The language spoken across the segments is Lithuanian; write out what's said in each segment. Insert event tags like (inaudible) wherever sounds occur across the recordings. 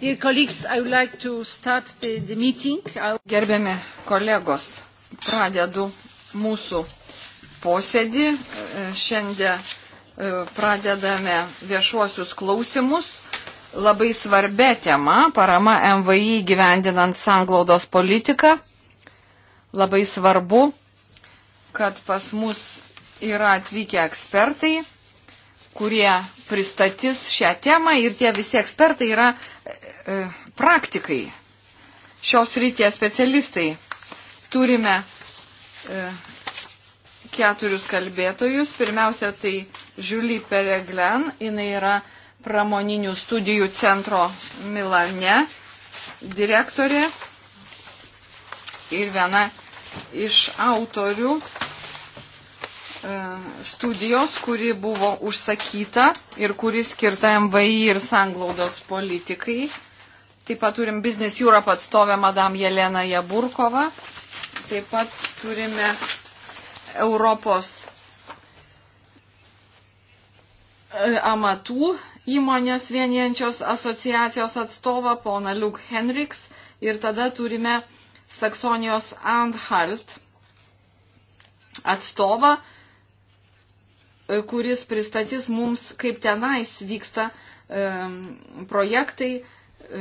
Like the, the I'll... Gerbiami kolegos, pradedu mūsų posėdį. Šiandien e, pradedame viešuosius klausimus. Labai svarbia tema - parama MVI gyvendinant sanglaudos politiką. Labai svarbu, kad pas mus yra atvykę ekspertai kurie pristatys šią temą ir tie visi ekspertai yra e, praktikai, šios ryties specialistai. Turime e, keturius kalbėtojus. Pirmiausia, tai Žiuli Pereglen, jinai yra pramoninių studijų centro Milane direktorė ir viena iš autorių E, studijos, kuri buvo užsakyta ir kuri skirta MVI ir sanglaudos politikai. Taip pat turim Business Europe atstovę Madam Jeleną Jaburkovą. Taip pat turime Europos e, amatų įmonės vienijančios asociacijos atstovą poną Luke Henriks ir tada turime Saksonijos Anhalt atstovą E, kuris pristatys mums, kaip tenais vyksta e, projektai e,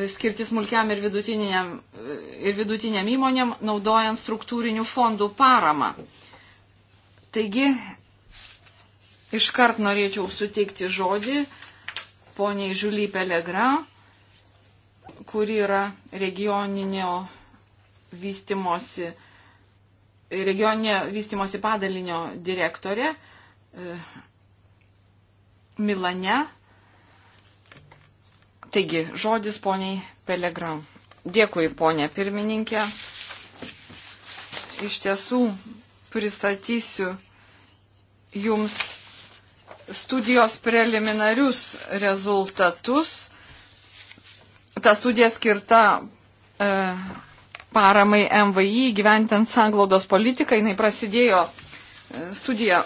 skirti smulkiam ir vidutiniam, ir vidutiniam įmonėm, naudojant struktūrinių fondų paramą. Taigi, iškart norėčiau suteikti žodį poniai Žiuly Pelegra, kuri yra regioninio vystimosi, regioninio vystimosi padalinio direktorė E, Milane. Taigi, žodis poniai Pelegram. Dėkui, ponė pirmininkė. Iš tiesų pristatysiu jums studijos preliminarius rezultatus. Ta studija skirta e, paramai MVI gyventant sanglaudos politiką. Jis prasidėjo, e, studija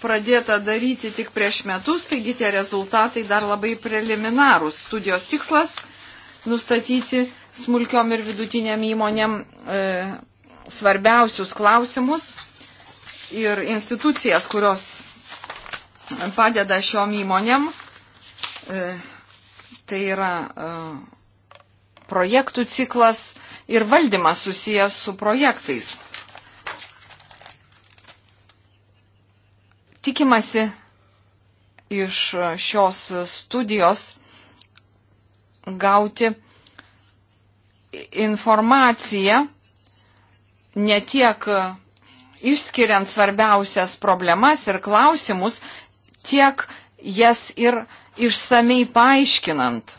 pradėta daryti tik prieš metus, taigi tie rezultatai dar labai preliminarūs. Studijos tikslas - nustatyti smulkiom ir vidutiniam įmonėm e, svarbiausius klausimus ir institucijas, kurios padeda šiom įmonėm. E, tai yra e, projektų ciklas ir valdymas susijęs su projektais. Tikimasi iš šios studijos gauti informaciją ne tiek išskiriant svarbiausias problemas ir klausimus, tiek jas ir išsamei paaiškinant,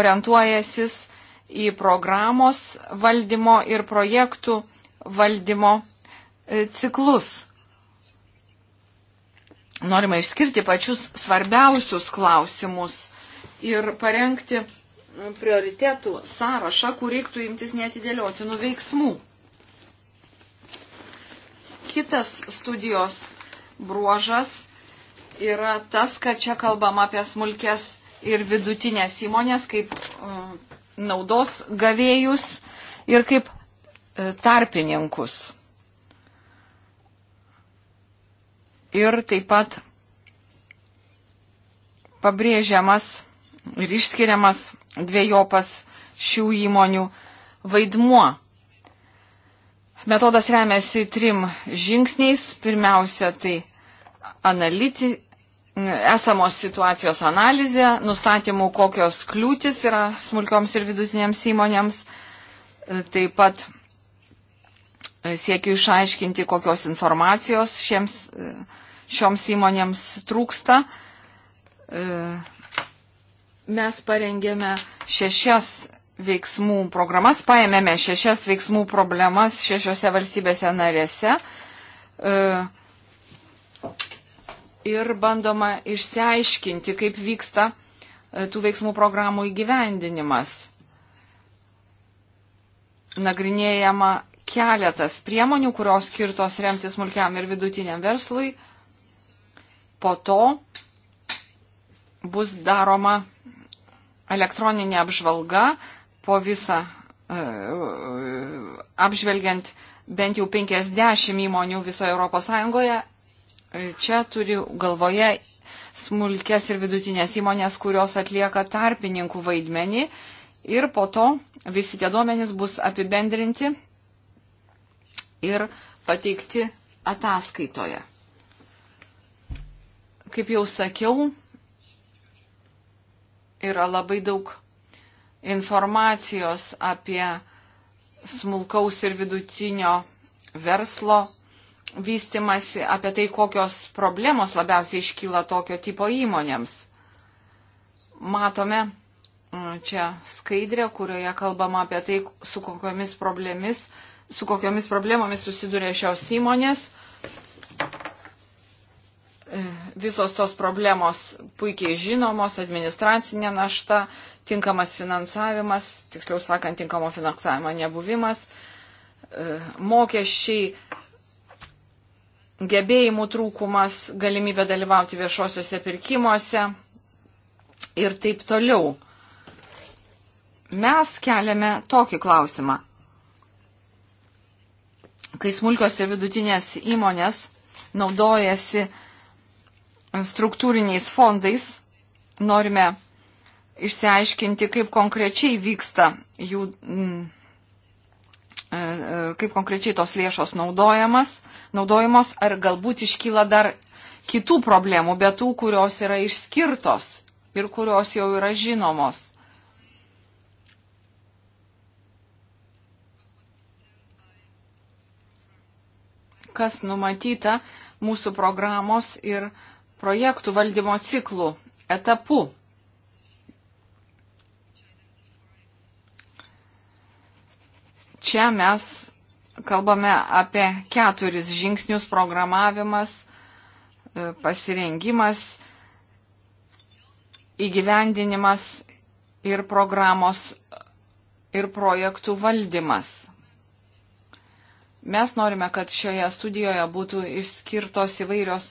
orientuojasis į programos valdymo ir projektų valdymo e, ciklus norima išskirti pačius svarbiausius klausimus ir parengti prioritetų sąrašą, kur reiktų imtis netidėliotinų veiksmų. Kitas studijos bruožas yra tas, kad čia kalbama apie smulkės ir vidutinės įmonės kaip e, naudos gavėjus ir kaip e, tarpininkus. ir taip pat pabrėžiamas ir išskiriamas dviejopas šių įmonių vaidmuo. Metodas remiasi trim žingsniais. Pirmiausia, tai analiti, esamos situacijos analizė, nustatymų, kokios kliūtis yra smulkioms ir vidutinėms įmonėms. Taip pat e, siekiu išaiškinti, kokios informacijos šiems e, šioms įmonėms trūksta. E, mes parengėme šešias veiksmų programas, paėmėme šešias veiksmų problemas šešiose valstybėse narėse e, ir bandoma išsiaiškinti, kaip vyksta e, tų veiksmų programų įgyvendinimas. Nagrinėjama keletas priemonių, kurios skirtos remti smulkiam ir vidutiniam verslui po to bus daroma elektroninė apžvalga po visą, e, e, apžvelgiant bent jau 50 įmonių visoje Europos Sąjungoje. E, čia turiu galvoje smulkės ir vidutinės įmonės, kurios atlieka tarpininkų vaidmenį ir po to visi tie duomenys bus apibendrinti ir pateikti ataskaitoje. Kaip jau sakiau, yra labai daug informacijos apie smulkaus ir vidutinio verslo vystimasi, apie tai, kokios problemos labiausiai iškyla tokio tipo įmonėms. Matome mm, čia skaidrę, kurioje kalbama apie tai, su kokiomis, su kokiomis problemomis susiduria šios įmonės. E, visos tos problemos puikiai žinomos, administracinė našta, tinkamas finansavimas, tiksliau sakant, tinkamo finansavimo nebuvimas, e, mokesčiai, gebėjimų trūkumas, galimybė dalyvauti viešuosiuose pirkimuose ir taip toliau. Mes keliame tokį klausimą. Kai smulkios ir vidutinės įmonės naudojasi uh, struktūriniais fondais norime išsiaiškinti, kaip konkrečiai vyksta jų, mm, e, e, kaip konkrečiai tos lėšos naudojamas, naudojamos, ar galbūt iškyla dar kitų problemų, bet tų, kurios yra išskirtos ir kurios jau yra žinomos. Kas numatyta mūsų programos ir uh, projektų valdymo ciklų etapu. Čia mes kalbame apie keturis žingsnius - programavimas, e, pasirengimas, įgyvendinimas ir programos ir projektų valdymas. Mes norime, kad šioje studijoje būtų išskirtos įvairios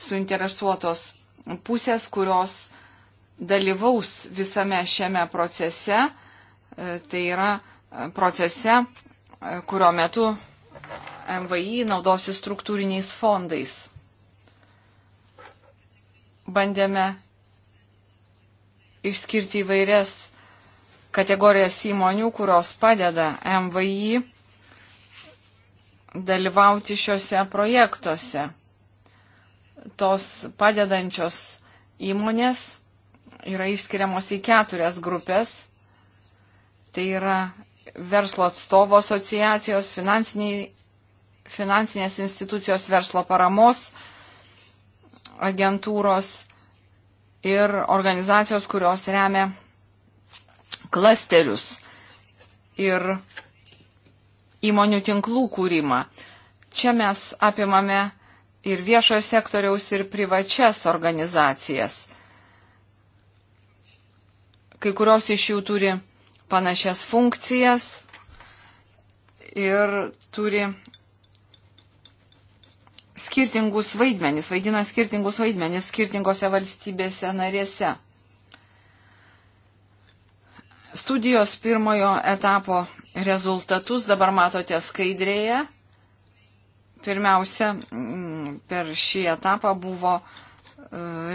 suinteresuotos pusės, kurios dalyvaus visame šiame procese. E, tai yra e, procese, e, kurio metu MVI naudosi struktūriniais fondais. Bandėme išskirti įvairias kategorijas įmonių, kurios padeda MVI dalyvauti šiuose projektuose tos padedančios įmonės yra išskiriamos į keturias grupės. Tai yra verslo atstovo asociacijos, finansinės institucijos verslo paramos agentūros ir organizacijos, kurios remia klasterius ir įmonių tinklų kūrimą. Čia mes apimame ir viešojo sektoriaus, ir privačias organizacijas. Kai kurios iš jų turi panašias funkcijas ir turi skirtingus vaidmenis, vaidina skirtingus vaidmenis skirtingose valstybėse narėse. Studijos pirmojo etapo rezultatus dabar matote skaidrėje. Pirmiausia, mm, per šį etapą buvo e,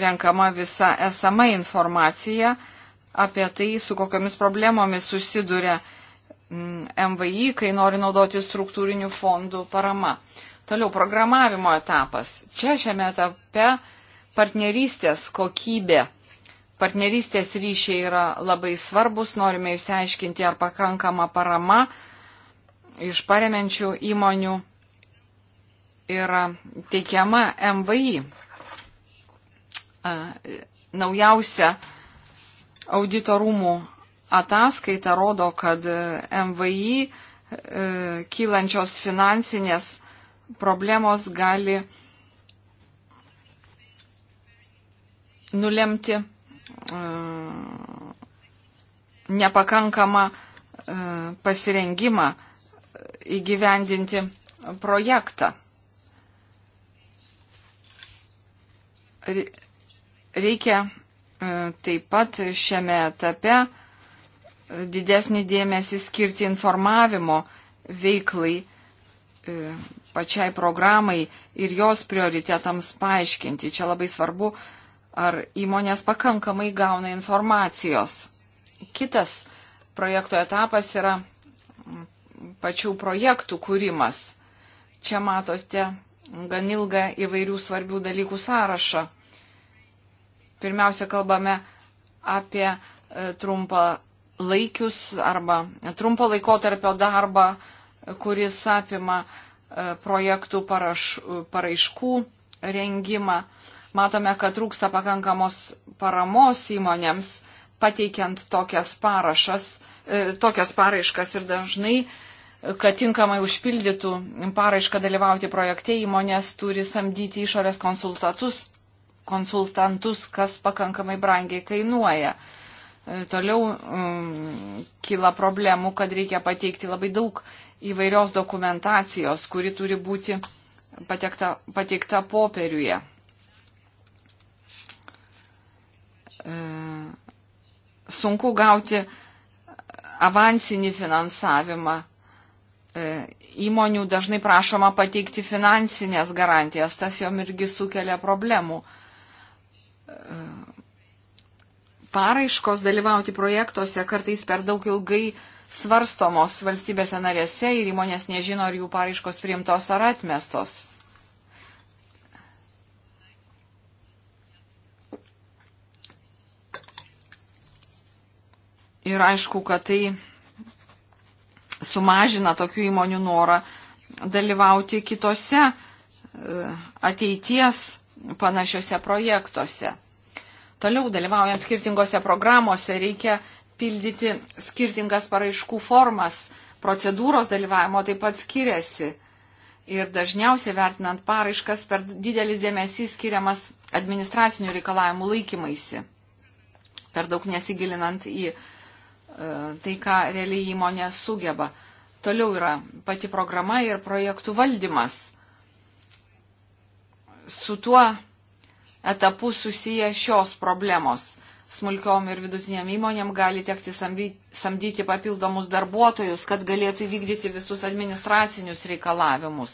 renkama visa esama informacija apie tai, su kokiamis problemomis susiduria MVI, mm, kai nori naudoti struktūrinių fondų parama. Toliau programavimo etapas. Čia šiame etape partnerystės kokybė, partnerystės ryšiai yra labai svarbus. Norime išsiaiškinti, ar pakankama parama iš paremenčių įmonių yra teikiama MVI. Naujausia auditorumų ataskaita rodo, kad MVI e, kylančios finansinės problemos gali nulemti e, nepakankamą e, pasirengimą įgyvendinti projektą. Reikia e, taip pat šiame etape didesnį dėmesį skirti informavimo veiklai, e, pačiai programai ir jos prioritetams paaiškinti. Čia labai svarbu, ar įmonės pakankamai gauna informacijos. Kitas projekto etapas yra pačių projektų kūrimas. Čia matote gan ilgą įvairių svarbių dalykų sąrašą. Pirmiausia, kalbame apie e, trumpą laikius arba trumpo laikotarpio darbą, kuris apima e, projektų paraš, paraiškų rengimą. Matome, kad trūksta pakankamos paramos įmonėms pateikiant tokias, parašas, e, tokias paraiškas ir dažnai kad tinkamai užpildytų paraišką dalyvauti projekte, įmonės turi samdyti išorės konsultatus, konsultantus, kas pakankamai brangiai kainuoja. E, toliau um, kyla problemų, kad reikia pateikti labai daug įvairios dokumentacijos, kuri turi būti patekta, pateikta popieriuje. E, sunku gauti avansinį finansavimą E, įmonių dažnai prašoma pateikti finansinės garantijas, tas jom irgi sukelia problemų. E, paraiškos dalyvauti projektuose kartais per daug ilgai svarstomos valstybėse narėse ir įmonės nežino, ar jų paraiškos priimtos ar atmestos. Ir aišku, kad tai sumažina tokių įmonių norą dalyvauti kitose e, ateities panašiose projektuose. Toliau dalyvaujant skirtingose programuose reikia pildyti skirtingas paraiškų formas, procedūros dalyvavimo taip pat skiriasi. Ir dažniausiai vertinant paraiškas per didelis dėmesys skiriamas administracinių reikalavimų laikymaisi, per daug nesigilinant į uh, tai, ką realiai įmonė sugeba. Toliau yra pati programa ir projektų valdymas. Su tuo etapu susiję šios problemos. Smulkiom ir vidutiniam įmonėm gali tekti samdyti papildomus darbuotojus, kad galėtų įvykdyti visus administracinius reikalavimus.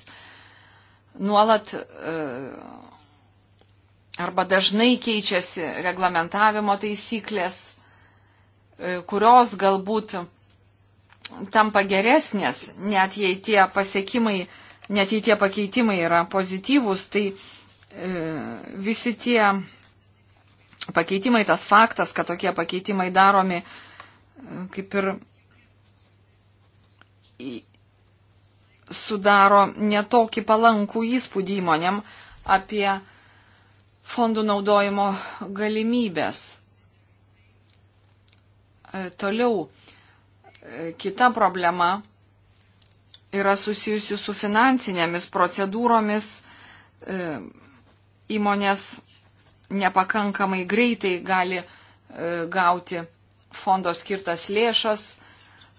Nuolat e, arba dažnai keičiasi reglamentavimo taisyklės, kurios galbūt tampa geresnės, net jei tie pasiekimai, net jei tie pakeitimai yra pozityvūs, tai e, visi tie pakeitimai, tas faktas, kad tokie pakeitimai daromi e, kaip ir sudaro netokį palankų įspūdį įmonėm apie fondų naudojimo galimybės. Toliau, kita problema yra susijusi su finansinėmis procedūromis. E, įmonės nepakankamai greitai gali e, gauti fondo skirtas lėšas.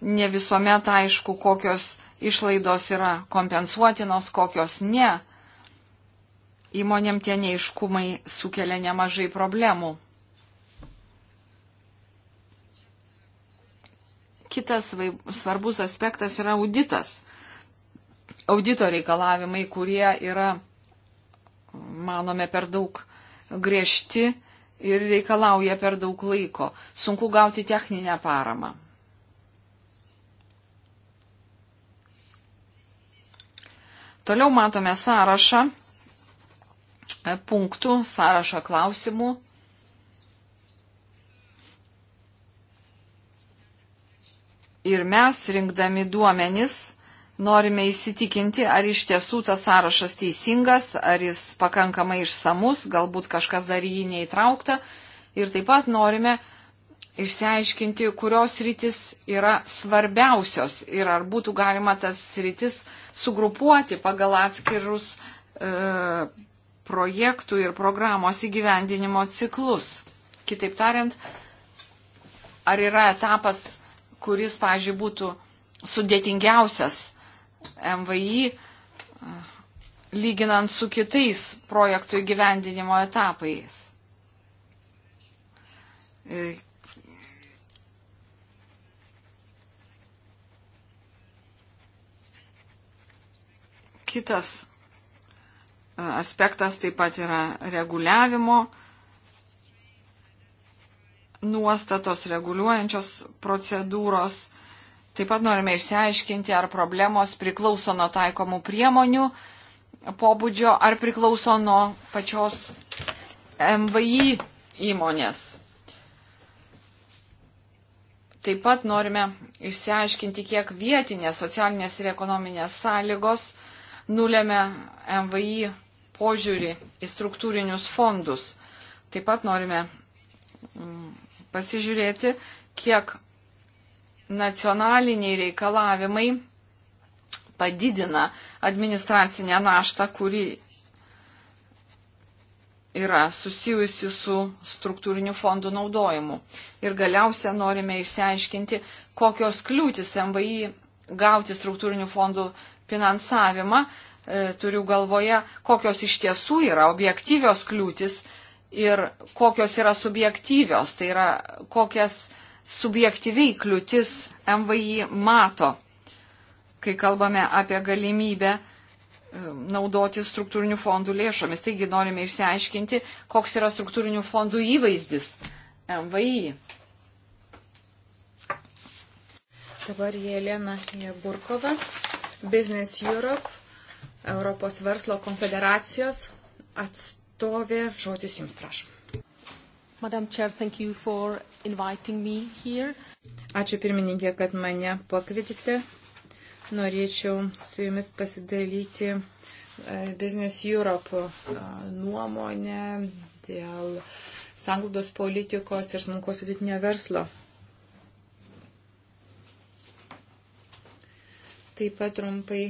Ne visuomet aišku, kokios išlaidos yra kompensuotinos, kokios ne. Įmonėm tie neiškumai sukelia nemažai problemų. kitas svarbus aspektas yra auditas. Audito reikalavimai, kurie yra, manome, per daug griežti ir reikalauja per daug laiko. Sunku gauti techninę paramą. Toliau matome sąrašą e, punktų, sąrašą klausimų Ir mes, rinkdami duomenis, norime įsitikinti, ar iš tiesų tas sąrašas teisingas, ar jis pakankamai išsamus, galbūt kažkas dar į jį neįtraukta. Ir taip pat norime išsiaiškinti, kurios rytis yra svarbiausios ir ar būtų galima tas rytis sugrupuoti pagal atskirus e, projektų ir programos įgyvendinimo ciklus. Kitaip tariant, ar yra etapas kuris, pažiūrėjau, būtų sudėtingiausias MVI lyginant su kitais projektų įgyvendinimo etapais. Kitas aspektas taip pat yra reguliavimo nuostatos, reguliuojančios procedūros. Taip pat norime išsiaiškinti, ar problemos priklauso nuo taikomų priemonių pobūdžio, ar priklauso nuo pačios MVI įmonės. Taip pat norime išsiaiškinti, kiek vietinės socialinės ir ekonominės sąlygos nulėmė MVI požiūrį į struktūrinius fondus. Taip pat norime mm, pasižiūrėti, kiek nacionaliniai reikalavimai padidina administracinę naštą, kuri yra susijusi su struktūrinių fondų naudojimu. Ir galiausia norime išsiaiškinti, kokios kliūtis MVI gauti struktūrinių fondų finansavimą, e, turiu galvoje, kokios iš tiesų yra objektyvios kliūtis ir kokios yra subjektyvios, tai yra kokias subjektyviai kliūtis MVI mato, kai kalbame apie galimybę um, naudoti struktūrinių fondų lėšomis. Taigi norime išsiaiškinti, koks yra struktūrinių fondų įvaizdis MVI. Dabar Jelena Jeburkova, Business Europe, Europos verslo konfederacijos atstovė atstovė. Žodis Jums prašom. Madam Chair, thank you for inviting me here. Ačiū pirmininkė, kad mane pakvietėte. Norėčiau su Jumis pasidalyti e, Business Europe e, nuomonę dėl sanglaudos politikos ir smulkos vidutinio verslo. Taip pat trumpai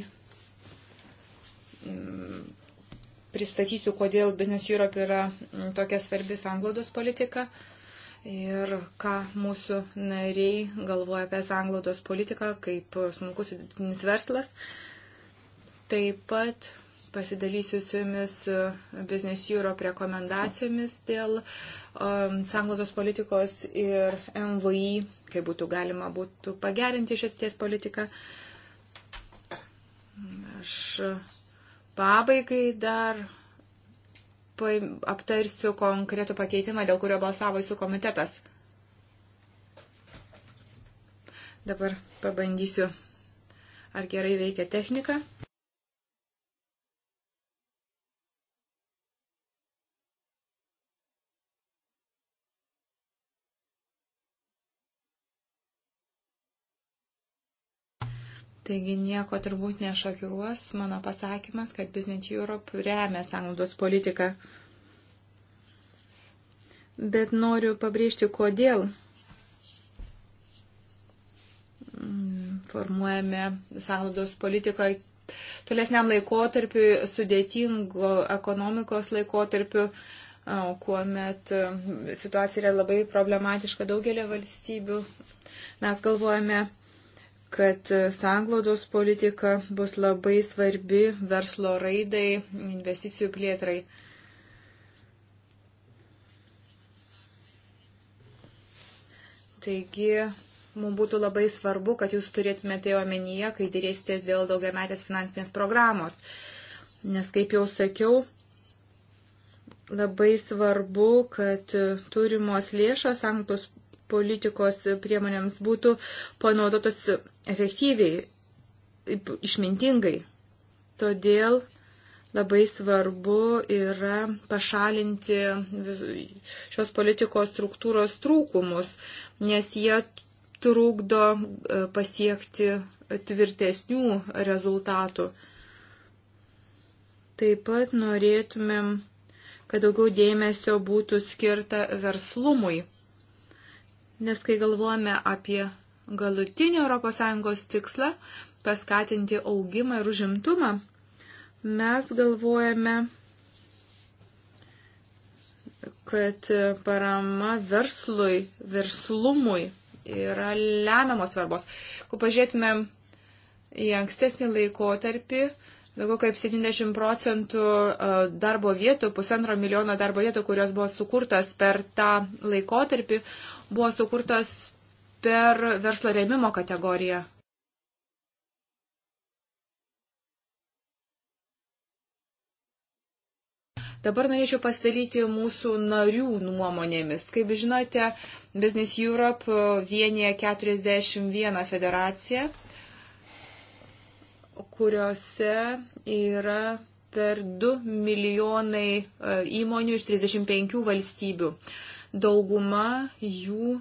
pristatysiu, kodėl Business Europe yra mm, tokia svarbi sanglaudos politika ir ką mūsų nariai galvoja apie sanglaudos politiką kaip smulkus vidutinis verslas. Taip pat pasidalysiu su jumis e, Business Europe rekomendacijomis dėl um, e, sanglaudos politikos ir MVI, kaip būtų galima būtų pagerinti šities politiką. Aš Pabaigai dar aptarsiu konkretų pakeitimą, dėl kurio balsavo jūsų komitetas. Dabar pabandysiu, ar gerai veikia technika. Taigi nieko turbūt nešokiruos mano pasakymas, kad Business Europe remia sąnaudos politiką. Bet noriu pabrėžti, kodėl formuojame sąnaudos politiką tolesniam laikotarpiu, sudėtingo ekonomikos laikotarpiu, kuomet situacija yra labai problematiška daugelio valstybių. Mes galvojame kad sanglaudos politika bus labai svarbi verslo raidai, investicijų plėtrai. Taigi, mums būtų labai svarbu, kad jūs turėtumėte omenyje, kai dėrėsitės dėl daugiametės finansinės programos. Nes, kaip jau sakiau, labai svarbu, kad turimos lėšos sanktos politikos priemonėms būtų panaudotos efektyviai, išmintingai. Todėl labai svarbu yra pašalinti šios politikos struktūros trūkumus, nes jie trukdo e, pasiekti tvirtesnių rezultatų. Taip pat norėtumėm, kad daugiau dėmesio būtų skirta verslumui nes kai galvojame apie galutinį ES tikslą paskatinti augimą ir užimtumą, mes galvojame, kad parama verslui, verslumui yra lemiamos svarbos. Kuo pažiūrėtumėm į ankstesnį laikotarpį, daugiau kaip 70 procentų e, darbo vietų, pusantro milijono darbo vietų, kurios buvo sukurtas per tą laikotarpį, buvo sukurtos per verslo remimo kategoriją. Dabar norėčiau pasidalyti mūsų narių nuomonėmis. Kaip žinote, Business Europe vienyje 41 federaciją, kuriuose yra per 2 milijonai e, įmonių iš 35 valstybių dauguma jų e,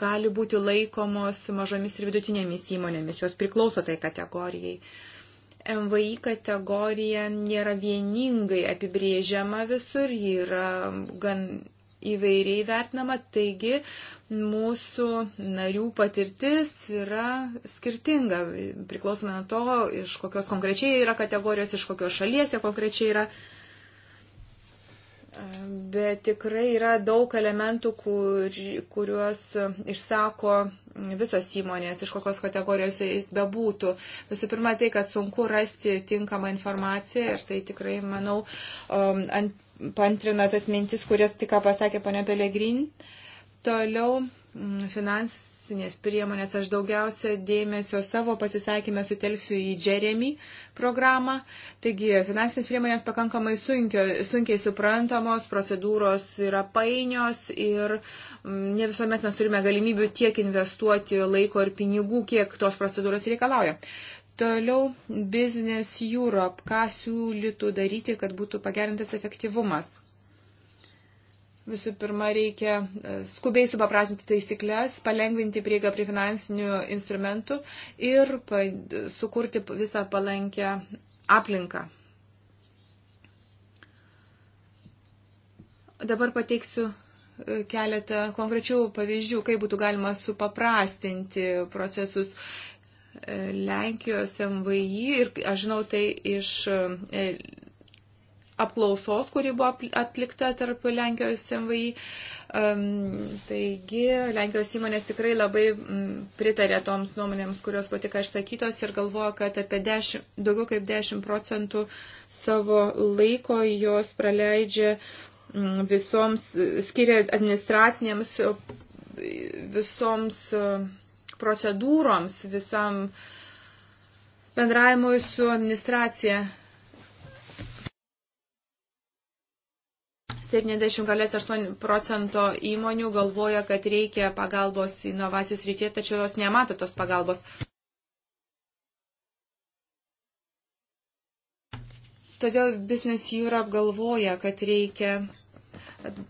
gali būti laikomos mažomis ir vidutinėmis įmonėmis, jos priklauso tai kategorijai. MVI kategorija nėra vieningai apibrėžiama visur, ji yra gan įvairiai vertinama, taigi mūsų narių patirtis yra skirtinga, priklausomai nuo to, iš kokios konkrečiai yra kategorijos, iš kokios šalies jie konkrečiai yra. Uh, Bet tikrai yra daug elementų, kur, kuriuos išsako visos įmonės, iš kokios kategorijos jis bebūtų. Visų pirma, tai, kad sunku rasti tinkamą informaciją ir tai tikrai, manau, um, ant, pantrina tas mintis, kurias tik pasakė ponia Pelegrin. Toliau mm, finans, finansinės priemonės. Aš daugiausia dėmesio savo pasisakymę sutelsiu į Jeremy programą. Taigi finansinės priemonės pakankamai sunkio, sunkiai suprantamos, procedūros yra painios ir mm, ne visuomet mes turime galimybių tiek investuoti laiko ir pinigų, kiek tos procedūros reikalauja. Toliau Business Europe, ką siūlytų daryti, kad būtų pagerintas efektyvumas. Visų pirma, reikia e, skubiai supaprasinti taisyklės, palengvinti prieigą prie finansinių instrumentų ir sukurti visą palankę aplinką. Dabar pateiksiu e, keletą konkrečių pavyzdžių, kaip būtų galima supaprastinti procesus e, Lenkijos MVI ir aš žinau tai iš apklausos, kuri buvo atlikta tarp Lenkijos MVI. Taigi, Lenkijos įmonės tikrai labai pritarė toms nuomonėms, kurios buvo tik išsakytos ir galvoja, kad apie 10, daugiau kaip 10 procentų savo laiko jos praleidžia visoms, skiria administracinėms visoms procedūroms, visam bendravimui su administracija 70,8 procento įmonių galvoja, kad reikia pagalbos inovacijos rytie, tačiau jos nemato tos pagalbos. Todėl Business Europe galvoja, kad reikia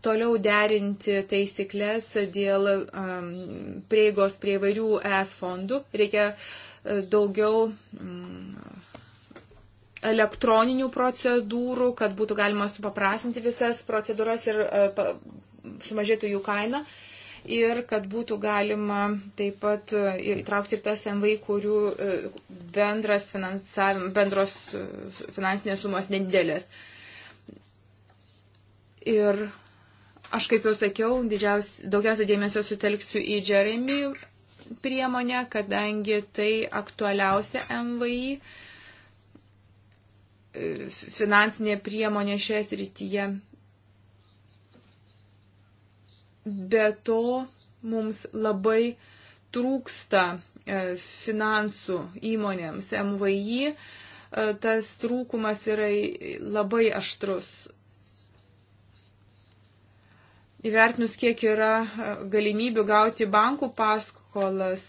toliau derinti taisyklės dėl um, prieigos prie įvairių ES fondų. Reikia e, daugiau um, elektroninių procedūrų, kad būtų galima supaprasinti visas procedūras ir e, sumažėtų jų kaina. Ir kad būtų galima taip pat e, įtraukti ir tas MVI, kurių e, bendras bendros finansinės sumos nedidelės. Ir aš, kaip jau sakiau, daugiausia dėmesio sutelksiu į Jeremy priemonę, kadangi tai aktualiausia MVI finansinė priemonė šioje srityje. Be to mums labai trūksta e, finansų įmonėms MVI. E, tas trūkumas yra labai aštrus. Įvertinus, kiek yra e, galimybių gauti bankų paskolas,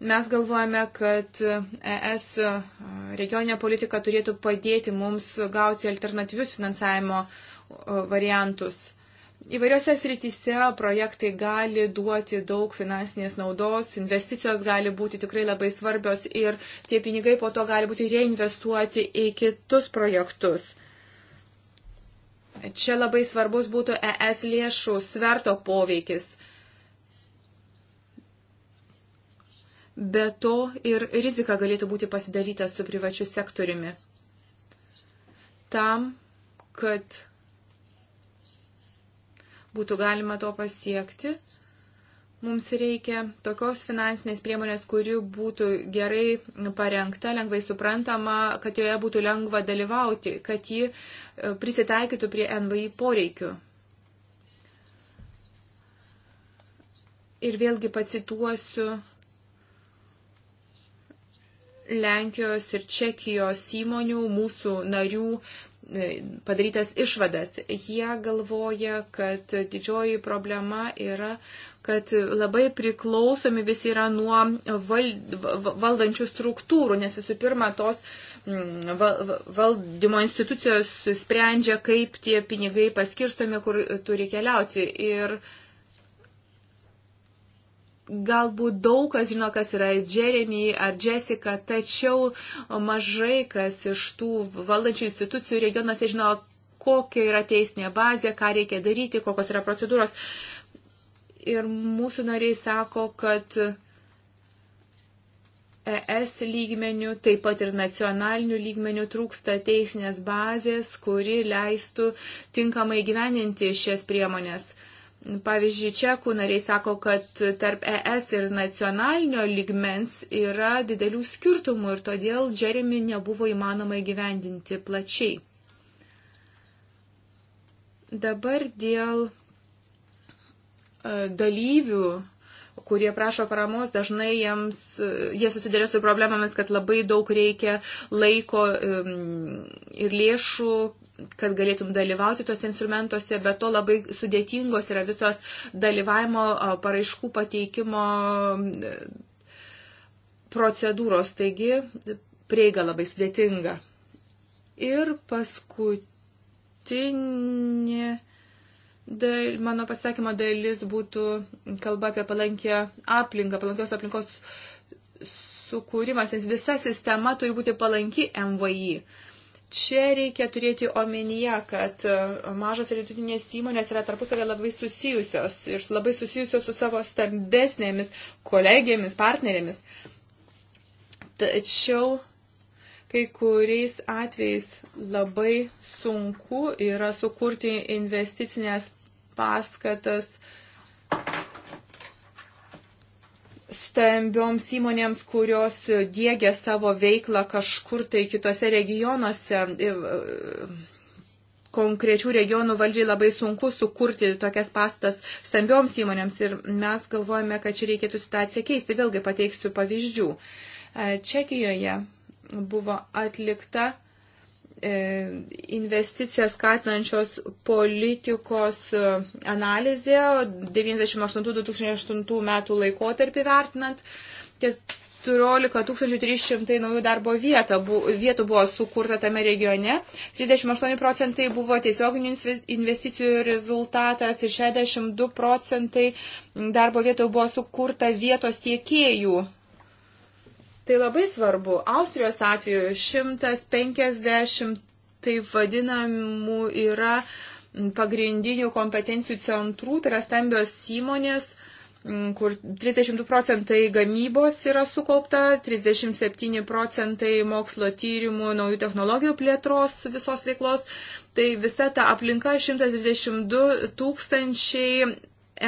Mes galvojame, kad ES regioninė politika turėtų padėti mums gauti alternatyvius finansavimo variantus. Įvairiose srityse projektai gali duoti daug finansinės naudos, investicijos gali būti tikrai labai svarbios ir tie pinigai po to gali būti reinvestuoti į kitus projektus. Čia labai svarbus būtų ES lėšų sverto poveikis be to ir rizika galėtų būti pasidaryta su privačiu sektoriumi. Tam, kad būtų galima to pasiekti, mums reikia tokios finansinės priemonės, kuri būtų gerai parengta, lengvai suprantama, kad joje būtų lengva dalyvauti, kad ji e, prisitaikytų prie NVI poreikių. Ir vėlgi pacituosiu Lenkijos ir Čekijos įmonių, mūsų narių e, padarytas išvadas. Jie galvoja, kad didžioji problema yra, kad labai priklausomi visi yra nuo val, valdančių struktūrų, nes visų pirma tos mm, valdymo institucijos sprendžia, kaip tie pinigai paskirstomi, kur turi keliauti. Ir uh, Galbūt daug kas žino, kas yra Jeremy ar Jessica, tačiau mažai kas iš tų valdančių institucijų regionuose žino, kokia yra teisinė bazė, ką reikia daryti, kokios yra procedūros. Ir mūsų nariai sako, kad ES lygmenių, taip pat ir nacionalinių lygmenių trūksta teisinės bazės, kuri leistų tinkamai gyveninti šias priemonės. Pavyzdžiui, čekų nariai sako, kad tarp ES ir nacionalinio ligmens yra didelių skirtumų ir todėl Jeremy nebuvo įmanoma įgyvendinti plačiai. Dabar dėl e, dalyvių kurie prašo paramos, dažnai jiems, e, jie susiduria su problemomis, kad labai daug reikia laiko e, ir lėšų kad galėtum dalyvauti tose instrumentuose, bet to labai sudėtingos yra visos dalyvavimo paraiškų pateikimo procedūros, taigi prieiga labai sudėtinga. Ir paskutinė dal, mano pasakymo dalis būtų kalba apie palankę aplinką, palankios aplinkos sukūrimas, nes visa sistema turi būti palanki MVI. Uh, čia reikia turėti omenyje, kad e, mažos ir vidutinės įmonės yra tarpusavė labai susijusios ir labai susijusios su savo stambesnėmis kolegėmis, partnerėmis. Tačiau kai kuriais atvejais labai sunku yra sukurti investicinės paskatas stambioms įmonėms, kurios dėgia savo veiklą kažkur tai kitose regionuose. E, konkrečių regionų valdžiai labai sunku sukurti tokias pastas stambioms įmonėms ir mes galvojame, kad čia reikėtų situaciją keisti. Vėlgi pateiksiu pavyzdžių. E, Čekijoje buvo atlikta E, investicijas skatinančios politikos e, analizė 98-2008 metų laikotarpį vertinant. 14 300 naujų darbo vietą, bu, vietų buvo sukurta tame regione, 38 procentai buvo tiesioginių investicijų rezultatas ir 62 procentai darbo vietų buvo sukurta vietos tiekėjų Tai labai svarbu. Austrijos atveju 150 taip vadinamų yra pagrindinių kompetencijų centrų, tai yra stambios įmonės, kur 32 procentai gamybos yra sukaupta, 37 procentai mokslo tyrimų, naujų technologijų plėtros visos veiklos. Tai visa ta aplinka 122 tūkstančiai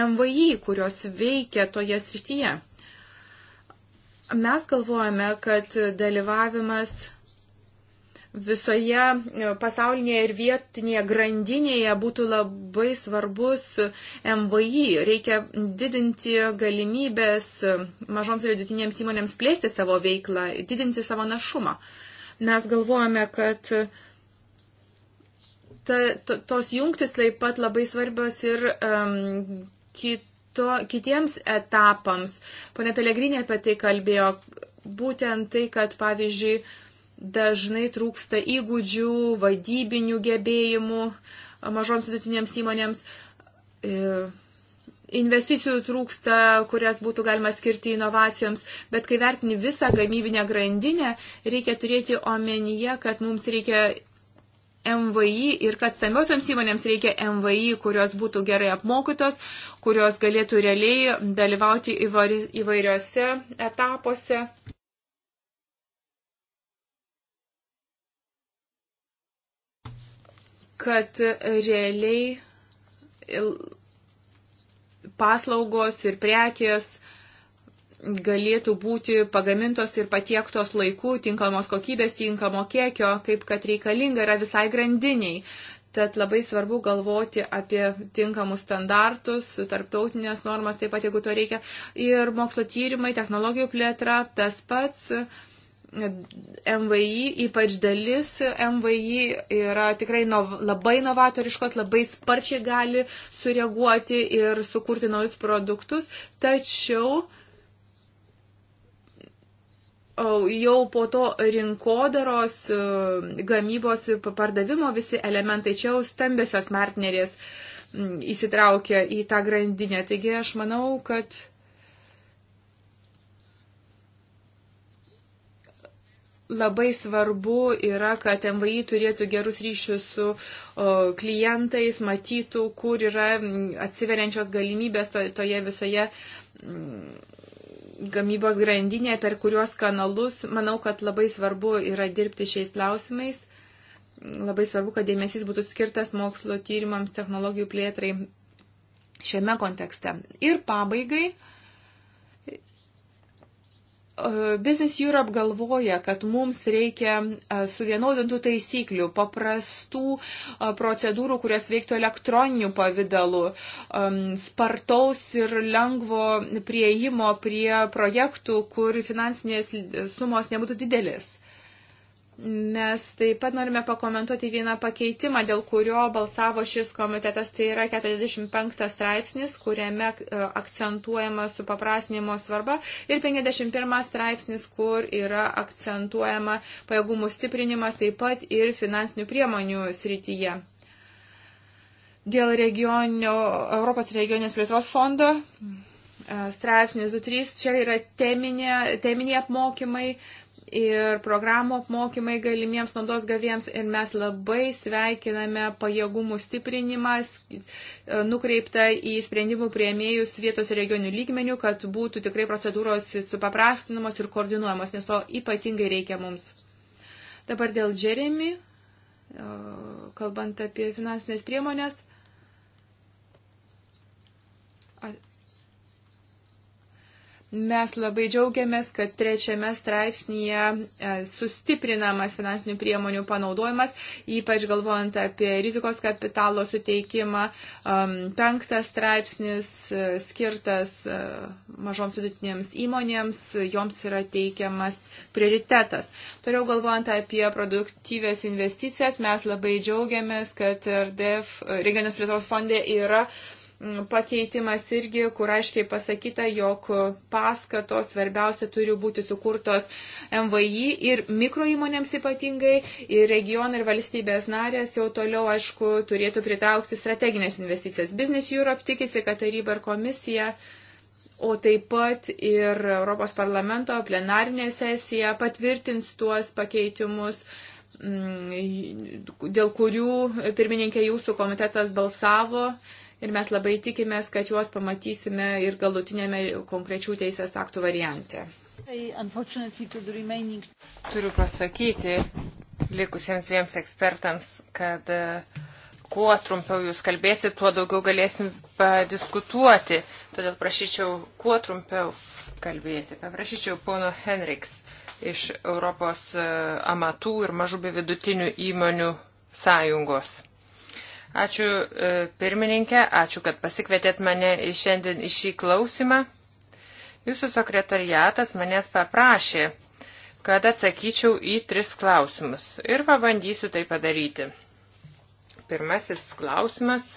MVI, kurios veikia toje srityje. Mes galvojame, kad dalyvavimas visoje pasaulinėje ir vietinėje grandinėje būtų labai svarbus MVI. Reikia didinti galimybės mažoms ir vidutinėms įmonėms plėsti savo veiklą, didinti savo našumą. Mes galvojame, kad ta, to, tos jungtis taip pat labai svarbios ir um, kitų to, kitiems etapams. Pone Pelegrinė apie tai kalbėjo, būtent tai, kad pavyzdžiui, dažnai trūksta įgūdžių, vadybinių gebėjimų mažoms vidutinėms įmonėms. E, investicijų trūksta, kurias būtų galima skirti inovacijoms, bet kai vertini visą gamybinę grandinę, reikia turėti omenyje, kad mums reikia MVI ir kad stambiosioms įmonėms reikia MVI, kurios būtų gerai apmokytos, kurios galėtų realiai dalyvauti įvairiose etapuose. kad realiai paslaugos ir prekės galėtų būti pagamintos ir patiektos laiku, tinkamos kokybės, tinkamo kiekio, kaip kad reikalinga yra visai grandiniai. Tad labai svarbu galvoti apie tinkamus standartus, tarptautinės normas, taip pat jeigu to reikia. Ir mokslo tyrimai, technologijų plėtra, tas pats. MVI, ypač dalis MVI yra tikrai no, labai novatoriškos, labai sparčiai gali sureaguoti ir sukurti naujus produktus, tačiau uh, jau po to rinkodaros, e, gamybos, pardavimo visi elementai, čia jau stambiosios partnerės įsitraukia į tą grandinę. Taigi aš manau, kad labai svarbu yra, kad MVI turėtų gerus ryšius su o, klientais, matytų, kur yra atsiveriančios galimybės to, toje visoje m, gamybos grandinė, per kuriuos kanalus. Manau, kad labai svarbu yra dirbti šiais klausimais. Labai svarbu, kad dėmesys būtų skirtas mokslo tyrimams, technologijų plėtrai šiame kontekste. Ir pabaigai Business Europe galvoja, kad mums reikia suvienodintų taisyklių, paprastų procedūrų, kurios veiktų elektroniniu pavydalu, spartaus ir lengvo prieimo prie projektų, kur finansinės sumos nebūtų didelis. Mes taip pat norime pakomentuoti vieną pakeitimą, dėl kurio balsavo šis komitetas, tai yra 45 straipsnis, kuriame e, akcentuojama supaprasnimo svarba ir 51 straipsnis, kur yra akcentuojama pajėgumų stiprinimas taip pat ir finansinių priemonių srityje. Dėl regionio, Europos regionės plėtros fondo e, straipsnis 23, čia yra teminė, teminiai apmokymai ir programų apmokymai galimiems naudos gavėjams ir mes labai sveikiname pajėgumų stiprinimas e, nukreipta į sprendimų prieimėjus vietos ir regionių lygmenių, kad būtų tikrai procedūros supaprastinamos ir koordinuojamos, nes to ypatingai reikia mums. Dabar dėl Jeremy, e, kalbant apie finansinės priemonės Mes labai džiaugiamės, kad trečiame straipsnėje e, sustiprinamas finansinių priemonių panaudojimas, ypač galvojant apie rizikos kapitalo suteikimą. Penktas straipsnis e, skirtas e, mažoms vidutinėms įmonėms, joms yra teikiamas prioritetas. Toliau galvojant apie produktyvės investicijas, mes labai džiaugiamės, kad RDF regionės plėtros fonde yra uh, pakeitimas irgi, kur aiškiai pasakyta, jog paskatos svarbiausia turi būti sukurtos MVI ir mikroįmonėms ypatingai, ir regionai ir valstybės narės jau toliau, aišku, turėtų pritraukti strateginės investicijas. Business Europe tikisi, kad taryba ir komisija o taip pat ir Europos parlamento plenarinė sesija patvirtins tuos pakeitimus, mm, dėl kurių pirmininkė jūsų komitetas balsavo ir mes labai tikimės, kad juos pamatysime ir galutinėme konkrečių teisės aktų variante. Tai, Turiu pasakyti likusiems dviems ekspertams, kad e, kuo trumpiau jūs kalbėsit, tuo daugiau galėsim padiskutuoti. Todėl prašyčiau kuo trumpiau kalbėti. Paprašyčiau pono Henriks iš Europos e, amatų ir mažų bei vidutinių įmonių sąjungos. Ačiū e, pirmininkė, ačiū, kad pasikvietėt mane šiandien į šį klausimą. Jūsų sekretariatas manęs paprašė, kad atsakyčiau į tris klausimus ir pabandysiu tai padaryti. Pirmasis klausimas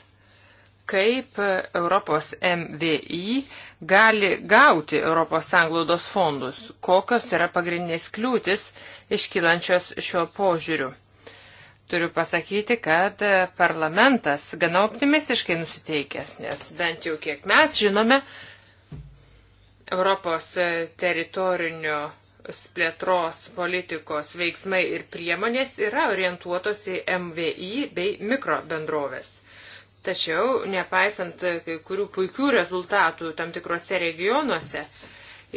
kaip Europos MVI gali gauti Europos sanglaudos fondus, kokios yra pagrindinės kliūtis iškylančios šiuo požiūriu turiu pasakyti, kad parlamentas gana optimistiškai nusiteikęs, nes bent jau kiek mes žinome, Europos teritorinių plėtros politikos veiksmai ir priemonės yra orientuotos į MVI bei mikro bendrovės. Tačiau, nepaisant kai kurių puikių rezultatų tam tikrose regionuose,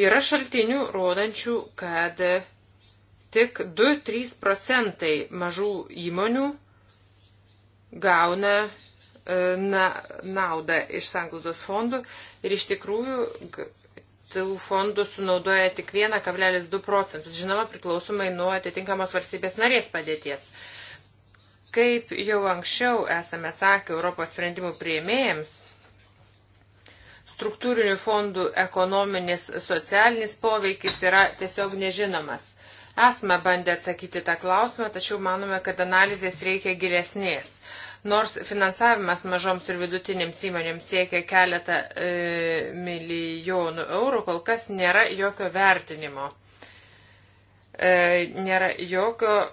yra šaltinių rodančių, kad tik 2-3 procentai mažų įmonių gauna e, na, naudą iš sanglaudos fondų ir iš tikrųjų tų fondų sunaudoja tik 1,2 procentus, žinoma, priklausomai nuo atitinkamos valstybės narės padėties. Kaip jau anksčiau esame sakę Europos sprendimų prieimėjams, struktūrinių fondų ekonominis, socialinis poveikis yra tiesiog nežinomas. Esame bandę atsakyti tą klausimą, tačiau manome, kad analizės reikia gilesnės. Nors finansavimas mažoms ir vidutinėms įmonėms siekia keletą e, milijonų eurų, kol kas nėra jokio vertinimo. E, nėra jokio e,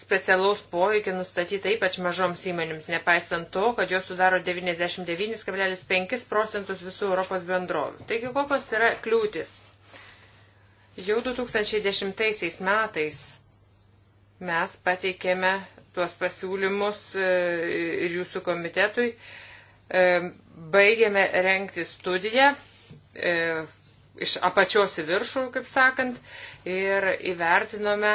specialaus poveikio nustatyta ypač mažoms įmonėms, nepaisant to, kad jos sudaro 99,5 procentus visų Europos bendrovių. Taigi kokios yra kliūtis? Jau 2010 metais mes pateikėme tuos pasiūlymus e, ir jūsų komitetui. E, baigėme renkti studiją e, iš apačios į viršų, kaip sakant, ir įvertinome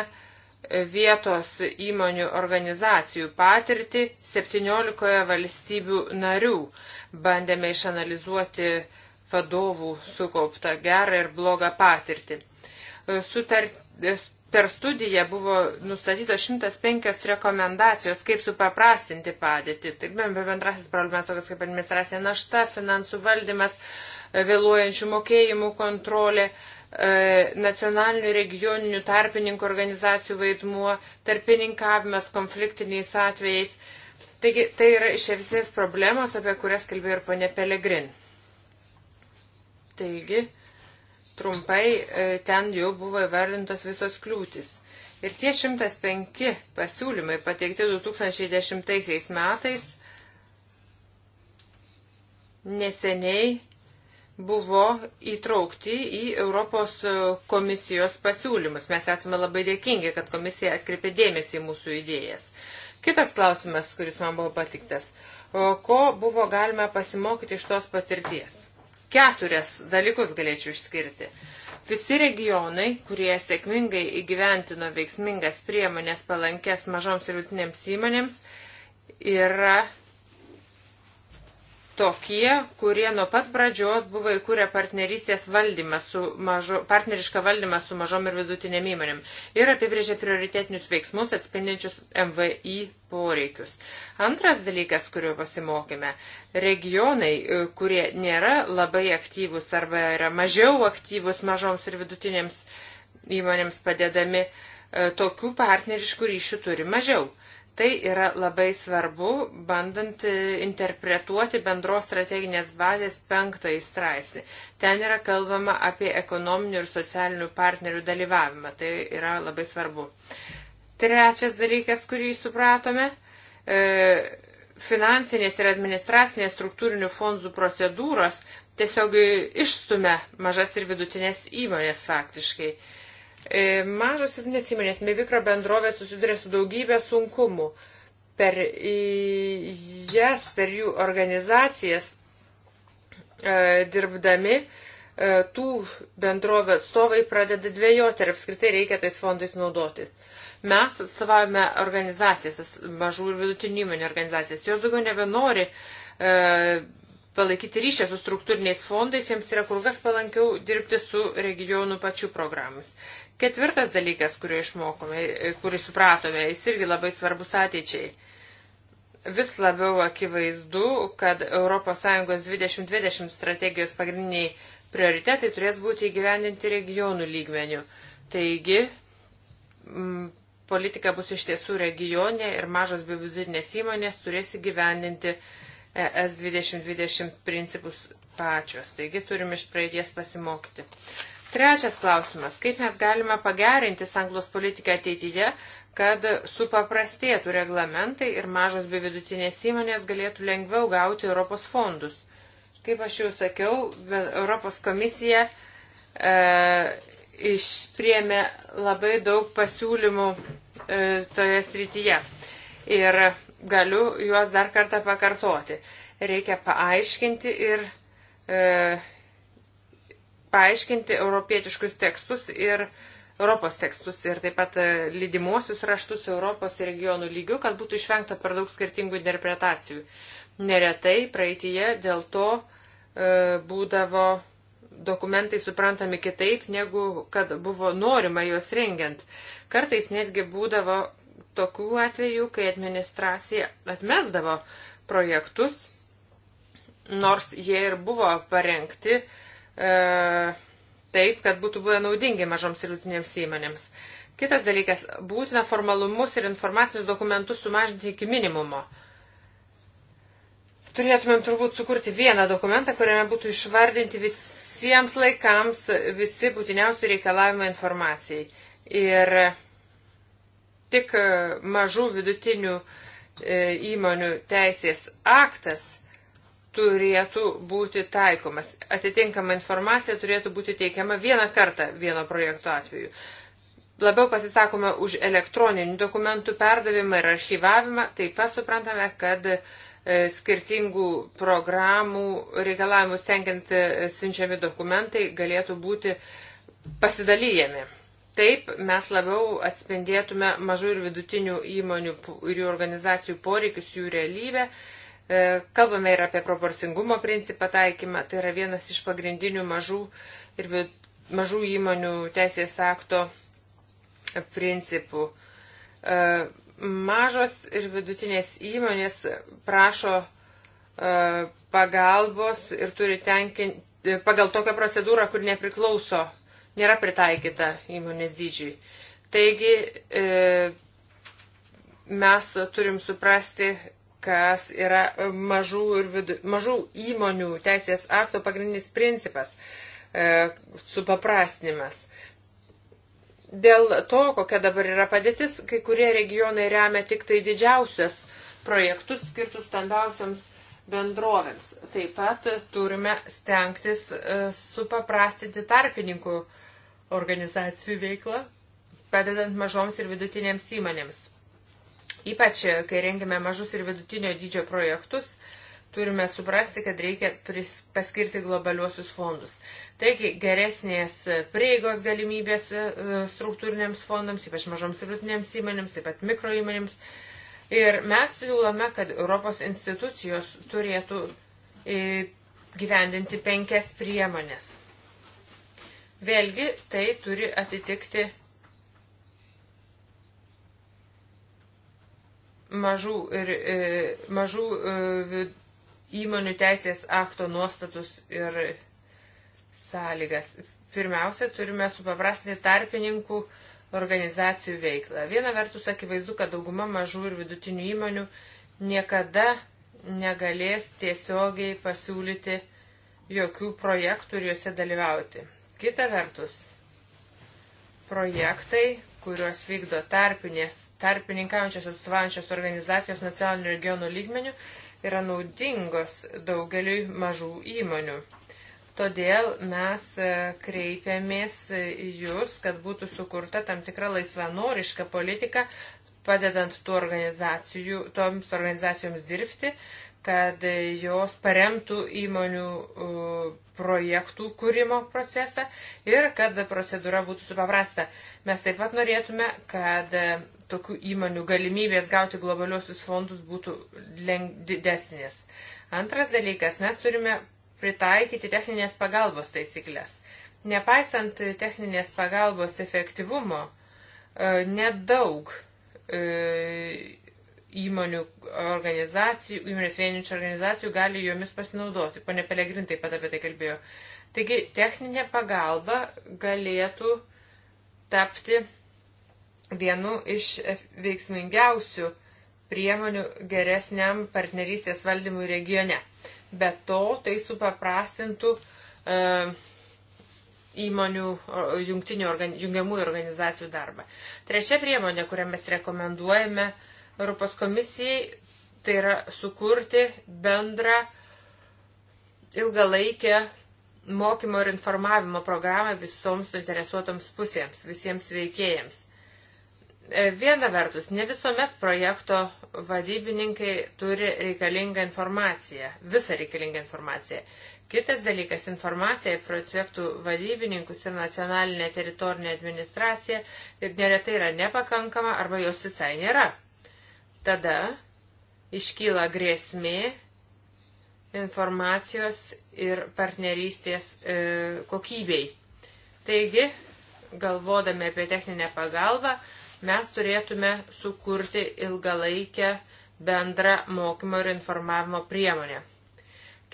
vietos įmonių organizacijų patirtį 17 valstybių narių. Bandėme išanalizuoti vadovų sukauptą gerą ir blogą patirtį sutart, per studiją buvo nustatytos 105 rekomendacijos, kaip supaprastinti padėtį. Taip be bendrasis problemas tokias kaip administracija našta, finansų valdymas, e, vėluojančių mokėjimų kontrolė, e, nacionalinių regioninių tarpininkų organizacijų vaidmuo, tarpininkavimas konfliktiniais atvejais. Taigi tai yra iš esmės problemos, apie kurias kalbėjo ir ponė Pelegrin. Taigi, trumpai e, ten jau buvo įvardintos visos kliūtis. Ir tie 105 pasiūlymai pateikti 2010 metais neseniai buvo įtraukti į Europos komisijos pasiūlymus. Mes esame labai dėkingi, kad komisija atkreipė dėmesį į mūsų idėjas. Kitas klausimas, kuris man buvo patiktas. Ko buvo galima pasimokyti iš tos patirties? keturias dalykus galėčiau išskirti. Visi regionai, kurie sėkmingai įgyventino veiksmingas priemonės palankės mažoms ir vidutinėms įmonėms, yra tokie, kurie nuo pat pradžios buvo įkūrę partnerystės valdymą su mažo, partnerišką valdymą su mažom ir vidutinėm įmonėm ir apibrėžė prioritetinius veiksmus atspindinčius MVI poreikius. Antras dalykas, kurio pasimokime, regionai, e, kurie nėra labai aktyvus arba yra mažiau aktyvus mažoms ir vidutinėms įmonėms padedami, e, tokių partneriškų ryšių turi mažiau. Tai yra labai svarbu, bandant e, interpretuoti bendros strateginės bazės penktąjį straipsnį. Ten yra kalbama apie ekonominių ir socialinių partnerių dalyvavimą. Tai yra labai svarbu. Trečias dalykas, kurį supratome. E, finansinės ir administracinės struktūrinių fondų procedūros tiesiog išstumia mažas ir vidutinės įmonės faktiškai. E, E, mažos ir nesimenės, mikro bendrovės susiduria su daugybė sunkumų. Per jas, per jų organizacijas e, dirbdami, e, tų bendrovių atstovai pradeda dvėjoti ir apskritai reikia tais fondais naudotis. Mes atstovavome organizacijas, mažų ir vidutinių įmonių organizacijas, jos daugiau nebenori palaikyti ryšę su struktūriniais fondais, jiems yra kur kas palankiau dirbti su regionų pačių programas. Ketvirtas dalykas, kurį išmokome, kurį supratome, jis irgi labai svarbus ateičiai. Vis labiau akivaizdu, kad ES 2020 strategijos pagrindiniai prioritetai turės būti įgyvendinti regionų lygmenių. Taigi, m, politika bus iš tiesų regionė ir mažos bei vidutinės įmonės turės įgyvendinti ES 2020 principus pačios. Taigi, turim iš praeities pasimokyti. Trečias klausimas. Kaip mes galime pagerinti sanglos politiką ateityje, kad supaprastėtų reglamentai ir mažos bei vidutinės įmonės galėtų lengviau gauti Europos fondus? Kaip aš jau sakiau, Europos komisija e, išpriemė labai daug pasiūlymų e, toje srityje. Ir galiu juos dar kartą pakartoti. Reikia paaiškinti ir e, paaiškinti europietiškus tekstus ir Europos tekstus ir taip pat e, lydimuosius raštus Europos regionų lygių, kad būtų išvengta per daug skirtingų interpretacijų. Neretai praeitie dėl to e, būdavo dokumentai suprantami kitaip, negu kad buvo norima juos rengiant. Kartais netgi būdavo tokių atvejų, kai administracija atmeldavo projektus, nors jie ir buvo parengti e, E, taip, kad būtų buvę naudingi mažoms ir vidutinėms įmonėms. Kitas dalykas - būtina formalumus ir informacinius dokumentus sumažinti iki minimumo. Turėtumėm turbūt sukurti vieną dokumentą, kuriame būtų išvardinti visiems laikams visi būtiniausi reikalavimai informacijai. Ir tik mažų vidutinių e, įmonių teisės aktas – turėtų būti taikomas. Atitinkama informacija turėtų būti teikiama vieną kartą vieno projekto atveju. Labiau pasisakome už elektroninių dokumentų perdavimą ir archivavimą, taip pat suprantame, kad e, skirtingų programų reikalavimų stengiant e, siunčiami dokumentai galėtų būti pasidalyjami. Taip mes labiau atspindėtume mažų ir vidutinių įmonių ir jų organizacijų poreikius, jų realybę E, kalbame ir apie proporcingumo principą taikymą, tai yra vienas iš pagrindinių mažų ir mažų įmonių teisės akto principų. E, mažos ir vidutinės įmonės prašo e, pagalbos ir turi tenkinti pagal tokią procedūrą, kur nepriklauso, nėra pritaikyta įmonės dydžiui. Taigi mes turim suprasti, kas yra mažų, ir vidu, mažų įmonių teisės akto pagrindinis principas e, - supaprastinimas. Dėl to, kokia dabar yra padėtis, kai kurie regionai remia tik tai didžiausias projektus skirtus stambiausiams bendrovėms. Taip pat turime stengtis e, supaprastinti tarpininkų organizacijų veiklą, padedant mažoms ir vidutinėms įmonėms. Ypač, e, kai rengiame mažus ir vidutinio dydžio projektus, turime suprasti, kad reikia paskirti globaliuosius fondus. Taigi, geresnės e, prieigos galimybės e, struktūriniams fondams, ypač mažoms ir vidutinėms įmonėms, taip pat mikro įmonėms. Ir mes siūlome, kad Europos institucijos turėtų gyvendinti penkias priemonės. Vėlgi, tai turi atitikti mažų, ir, e, mažų e, įmonių teisės akto nuostatus ir sąlygas. Pirmiausia, turime supaprastinti tarpininkų organizacijų veiklą. Viena vertus, akivaizdu, kad dauguma mažų ir vidutinių įmonių niekada negalės tiesiogiai pasiūlyti jokių projektų ir juose dalyvauti. Kita vertus, projektai kuriuos vykdo tarpinės, tarpininkaujančios atstovaujančios organizacijos nacionalinių regionų lygmenių, yra naudingos daugeliui mažų įmonių. Todėl mes e, kreipiamės jūs, kad būtų sukurta tam tikra laisvanoriška politika, padedant tų organizacijų, toms organizacijoms dirbti, kad jos paremtų įmonių projektų kūrimo procesą ir kad procedūra būtų supaprasta. Mes taip pat norėtume, kad e, tokių įmonių galimybės gauti globaliosius fondus būtų didesnės. Antras dalykas, mes turime pritaikyti techninės pagalbos taisyklės. Nepaisant techninės pagalbos efektyvumo, e, nedaug e, įmonių organizacijų, įmonės vieninčių organizacijų gali jomis pasinaudoti. Pone Pelegrin taip pat apie tai kalbėjo. Taigi techninė pagalba galėtų tapti vienu iš veiksmingiausių priemonių geresniam partnerystės valdymui regione. Be to, tai supaprastintų uh, įmonių jungtinių organi, jungiamųjų organizacijų darbą. Trečia priemonė, kurią mes rekomenduojame, uh, Europos komisijai, tai yra sukurti bendrą ilgalaikę mokymo ir informavimo programą visoms suinteresuotoms pusėms, visiems veikėjams. E, viena vertus, ne visuomet projekto vadybininkai turi reikalingą informaciją, visą reikalingą informaciją. Kitas dalykas - informacija į projektų vadybininkus ir nacionalinę teritorinę administraciją neretai yra nepakankama arba jos visai nėra tada iškyla grėsmė informacijos ir partnerystės e, kokybei. Taigi, galvodami apie techninę pagalbą, mes turėtume sukurti ilgalaikę bendrą mokymo ir informavimo priemonę.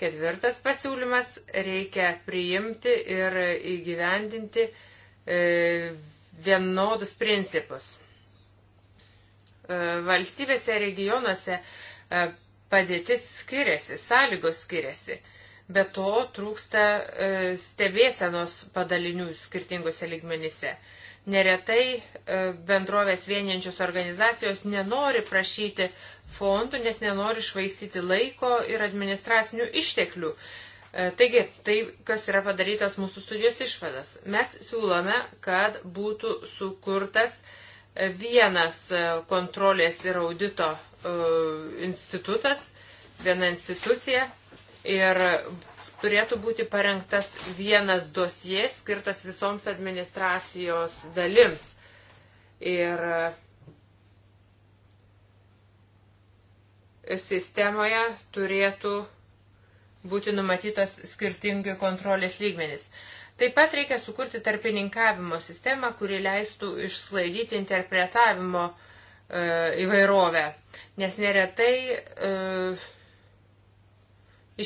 Ketvirtas pasiūlymas - reikia priimti ir įgyvendinti e, vienodus principus. E, valstybėse, regionuose e, padėtis skiriasi, sąlygos skiriasi. Be to trūksta e, stebėsenos padalinių skirtingose ligmenyse. Neretai bendrovės vieniančios organizacijos nenori prašyti fondų, nes nenori švaistyti laiko ir administracinių išteklių. Taigi, tai, kas yra padarytas mūsų studijos išvadas. Mes siūlome, kad būtų sukurtas uh, vienas e, kontrolės ir audito e, institutas, viena institucija ir turėtų būti parengtas vienas dosie skirtas visoms administracijos dalims. Ir e, sistemoje turėtų būti numatytas skirtingi kontrolės lygmenys. Taip pat reikia sukurti tarpininkavimo sistemą, kuri leistų išsklaidyti interpretavimo e, įvairovę, nes neretai e,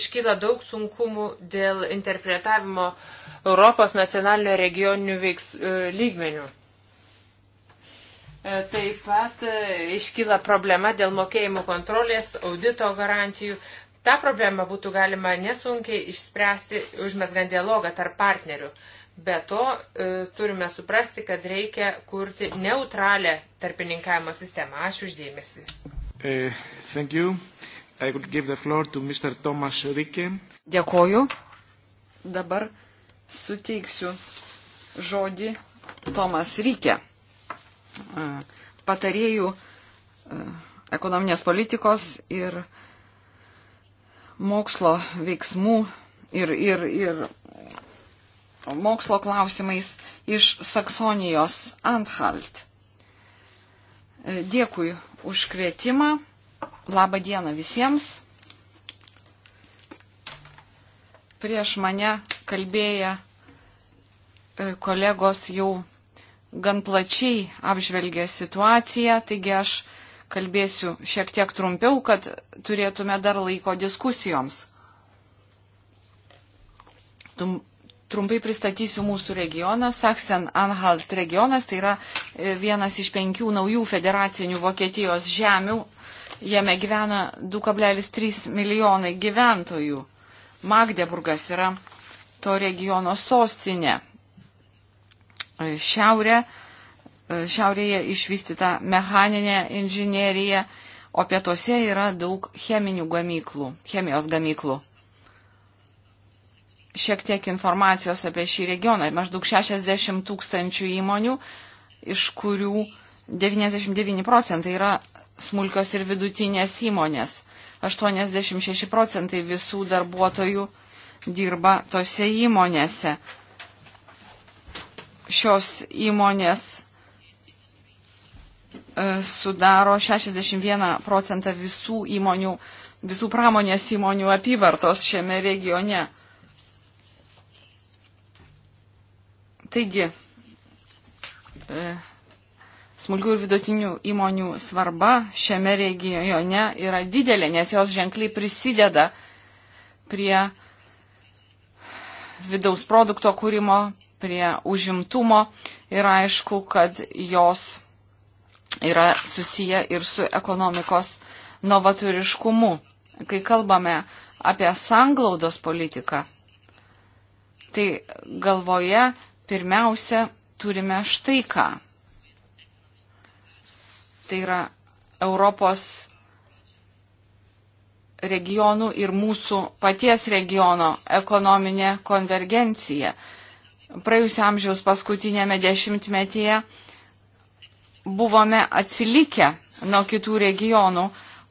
iškyla daug sunkumų dėl interpretavimo Europos nacionalinio regioninių veiks, e, lygmenių. E, taip pat e, iškyla problema dėl mokėjimų kontrolės, audito garantijų. Ta problema būtų galima nesunkiai išspręsti, užmesgant dialogą tarp partnerių. Be to, e, turime suprasti, kad reikia kurti neutralią tarpininkavimo sistemą. Ačiū uždėmesi. Uh, Dėkoju. Dabar suteiksiu žodį Tomas Rykė, e, patarėjų ekonominės politikos ir uh, mokslo veiksmų ir, ir, ir mokslo klausimais iš Saksonijos Anhalt. E, dėkui už kvietimą. Labą dieną visiems. Prieš mane kalbėję e, kolegos jau gan plačiai apžvelgė situaciją, taigi aš kalbėsiu šiek tiek trumpiau, kad turėtume dar laiko diskusijoms. Tum, trumpai pristatysiu mūsų regioną. Saksen Anhalt regionas tai yra e, vienas iš penkių naujų federacinių Vokietijos žemių. Jame gyvena 2,3 milijonai gyventojų. Magdeburgas yra to regiono sostinė. E, šiaurė šiaurėje išvystyta mechaninė inžinierija, o pietuose yra daug cheminių gamyklų, chemijos gamyklų. Šiek tiek informacijos apie šį regioną. Maždaug 60 tūkstančių įmonių, iš kurių 99 procentai yra smulkios ir vidutinės įmonės. 86 procentai visų darbuotojų dirba tose įmonėse. Šios įmonės E, sudaro 61 procentą visų įmonių, visų pramonės įmonių apyvartos šiame regione. Taigi, e, smulkių ir vidutinių įmonių svarba šiame regione yra didelė, nes jos ženkliai prisideda prie vidaus produkto kūrimo, prie užimtumo ir aišku, kad jos yra susiję ir su ekonomikos novatoriškumu. Kai kalbame apie sanglaudos politiką, tai galvoje pirmiausia turime štai ką. Tai yra Europos regionų ir mūsų paties regiono ekonominė konvergencija. Praėjusio amžiaus paskutinėme dešimtmetyje buvome atsilikę nuo kitų regionų,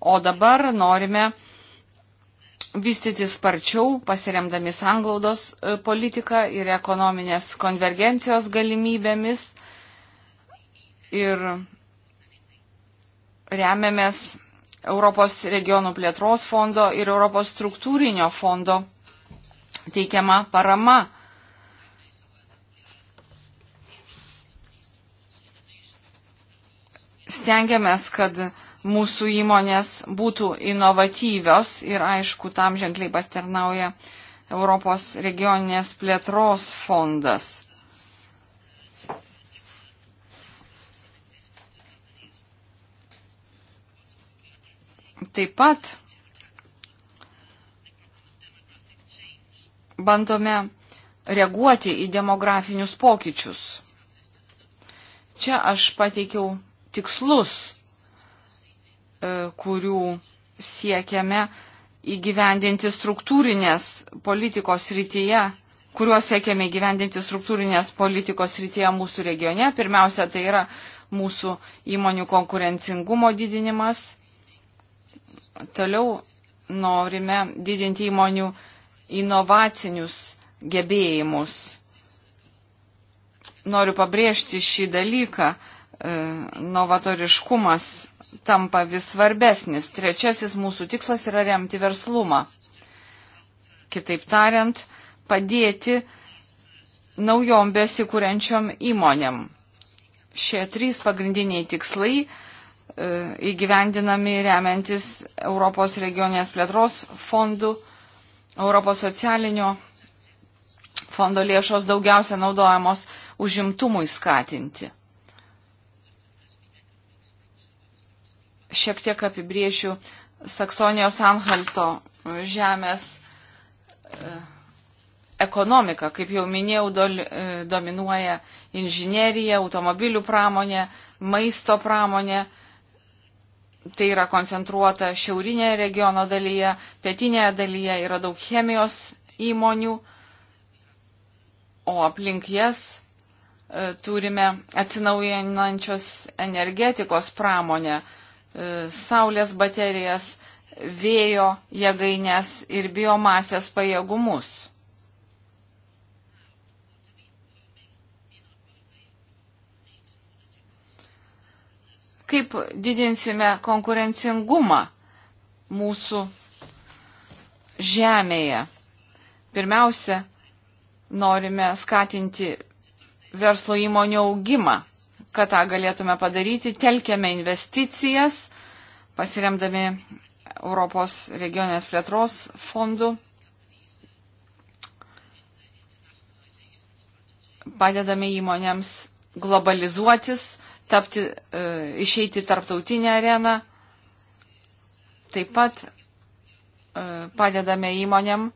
o dabar norime vystyti sparčiau, pasiremdami sanglaudos e, politiką ir ekonominės konvergencijos galimybėmis. Ir remiamės Europos regionų plėtros fondo ir Europos struktūrinio fondo teikiama parama stengiamės, kad mūsų įmonės būtų inovatyvios ir aišku, tam ženkliai pasternauja Europos regioninės plėtros fondas. Taip pat bandome reaguoti į demografinius pokyčius. Čia aš pateikiau tikslus, e, kurių siekiame įgyvendinti struktūrinės politikos rytyje, kuriuos siekiame įgyvendinti struktūrinės politikos rytyje mūsų regione. Pirmiausia, tai yra mūsų įmonių konkurencingumo didinimas. Toliau norime didinti įmonių inovacinius gebėjimus. Noriu pabrėžti šį dalyką, E, novatoriškumas tampa vis svarbesnis. Trečiasis mūsų tikslas yra remti verslumą. Kitaip tariant, padėti naujom besikūrenčiom įmonėm. Šie trys pagrindiniai tikslai e, įgyvendinami remiantis Europos regionės plėtros fondų, Europos socialinio fondo lėšos daugiausia naudojamos užimtumui skatinti. šiek tiek apibriešiu Saksonijos Anhalto žemės e, ekonomiką. Kaip jau minėjau, e, dominuoja inžinierija, automobilių pramonė, maisto pramonė. Tai yra koncentruota šiaurinėje regiono dalyje, pietinėje dalyje yra daug chemijos įmonių, o aplink jas e, turime atsinaujinančios energetikos pramonę, E, saulės baterijas, vėjo jėgainės ir biomasės pajėgumus. Kaip didinsime konkurencingumą mūsų žemėje? Pirmiausia, norime skatinti verslo įmonių augimą kad tą galėtume padaryti, telkėme investicijas, pasiremdami Europos regionės plėtros fondų, padedame įmonėms globalizuotis, tapti, e, išeiti tarptautinę areną. Taip pat e, padedame įmonėm,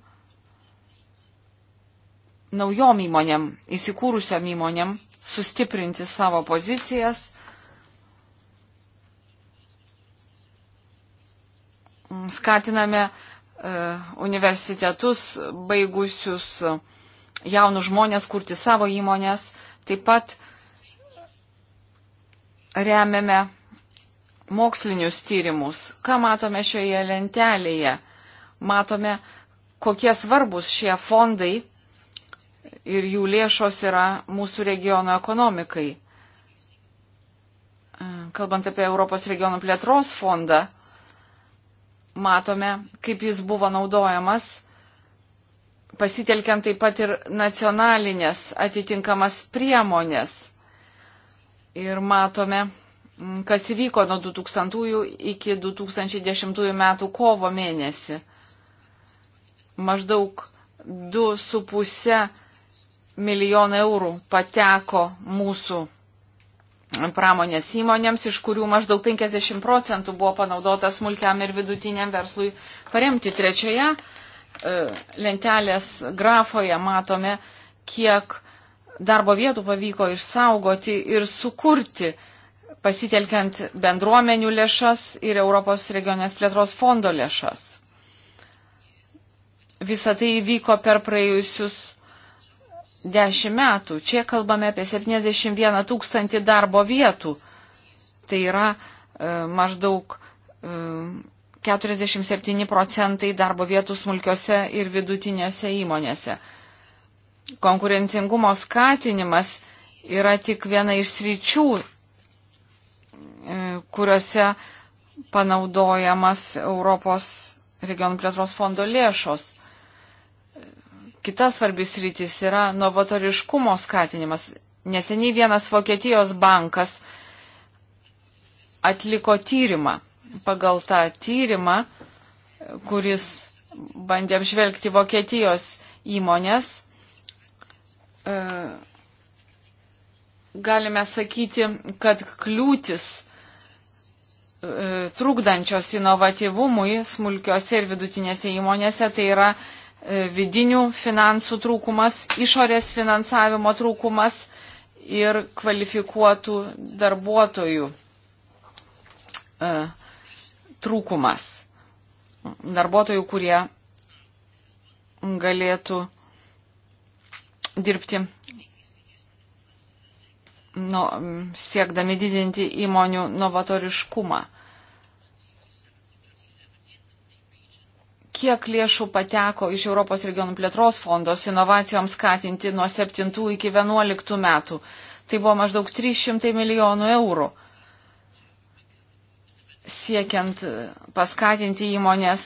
naujom įmonėm, įsikūrusiam įmonėm sustiprinti savo pozicijas. Skatiname e, universitetus baigusius e, jaunus žmonės kurti savo įmonės. Taip pat remiame mokslinius tyrimus. Ką matome šioje lentelėje? Matome, kokie svarbus šie fondai ir jų lėšos yra mūsų regiono ekonomikai. E, kalbant apie Europos regionų plėtros fondą, matome, kaip jis buvo naudojamas, pasitelkiant taip pat ir nacionalinės atitinkamas priemonės. Ir matome, kas įvyko nuo 2000 iki 2010 metų kovo mėnesį. Maždaug 2,5 milijonų eurų pateko mūsų pramonės įmonėms, iš kurių maždaug 50 procentų buvo panaudota smulkiam ir vidutiniam verslui paremti. Trečioje e, lentelės grafoje matome, kiek darbo vietų pavyko išsaugoti ir sukurti, pasitelkiant bendruomenių lėšas ir Europos regionės plėtros fondo lėšas. Visą tai įvyko per praėjusius 10 metų. Čia kalbame apie 71 tūkstantį darbo vietų. Tai yra e, maždaug e, 47 procentai darbo vietų smulkiose ir vidutinėse įmonėse. Konkurencingumo skatinimas yra tik viena iš sričių, e, kuriuose panaudojamas Europos regionų plėtros fondo lėšos kitas svarbis rytis yra novatoriškumo skatinimas. Neseniai vienas Vokietijos bankas atliko tyrimą. Pagal tą tyrimą, kuris bandė apžvelgti Vokietijos įmonės, e, galime sakyti, kad kliūtis e, trukdančios inovatyvumui smulkiose ir vidutinėse įmonėse tai yra E, vidinių finansų trūkumas, išorės finansavimo trūkumas ir kvalifikuotų darbuotojų e, trūkumas. Darbuotojų, kurie galėtų dirbti nu, siekdami didinti įmonių novatoriškumą. kiek lėšų pateko iš Europos regionų plėtros fondos inovacijoms skatinti nuo 7 iki 11 metų. Tai buvo maždaug 300 milijonų eurų. Siekiant paskatinti įmonės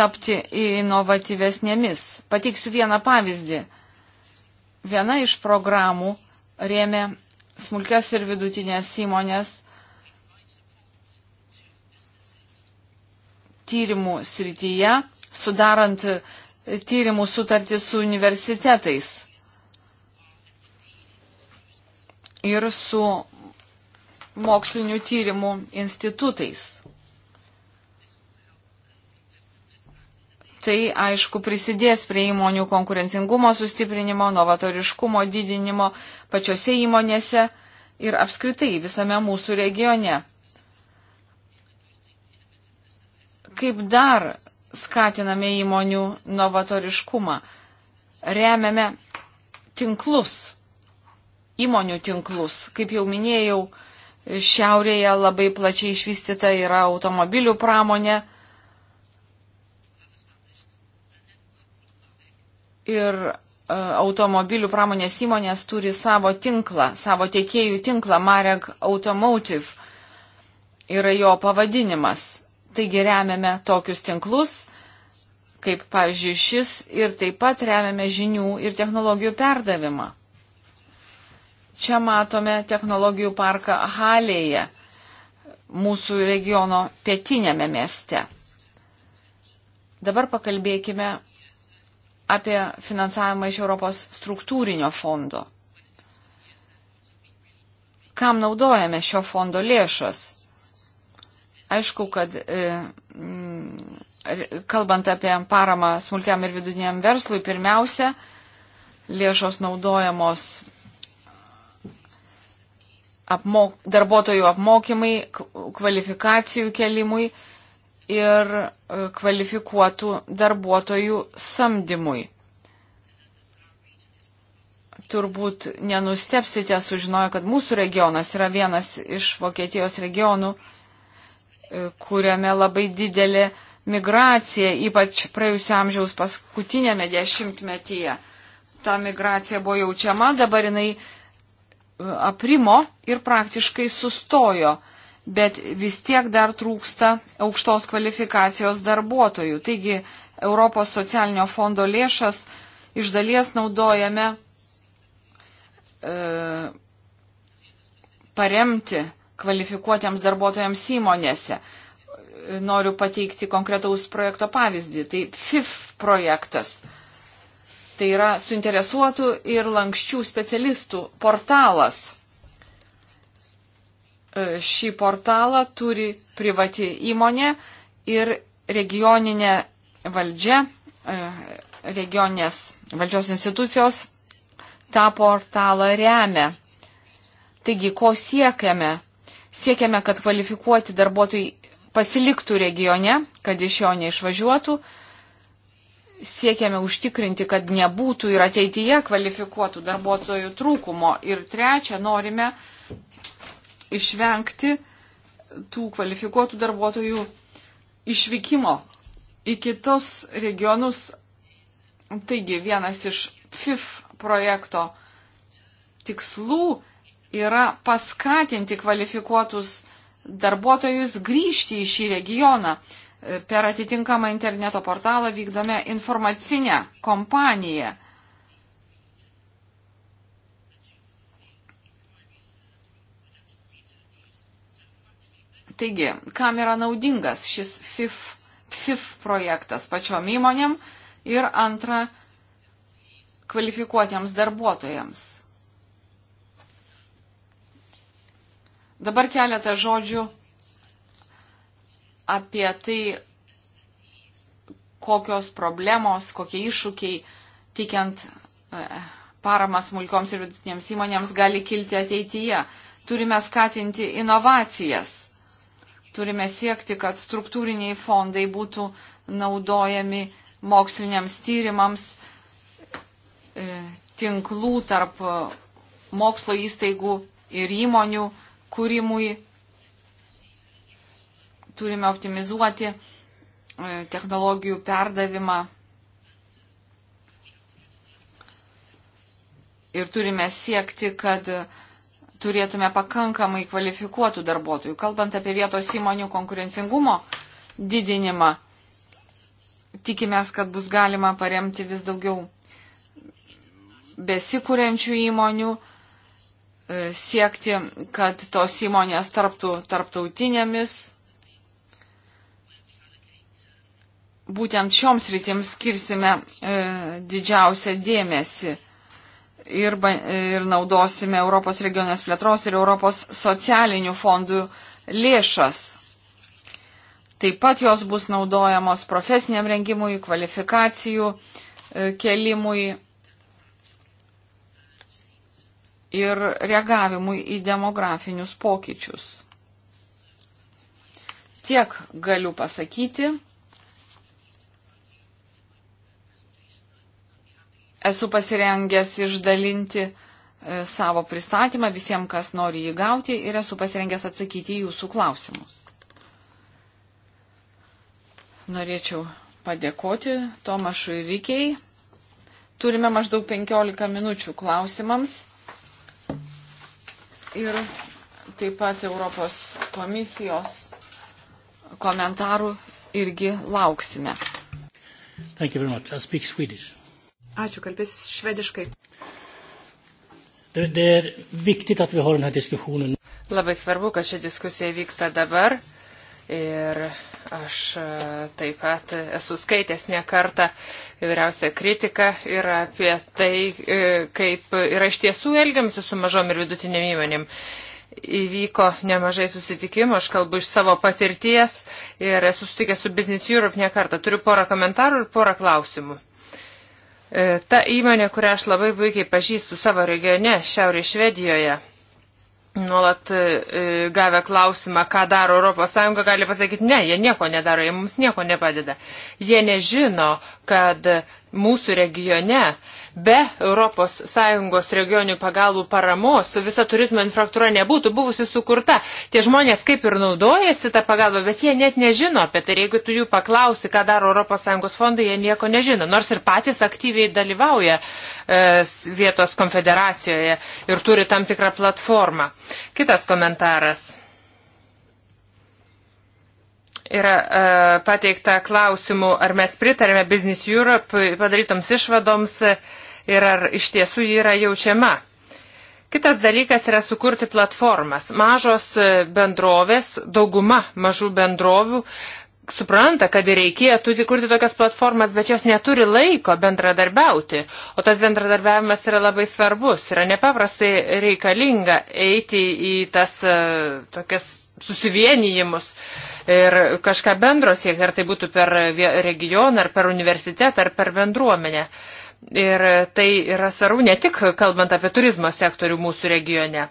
tapti inovatyvesnėmis. Pateiksiu vieną pavyzdį. Viena iš programų rėmė smulkės ir vidutinės įmonės tyrimų srityje, sudarant tyrimų sutartį su universitetais ir su mokslinių tyrimų institutais. Tai aišku prisidės prie įmonių konkurencingumo sustiprinimo, novatoriškumo didinimo pačiose įmonėse ir apskritai visame mūsų regione. Kaip dar skatiname įmonių novatoriškumą? Remiame tinklus, įmonių tinklus. Kaip jau minėjau, šiaurėje labai plačiai išvystyta yra automobilių pramonė. Ir e, automobilių pramonės įmonės turi savo tinklą, savo tiekėjų tinklą Mareg Automotive yra jo pavadinimas. Taigi remiame tokius tinklus, kaip pavyzdžiui šis, ir taip pat remiame žinių ir technologijų perdavimą. Čia matome technologijų parką Halėje, mūsų regiono pietinėme mieste. Dabar pakalbėkime apie finansavimą iš Europos struktūrinio fondo. Kam naudojame šio fondo lėšas? Aišku, kad e, kalbant apie paramą smulkiam ir vidutiniam verslui, pirmiausia, lėšos naudojamos apmok, darbuotojų apmokymai, kvalifikacijų kelimui ir e, kvalifikuotų darbuotojų samdymui. Turbūt nenustepsite sužinoję, kad mūsų regionas yra vienas iš Vokietijos regionų, E, kuriame labai didelė migracija, ypač praėjusio amžiaus paskutinėme dešimtmetyje. Ta migracija buvo jaučiama, dabar jinai e, aprimo ir praktiškai sustojo, bet vis tiek dar trūksta aukštos kvalifikacijos darbuotojų. Taigi Europos socialinio fondo lėšas iš dalies naudojame e, paremti kvalifikuotiems darbuotojams įmonėse. Noriu pateikti konkretaus projekto pavyzdį. Tai FIF projektas. Tai yra suinteresuotų ir lankščių specialistų portalas. E, šį portalą turi privati įmonė ir regioninė valdžia, e, regioninės valdžios institucijos tą portalą remia. Taigi, ko siekiame Siekiame, kad kvalifikuoti darbuotojai pasiliktų regione, kad iš jo neišvažiuotų. Siekiame užtikrinti, kad nebūtų ir ateityje kvalifikuotų darbuotojų trūkumo. Ir trečia, norime išvengti tų kvalifikuotų darbuotojų išvykimo į kitus regionus. Taigi vienas iš FIF projekto tikslų yra paskatinti kvalifikuotus darbuotojus grįžti į šį regioną. E, per atitinkamą interneto portalą vykdome informacinę kompaniją. Taigi, kam yra naudingas šis FIF, FIF projektas pačiom įmonėm ir antra kvalifikuotiems darbuotojams? Dabar keletą žodžių apie tai, kokios problemos, kokie iššūkiai tikiant e, paramą smulkioms ir vidutinėms įmonėms gali kilti ateityje. Turime skatinti inovacijas. Turime siekti, kad struktūriniai fondai būtų naudojami moksliniams tyrimams e, tinklų tarp mokslo įstaigų ir įmonių kūrimui. Turime optimizuoti e, technologijų perdavimą. Ir turime siekti, kad turėtume pakankamai kvalifikuotų darbuotojų. Kalbant apie vietos įmonių konkurencingumo didinimą, tikimės, kad bus galima paremti vis daugiau besikūrenčių įmonių siekti, kad tos įmonės tarptų tarptautinėmis. Būtent šioms rytims skirsime e, didžiausią dėmesį ir, ir naudosime Europos regionės plėtros ir Europos socialinių fondų lėšas. Taip pat jos bus naudojamos profesiniam rengimui, kvalifikacijų e, kelimui ir reagavimui į demografinius pokyčius. Tiek galiu pasakyti. Esu pasirengęs išdalinti e, savo pristatymą visiems, kas nori jį gauti ir esu pasirengęs atsakyti jūsų klausimus. Norėčiau padėkoti Tomašui Rikiai. Turime maždaug 15 minučių klausimams ir taip pat Europos komisijos komentarų irgi lauksime. Ačiū, kalbėsiu švediškai. Labai svarbu, kad ši diskusija vyksta dabar ir Aš e, taip pat esu skaitęs ne kartą įvairiausią kritiką ir apie tai, e, kaip yra iš tiesų elgiamasi su mažom ir vidutinėm įmonėm. Įvyko nemažai susitikimų, aš kalbu iš savo patirties ir esu susitikęs su Business Europe ne kartą. Turiu porą komentarų ir porą klausimų. E, ta įmonė, kurią aš labai puikiai pažįstu savo regione, Šiaurės Švedijoje, nuolat e, e, gavę klausimą, ką daro ES, gali pasakyti, ne, jie nieko nedaro, jie mums nieko nepadeda. Jie nežino, kad mūsų regione be ES regionių pagalbų paramos visa turizmo infrastruktūra nebūtų buvusi sukurta. Tie žmonės kaip ir naudojasi tą pagalbą, bet jie net nežino apie tai. Jeigu tu jų paklausi, ką daro ES fondai, jie nieko nežino. Nors ir patys aktyviai dalyvauja e, vietos konfederacijoje ir turi tam tikrą platformą. Kitas komentaras yra e, pateikta klausimų, ar mes pritarėme Business Europe padarytoms išvadoms ir ar iš tiesų ji yra jaučiama. Kitas dalykas yra sukurti platformas. Mažos e, bendrovės, dauguma mažų bendrovių supranta, kad reikėtų kurti tokias platformas, bet jos neturi laiko bendradarbiauti. O tas bendradarbiavimas yra labai svarbus, yra nepaprastai reikalinga eiti į tas uh, tokias susivienijimus, uh, ir kažką bendro siekti, ar tai būtų per regioną, ar per universitetą, ar per bendruomenę. Ir tai yra svarbu ne tik kalbant apie turizmo sektorių mūsų regione.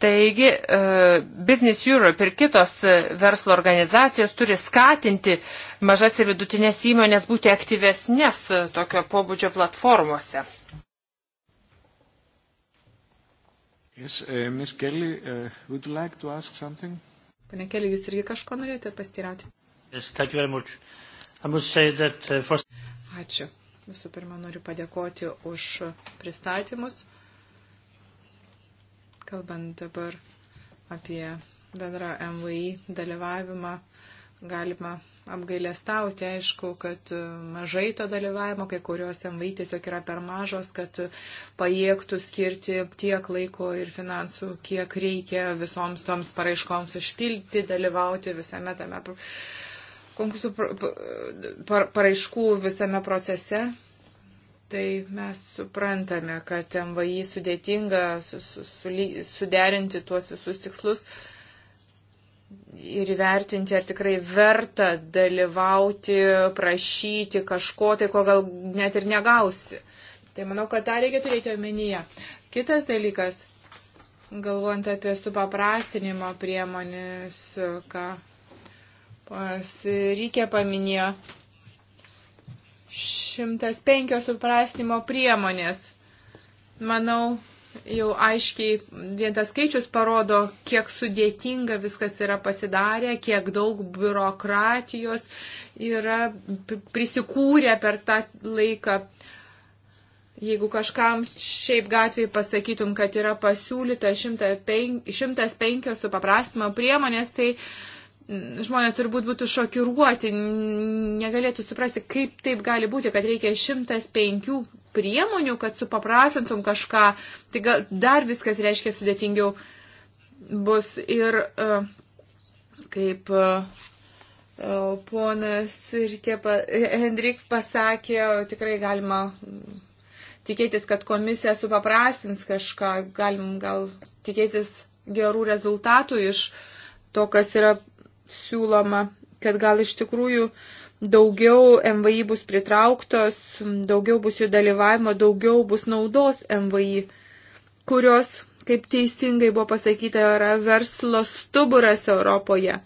Taigi, e, Business Europe ir kitos e, verslo organizacijos turi skatinti mažas ir vidutinės įmonės būti aktyvesnės e, tokio pobūdžio platformose. Yes, uh, Ms. Kelly, uh, would you like to ask something? Pane Keli, jūs irgi kažko norėjote pastirauti? Yes, that, uh, for... Ačiū. Visų pirma, noriu padėkoti už pristatymus. Kalbant dabar apie bendrą MVI dalyvavimą galima apgailestauti, aišku, kad e, mažai to dalyvavimo, kai kurios MVI tiesiog yra per mažos, kad pajėgtų skirti tiek laiko ir finansų, kiek reikia visoms toms paraiškoms užpildyti, dalyvauti visame tame konkursų paraiškų visame procese. Tai mes suprantame, kad MVI sudėtinga su, su, su, suderinti tuos visus tikslus. Uh, ir įvertinti, ar tikrai verta dalyvauti, prašyti kažko, tai ko gal net ir negausi. Tai manau, kad tą reikia turėti omenyje. Kitas dalykas, galvojant apie supaprastinimo priemonės, ką pas Rykė paminėjo, 105 suprastinimo priemonės. Manau, jau aiškiai vien tas skaičius parodo, kiek sudėtinga viskas yra pasidarę, kiek daug biurokratijos yra prisikūrę per tą laiką. Jeigu kažkam šiaip gatvėje pasakytum, kad yra pasiūlyta 105 supaprastimo priemonės, tai uh, žmonės turbūt būtų šokiruoti, negalėtų suprasti, kaip taip gali būti, kad reikia 105 priemonių, kad supaprasintum kažką, tai gal dar viskas reiškia sudėtingiau bus. Ir e, kaip e, e, ponas Hendrik pasakė, tikrai galima tikėtis, kad komisija supaprastins kažką, galim gal tikėtis gerų rezultatų iš to, kas yra siūloma, kad gal iš tikrųjų daugiau MVI bus pritrauktos, daugiau bus jų dalyvavimo, daugiau bus naudos MVI, kurios, kaip teisingai buvo pasakyta, yra verslo stuburas Europoje.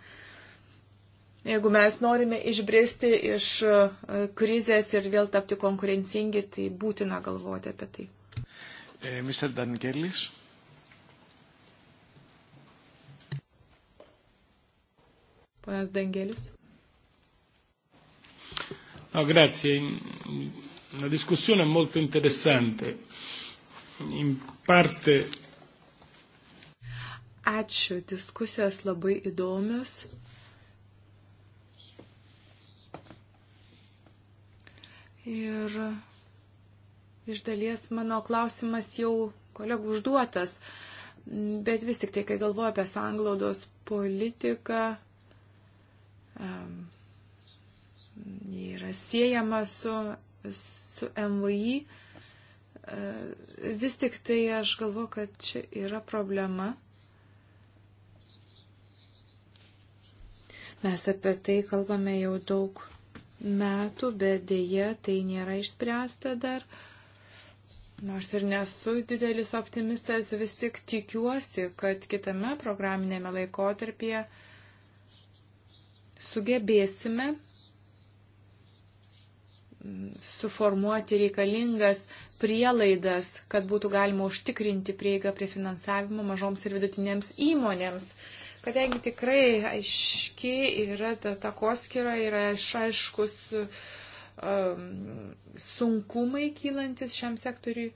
Jeigu mes norime išbristi iš e, krizės ir vėl tapti konkurencingi, tai būtina galvoti apie tai. Eh, Mr. Dangelis. Ponas Dangelis. No, grazie. La discussione è molto interessante. In parte. Ačiū, diskusijos labai įdomios. Ir iš dalies mano klausimas jau kolegų užduotas, bet vis tik tai, kai galvoju apie sanglaudos politiką, yra siejama su, su MVI. E, vis tik tai aš galvoju, kad čia yra problema. Mes apie tai kalbame jau daug metų, bet dėje tai nėra išspręsta dar. Nors ir nesu didelis optimistas, vis tik tikiuosi, kad kitame programinėme laikotarpyje uh, sugebėsime suformuoti reikalingas prielaidas, kad būtų galima užtikrinti prieigą prie finansavimo mažoms ir vidutinėms įmonėms. Kadangi tikrai aiški yra ta takoskira, yra išaiškus um, sunkumai kylantis šiam sektoriui,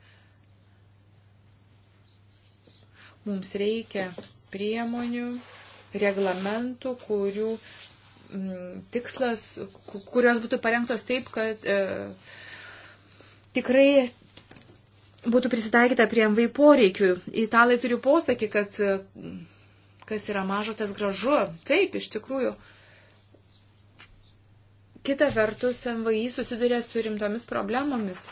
mums reikia priemonių, reglamentų, kurių Mm, tikslas, kurios būtų parengtos taip, kad e, tikrai būtų prisitaikyta prie MV poreikių. Italai turi posakį, kad e, kas yra mažo, tas gražu. Taip, iš tikrųjų. Kita vertus, MVI susiduria su rimtomis problemomis.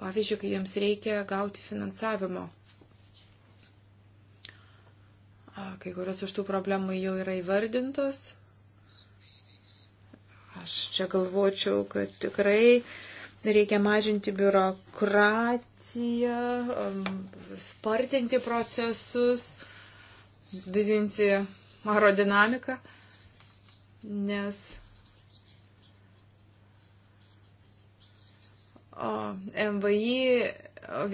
Pavyzdžiui, kai jiems reikia gauti finansavimo. Kai kurios iš tų problemų jau yra įvardintos. Aš čia galvočiau, kad tikrai reikia mažinti biurokratiją, um, spartinti procesus, didinti aerodinamiką, nes o, MVI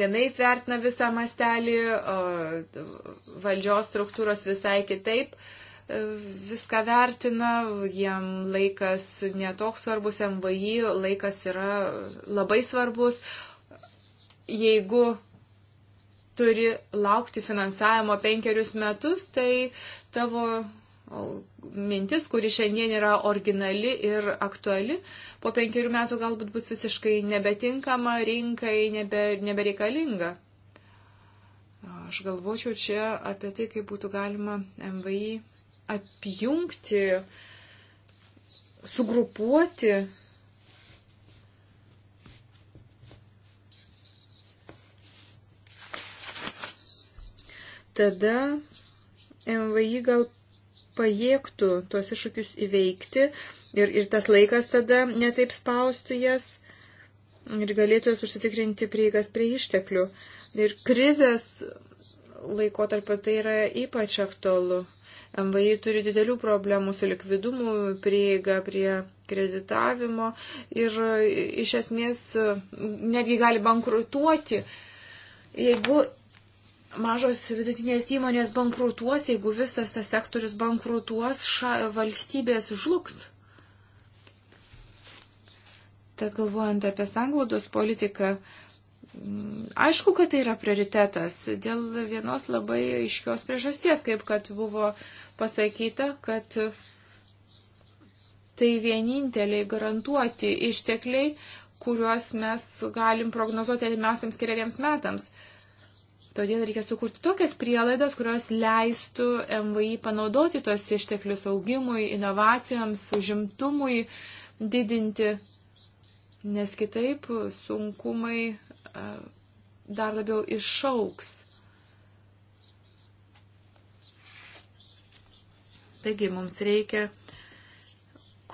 vienaip vertina visą mastelį, o, valdžios struktūros visai kitaip. O, viską vertina, jiem laikas netoks svarbus, MVI laikas yra labai svarbus. Jeigu turi laukti finansavimo penkerius metus, tai tavo mintis, kuri šiandien yra originali ir aktuali, po penkerių metų galbūt bus visiškai nebetinkama rinkai, nebe, nebereikalinga. Aš galvočiau čia apie tai, kaip būtų galima MVI apjungti, sugrupuoti tada MVI gal pajėgtų tuos iššūkius įveikti ir, ir tas laikas tada netaip spaustų jas ir galėtų jas užsitikrinti prieigas prie išteklių. Ir krizės laikotarpio tai yra ypač aktualu. MVI turi didelių problemų su likvidumu, prieiga prie kreditavimo ir e, iš esmės e, netgi gali bankrutuoti. Jeigu mažos vidutinės įmonės bankrutuos, jeigu visas tas sektorius bankrutuos, ša, valstybės žlugs. Tad galvojant apie sanglaudos politiką, Mm, aišku, kad tai yra prioritetas dėl vienos labai aiškios priežasties, kaip kad buvo pasakyta, kad tai vieninteliai garantuoti ištekliai, kuriuos mes galim prognozuoti artimiausiams keliariems metams. Todėl reikia sukurti tokias prielaidas, kurios leistų MVI panaudoti tos išteklius augimui, inovacijoms, užimtumui didinti, nes kitaip sunkumai E, dar labiau išauks. Taigi mums reikia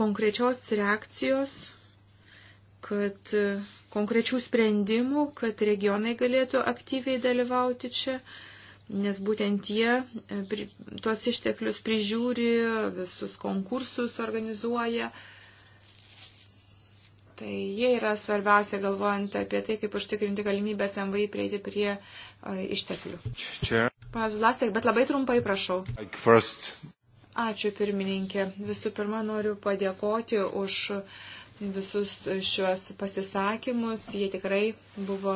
konkrečios reakcijos, kad e, konkrečių sprendimų, kad regionai galėtų aktyviai dalyvauti čia, nes būtent jie e, tuos išteklius prižiūri, visus konkursus organizuoja. Uh, Tai jie yra svarbiausia galvojant apie tai, kaip užtikrinti galimybės MVI prieiti prie uh, išteklių. Panas Lasek, bet labai trumpai prašau. Ačiū pirmininkė. Visų pirma, noriu padėkoti už visus šiuos pasisakymus. Jie tikrai buvo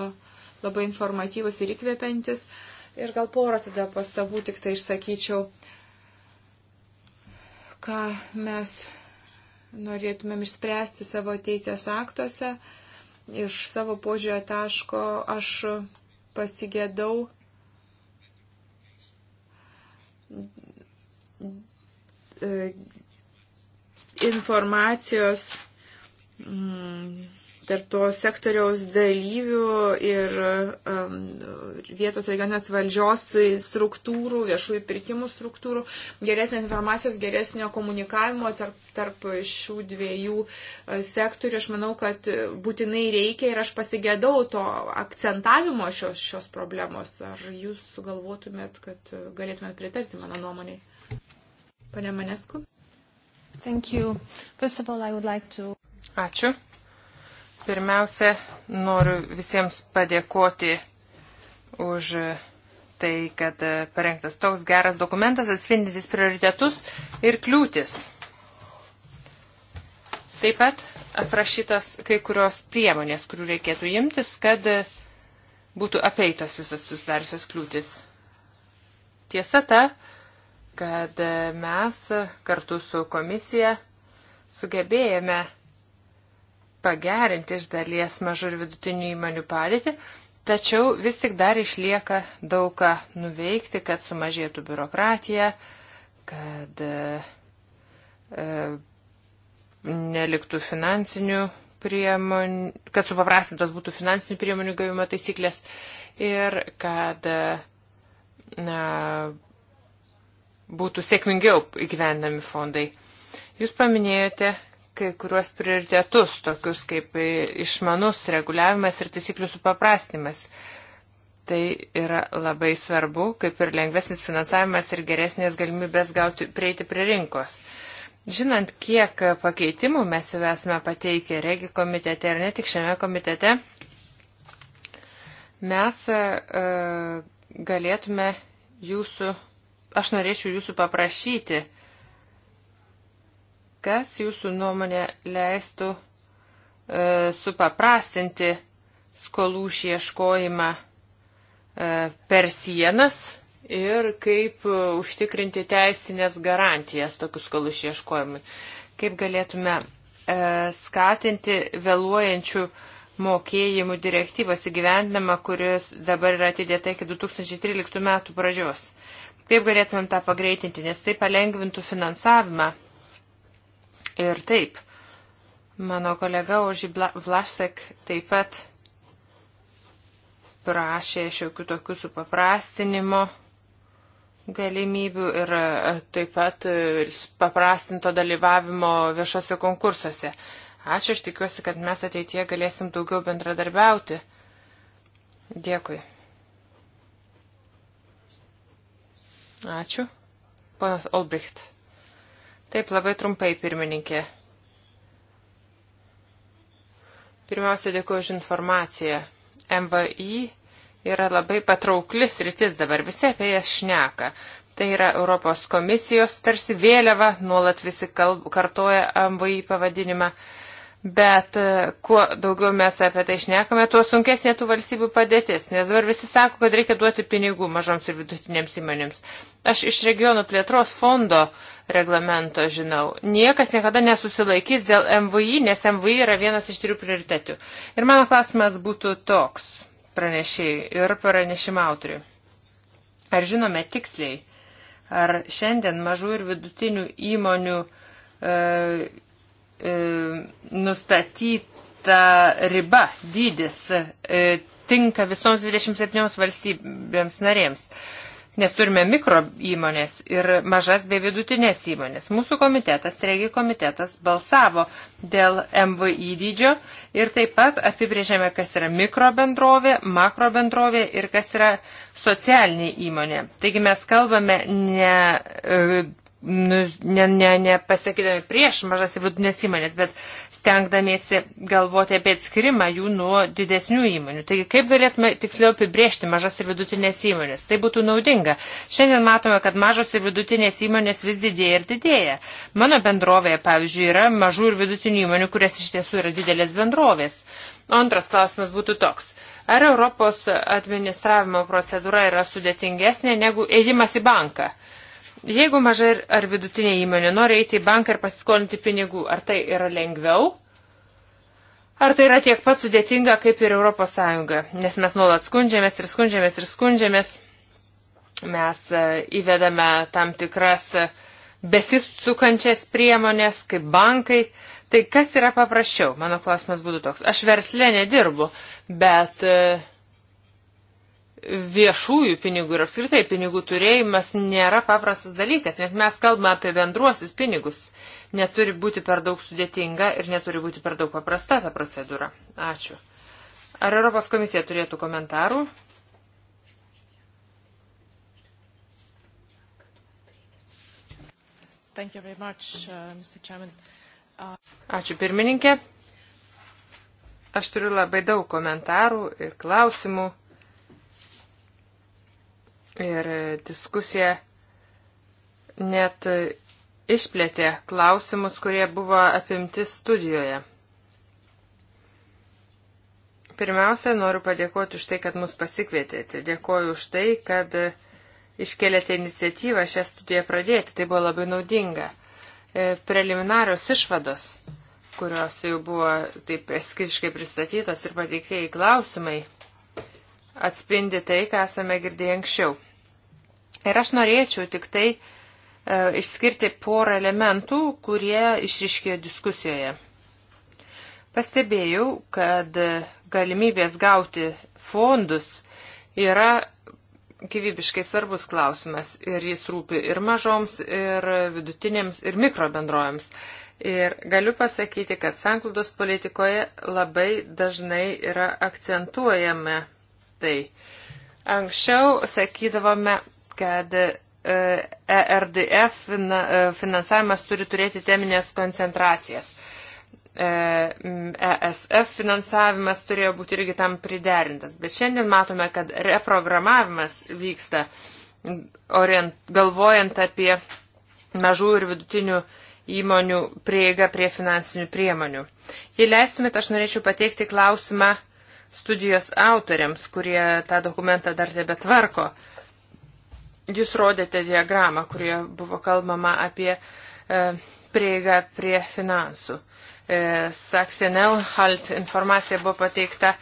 labai informatyvus ir įkvepiantis. Ir gal porą tada pastabų tik tai išsakyčiau, ką mes norėtumėm išspręsti savo teisės aktuose. Iš savo požiūrio taško aš pasigėdau e, informacijos mm, tarp to sektoriaus dalyvių ir um, vietos regionės valdžios struktūrų, viešųjų pirkimų struktūrų, geresnės informacijos, geresnio komunikavimo tarp, tarp šių dviejų e, sektorių. Aš manau, kad būtinai reikia ir aš pasigėdau to akcentavimo šios, šios problemos. Ar jūs sugalvotumėt, kad galėtumėt pritarti mano nuomonėj? Pane Manesku. Thank you. First of all, I would like to. Ačiū. Pirmiausia, noriu visiems padėkoti už tai, kad parengtas toks geras dokumentas atspindintis prioritetus ir kliūtis. Taip pat aprašytas kai kurios priemonės, kurių reikėtų imtis, kad būtų apeitos visas susidariusios kliūtis. Tiesa ta, kad mes kartu su komisija sugebėjome pagerinti iš dalies mažų ir vidutinių įmonių padėtį, tačiau vis tik dar išlieka daug ką nuveikti, kad sumažėtų biurokratija, kad e, e neliktų finansinių priemonių, kad supaprastintos būtų finansinių priemonių gavimo taisyklės ir kad e, na, būtų sėkmingiau įgyvendami fondai. Jūs paminėjote kai kuriuos prioritetus, tokius kaip išmanus reguliavimas ir taisyklių supaprastimas. Tai yra labai svarbu, kaip ir lengvesnis finansavimas ir geresnės galimybės gauti, prieiti prie rinkos. Žinant, kiek pakeitimų mes jau esame pateikę regi komitete ir ne tik šiame komitete, mes uh, galėtume jūsų, aš norėčiau jūsų paprašyti, uh, Kas jūsų nuomonė leistų e, supaprastinti skolų išieškojimą e, per sienas ir kaip užtikrinti teisinės garantijas tokius skolų išieškojimui? Kaip galėtume e, skatinti vėluojančių mokėjimų direktyvos įgyvendinimą, kuris dabar yra atidėta iki 2013 metų pradžios. Kaip galėtumėm tą pagreitinti, nes tai palengvintų finansavimą Ir taip, mano kolega Oži Vlasek taip pat prašė šiokių tokių supaprastinimo galimybių ir e, taip pat e, paprastinto dalyvavimo viešose konkursuose. Ačiū, aš tikiuosi, kad mes ateitie galėsim daugiau bendradarbiauti. Dėkui. Ačiū. Ponas Olbricht. Taip, labai trumpai, pirmininkė. Pirmiausia, dėkuoju už informaciją. MVI yra labai patrauklis rytis dabar, visi apie jas šneka. Tai yra Europos komisijos tarsi vėliava, nuolat visi kalb, kartoja MVI pavadinimą. Uh, Bet e, kuo daugiau mes apie tai šnekame, tuo sunkesnė tų valstybių padėtis, nes dabar visi sako, kad reikia duoti pinigų mažoms ir vidutinėms įmonėms. Aš iš regionų plėtros fondo reglamento žinau, niekas niekada nesusilaikys dėl MVI, nes MVI yra vienas iš trijų prioritetų. Ir mano klausimas būtų toks pranešėjai ir pranešimo autoriui. Ar žinome tiksliai, ar šiandien mažų ir vidutinių įmonių e, E, nustatyta riba, dydis e, tinka visoms 27 valstybėms narėms. Nes turime mikro įmonės ir mažas bei vidutinės įmonės. Mūsų komitetas, regi komitetas, balsavo dėl MVI dydžio ir taip pat apibrėžėme, kas yra mikro bendrovė, makro bendrovė ir kas yra socialinė įmonė. Taigi mes kalbame ne e, nepasakydami nu, ne, ne, ne prieš mažas ir vidutinės įmonės, bet stengdamiesi galvoti apie atskirimą jų nuo didesnių įmonių. Taigi, kaip galėtume tiksliau apibriežti mažas ir vidutinės įmonės? Tai būtų naudinga. Šiandien matome, kad mažos ir vidutinės įmonės vis didėja ir didėja. Mano bendrovėje, pavyzdžiui, yra mažų ir vidutinių įmonių, kurias iš tiesų yra didelės bendrovės. O antras klausimas būtų toks. Ar Europos administravimo procedūra yra sudėtingesnė negu ėjimas į banką? Jeigu maža ar vidutinė įmonė nori eiti į banką ir pasiskolinti pinigų, ar tai yra lengviau? Ar tai yra tiek pat sudėtinga kaip ir ES? Nes mes nuolat skundžiamės ir skundžiamės ir skundžiamės. Mes e, įvedame tam tikras e, besisukančias priemonės, kaip bankai. Tai kas yra paprasčiau? Mano klausimas būtų toks. Aš verslė nedirbu, bet uh, viešųjų pinigų ir apskritai pinigų turėjimas nėra paprastas dalykas, nes mes kalbame apie bendruosius pinigus. Neturi būti per daug sudėtinga ir neturi būti per daug paprasta ta procedūra. Ačiū. Ar Europos komisija turėtų komentarų? Much, uh, uh... Ačiū pirmininkė. Aš turiu labai daug komentarų ir klausimų. Ir e, diskusija net e, išplėtė klausimus, kurie buvo apimti studijoje. Pirmiausia, noriu padėkoti už tai, kad mus pasikvietėte. Dėkoju už tai, kad e, iškelėte iniciatyvą šią studiją pradėti. Tai buvo labai naudinga. Preliminarios išvados, kurios jau buvo taip eskiziškai pristatytos ir pateiktieji klausimai, atspindi tai, ką esame girdėję anksčiau. Ir aš norėčiau tik tai e, išskirti porą elementų, kurie išriškėjo diskusijoje. Pastebėjau, kad galimybės gauti fondus yra gyvybiškai svarbus klausimas ir jis rūpi ir mažoms, ir vidutinėms, ir mikro bendrojams. Ir galiu pasakyti, kad sanklaudos politikoje labai dažnai yra akcentuojama tai. Anksčiau sakydavome, kad ERDF e e, finansavimas turi turėti teminės koncentracijas. ESF e finansavimas turėjo būti irgi tam priderintas. Bet šiandien matome, kad reprogramavimas vyksta orient, galvojant apie mažų ir vidutinių įmonių prieigą prie finansinių priemonių. Jei leistumėt, aš norėčiau pateikti klausimą studijos autoriams, kurie tą dokumentą dar tebe tvarko. Uh, Jūs rodėte diagramą, kurioje buvo kalbama apie e, prieigą prie finansų. E, Saksenel Halt informacija buvo pateikta.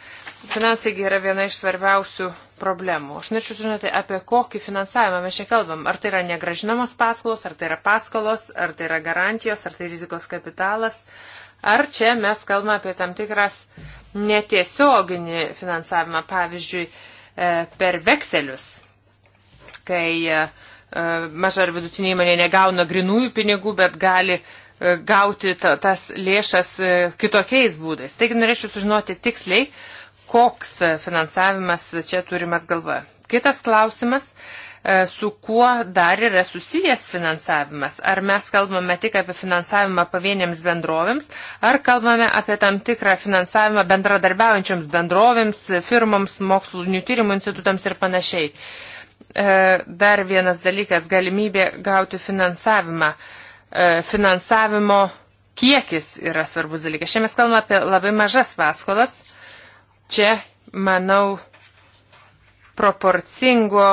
Finansai yra viena iš svarbiausių problemų. Aš norėčiau žinoti, apie kokį finansavimą mes čia kalbam. Ar tai yra negražinamos paskolos, ar tai yra paskolos, ar tai yra garantijos, ar tai rizikos kapitalas. Ar čia mes kalbame apie tam tikras netiesioginį finansavimą, pavyzdžiui, e, per vekselius kai e, e, maža ar vidutinė įmonė negauna grinųjų pinigų, bet gali e, gauti tas lėšas kitokiais būdais. Taigi norėčiau sužinoti tiksliai, koks finansavimas čia turimas galva. Kitas klausimas su kuo dar yra susijęs finansavimas. Ar mes kalbame tik apie finansavimą pavieniams bendrovėms, ar kalbame apie tam tikrą finansavimą bendradarbiaujančioms bendrovėms, firmoms, mokslinių tyrimų institutams ir panašiai. E, dar vienas dalykas - galimybė gauti finansavimą. E, finansavimo kiekis yra svarbus dalykas. Šiandien mes kalbame apie labai mažas paskolas. Čia, manau, proporcingo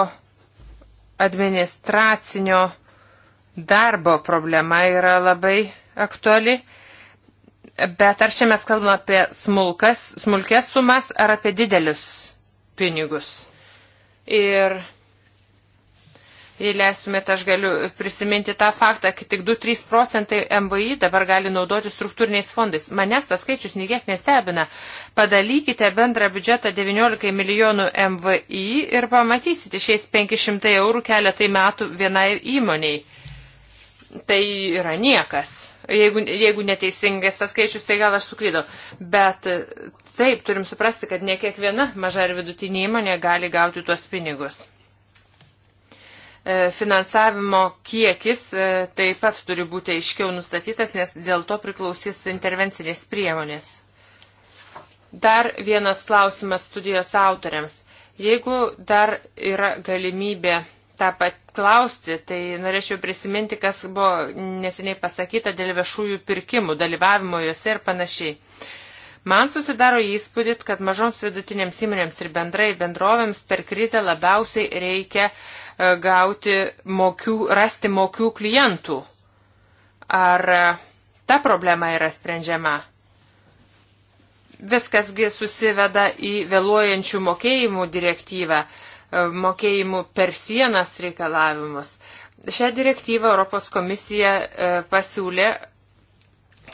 administracinio darbo problema yra labai aktuali. Bet ar čia mes kalbame apie smulkas, smulkės sumas ar apie didelius pinigus? Ir Jei leistumėte, aš galiu prisiminti tą faktą, kad tik 2-3 procentai MVI dabar gali naudoti struktūriniais fondais. Manęs tas skaičius niekiek nestebina. Padalykite bendrą biudžetą 19 milijonų MVI ir pamatysite šiais 500 eurų keletai metų vienai įmoniai. Tai yra niekas. Jeigu, jeigu neteisingas tas skaičius, tai gal aš suklydau. Bet e, taip, turim suprasti, kad ne kiekviena maža ir vidutinė įmonė gali gauti tuos pinigus. E, finansavimo kiekis e, taip pat turi būti aiškiau nustatytas, nes dėl to priklausys intervencinės priemonės. Dar vienas klausimas studijos autoriams. Jeigu dar yra galimybė tą pat klausti, tai norėčiau prisiminti, kas buvo neseniai pasakyta dėl viešųjų pirkimų, dalyvavimo juose ir panašiai. Man susidaro įspūdit, kad mažoms vidutinėms įmonėms ir bendrai bendrovėms per krizę labiausiai reikia uh, E, gauti mokių, rasti mokių klientų. Ar e, ta problema yra sprendžiama? Viskasgi susiveda į vėluojančių mokėjimų direktyvą, e, mokėjimų per sienas reikalavimus. Šią direktyvą Europos komisija pasiūlė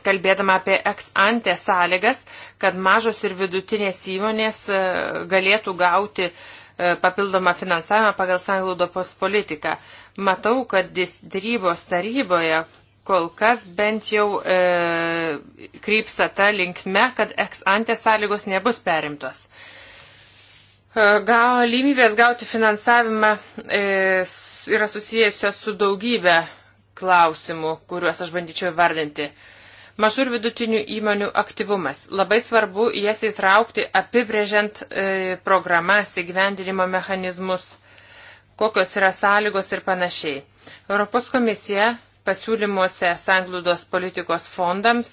kalbėdama apie ex-ante sąlygas, kad mažos ir vidutinės įmonės galėtų gauti uh, E, papildomą finansavimą pagal sąjaudos politiką. Matau, kad dėrybos taryboje kol kas bent jau e, krypsa ta linkme, kad eks ante sąlygos nebus perimtos. E, Galimybės gauti finansavimą e, yra susijusios su daugybė klausimų, kuriuos aš bandyčiau vardinti. E, Mažų ir vidutinių įmonių aktyvumas. Labai svarbu jas įtraukti apibrėžiant e, programas įgyvendinimo mechanizmus, kokios yra sąlygos ir panašiai. Europos komisija pasiūlymuose sanglūdos politikos fondams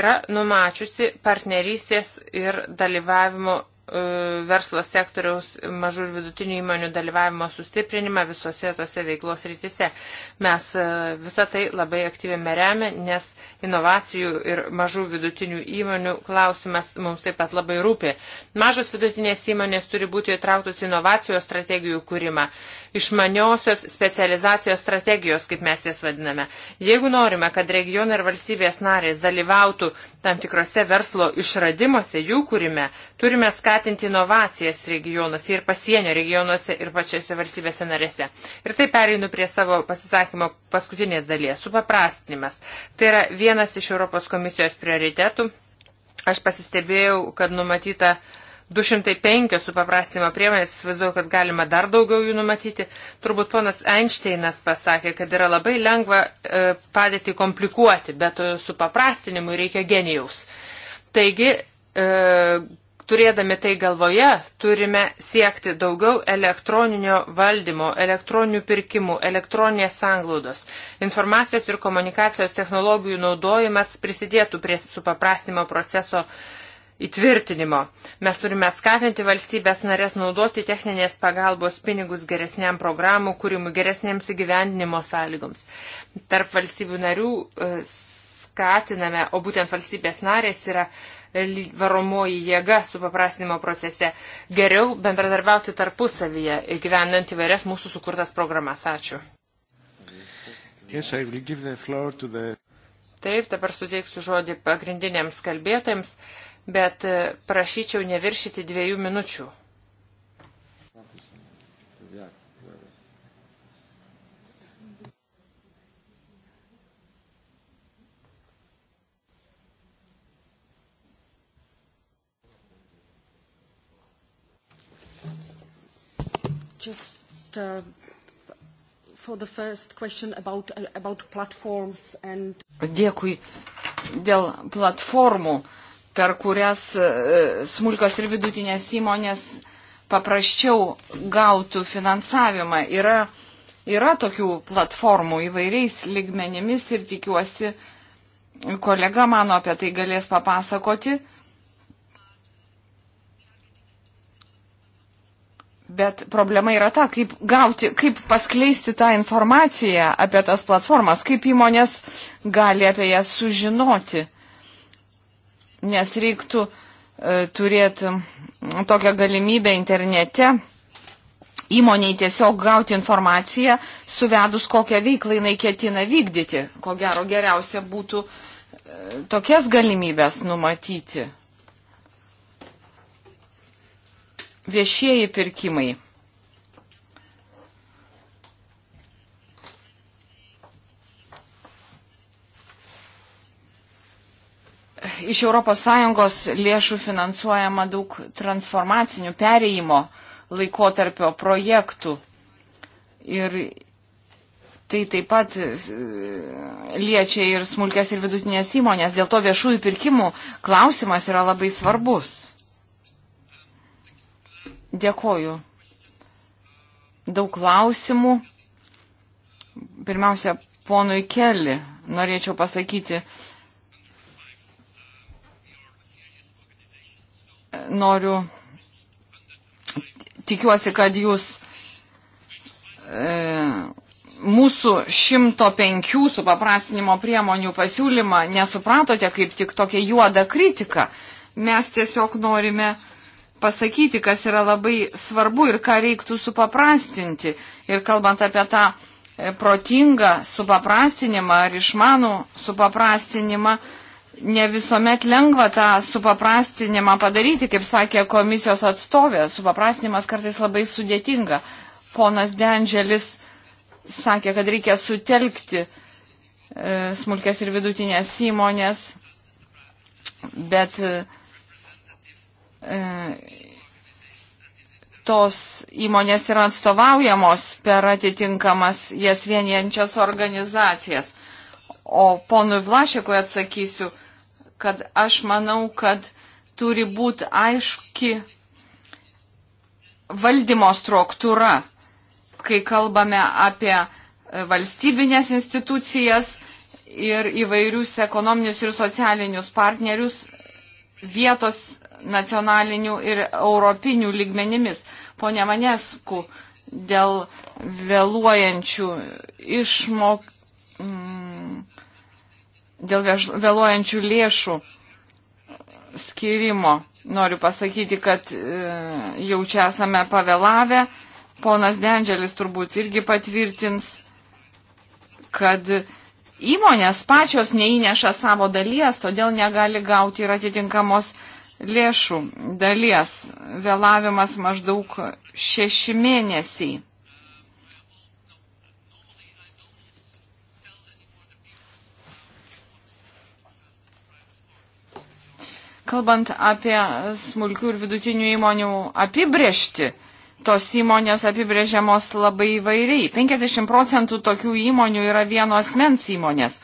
yra numačiusi partnerystės ir dalyvavimo E, verslo sektoriaus mažų ir vidutinių įmonių dalyvavimo sustiprinimą visose tose veiklos rytise. Mes e, visą tai labai aktyviai remia, nes inovacijų ir mažų vidutinių įmonių klausimas mums taip pat labai rūpi. Mažos vidutinės įmonės turi būti įtrauktos inovacijos strategijų kūrimą, išmaniosios specializacijos strategijos, kaip mes jas vadiname. Jeigu norime, kad regionai ir valstybės narės dalyvautų tam tikrose verslo išradimuose, jų kūrime, turime skatinti skatinti inovacijas regionuose ir pasienio regionuose ir pačiose valstybėse narėse. Ir tai pereinu prie savo pasisakymo paskutinės dalies - supaprastinimas. Tai yra vienas iš Europos komisijos prioritetų. Aš pasistebėjau, kad numatyta 205 supaprastinimo priemonės, įsivaizduoju, kad galima dar daugiau jų numatyti. Turbūt ponas Einšteinas pasakė, kad yra labai lengva e, padėti komplikuoti, bet e, supaprastinimui reikia genijaus. Taigi, e, turėdami tai galvoje, turime siekti daugiau elektroninio valdymo, elektroninių pirkimų, elektroninės sanglaudos. Informacijos ir komunikacijos technologijų naudojimas prisidėtų prie supaprastinimo proceso įtvirtinimo. Mes turime skatinti valstybės narės naudoti techninės pagalbos pinigus geresniam programų kūrimui, geresniems įgyvendinimo sąlygoms. Tarp valstybių narių e, skatiname, o būtent valstybės narės yra varomoji jėga su paprastinimo procese. Geriau bendradarbiauti tarpusavyje, gyvenant įvairias mūsų sukurtas programas. Ačiū. Yes, the... Taip, dabar suteiksiu žodį pagrindiniams kalbėtojams, bet e, prašyčiau neviršyti dviejų minučių. Just uh, for the first question about, uh, about platforms and... Dėkui dėl platformų, per kurias e, smulkios ir vidutinės įmonės paprasčiau gautų finansavimą. Yra, yra tokių platformų įvairiais ligmenimis ir tikiuosi, kolega mano apie tai galės papasakoti. Bet problema yra ta, kaip gauti, kaip paskleisti tą informaciją apie tas platformas, kaip įmonės gali apie jas sužinoti. Nes reiktų e, turėti tokią galimybę internete įmoniai tiesiog gauti informaciją, suvedus kokią veiklą jinai ketina vykdyti. Ko gero geriausia būtų e, tokias galimybės numatyti. Viešieji pirkimai. Iš ES lėšų finansuojama daug transformacinių pereimo laikotarpio projektų. Ir tai taip pat e, liečia ir smulkės ir vidutinės įmonės. Dėl to viešųjų pirkimų klausimas yra labai svarbus. Dėkoju. Daug klausimų. Pirmiausia, ponui Keli norėčiau pasakyti, noriu, tikiuosi, kad jūs e, mūsų 105 supaprastinimo priemonių pasiūlymą nesupratote kaip tik tokia juoda kritika. Mes tiesiog norime e, pasakyti, kas yra labai svarbu ir ką reiktų supaprastinti. Ir kalbant apie tą e, protingą supaprastinimą ar išmanų supaprastinimą, ne visuomet lengva tą supaprastinimą padaryti, kaip sakė komisijos atstovė. Supaprastinimas kartais labai sudėtinga. Ponas Denželis sakė, kad reikia sutelkti e, smulkės ir vidutinės įmonės, bet e, E, tos įmonės yra atstovaujamos per atitinkamas jas vienijančias organizacijas. O ponui Vlašekui atsakysiu, kad aš manau, kad turi būti aiški valdymo struktūra, kai kalbame apie valstybinės institucijas ir įvairius ekonominius ir socialinius partnerius vietos nacionalinių ir europinių lygmenimis. Pone Manesku, dėl vėluojančių išmok, mm, dėl vėluojančių lėšų skirimo noriu pasakyti, kad e, jau čia esame pavėlavę. Ponas Dendželis turbūt irgi patvirtins, kad įmonės pačios neįneša savo dalies, todėl negali gauti ir atitinkamos lėšų dalies vėlavimas maždaug šeši mėnesiai. Kalbant apie smulkių ir vidutinių įmonių apibriešti, tos įmonės apibrėžiamos labai įvairiai. 50 procentų tokių įmonių yra vieno asmens įmonės,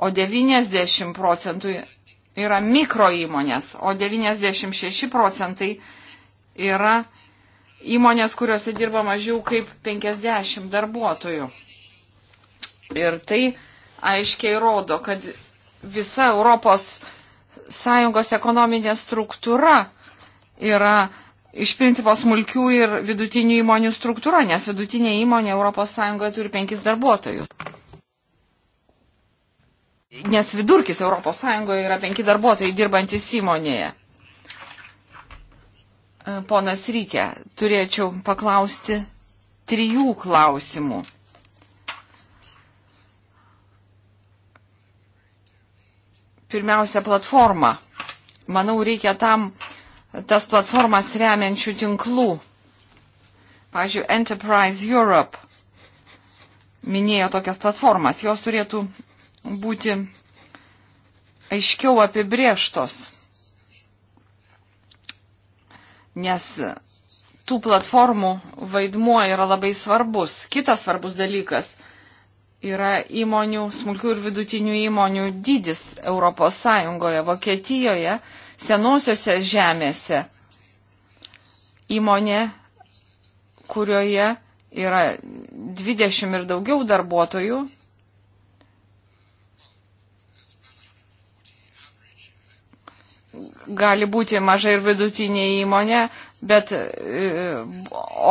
o 90 procentų yra mikro įmonės, o 96 procentai yra įmonės, kuriuose dirba mažiau kaip 50 darbuotojų. Ir tai aiškiai rodo, kad visa Europos Sąjungos ekonominė struktūra yra iš principo smulkių ir vidutinių įmonių struktūra, nes vidutinė įmonė Europos Sąjungoje turi penkis darbuotojus nes vidurkis ES yra penki darbuotojai dirbantis įmonėje. E, ponas Rykė, turėčiau paklausti trijų klausimų. Pirmiausia, platforma. Manau, reikia tam tas platformas remiančių tinklų. Pavyzdžiui, Enterprise Europe minėjo tokias platformas. Jos turėtų būti aiškiau apibrieštos. Nes tų platformų vaidmuo yra labai svarbus. Kitas svarbus dalykas yra įmonių, smulkių ir vidutinių įmonių dydis Europos Sąjungoje, Vokietijoje, senosiose žemėse. Įmonė, kurioje yra 20 ir daugiau darbuotojų, gali būti maža ir vidutinė įmonė, bet, e,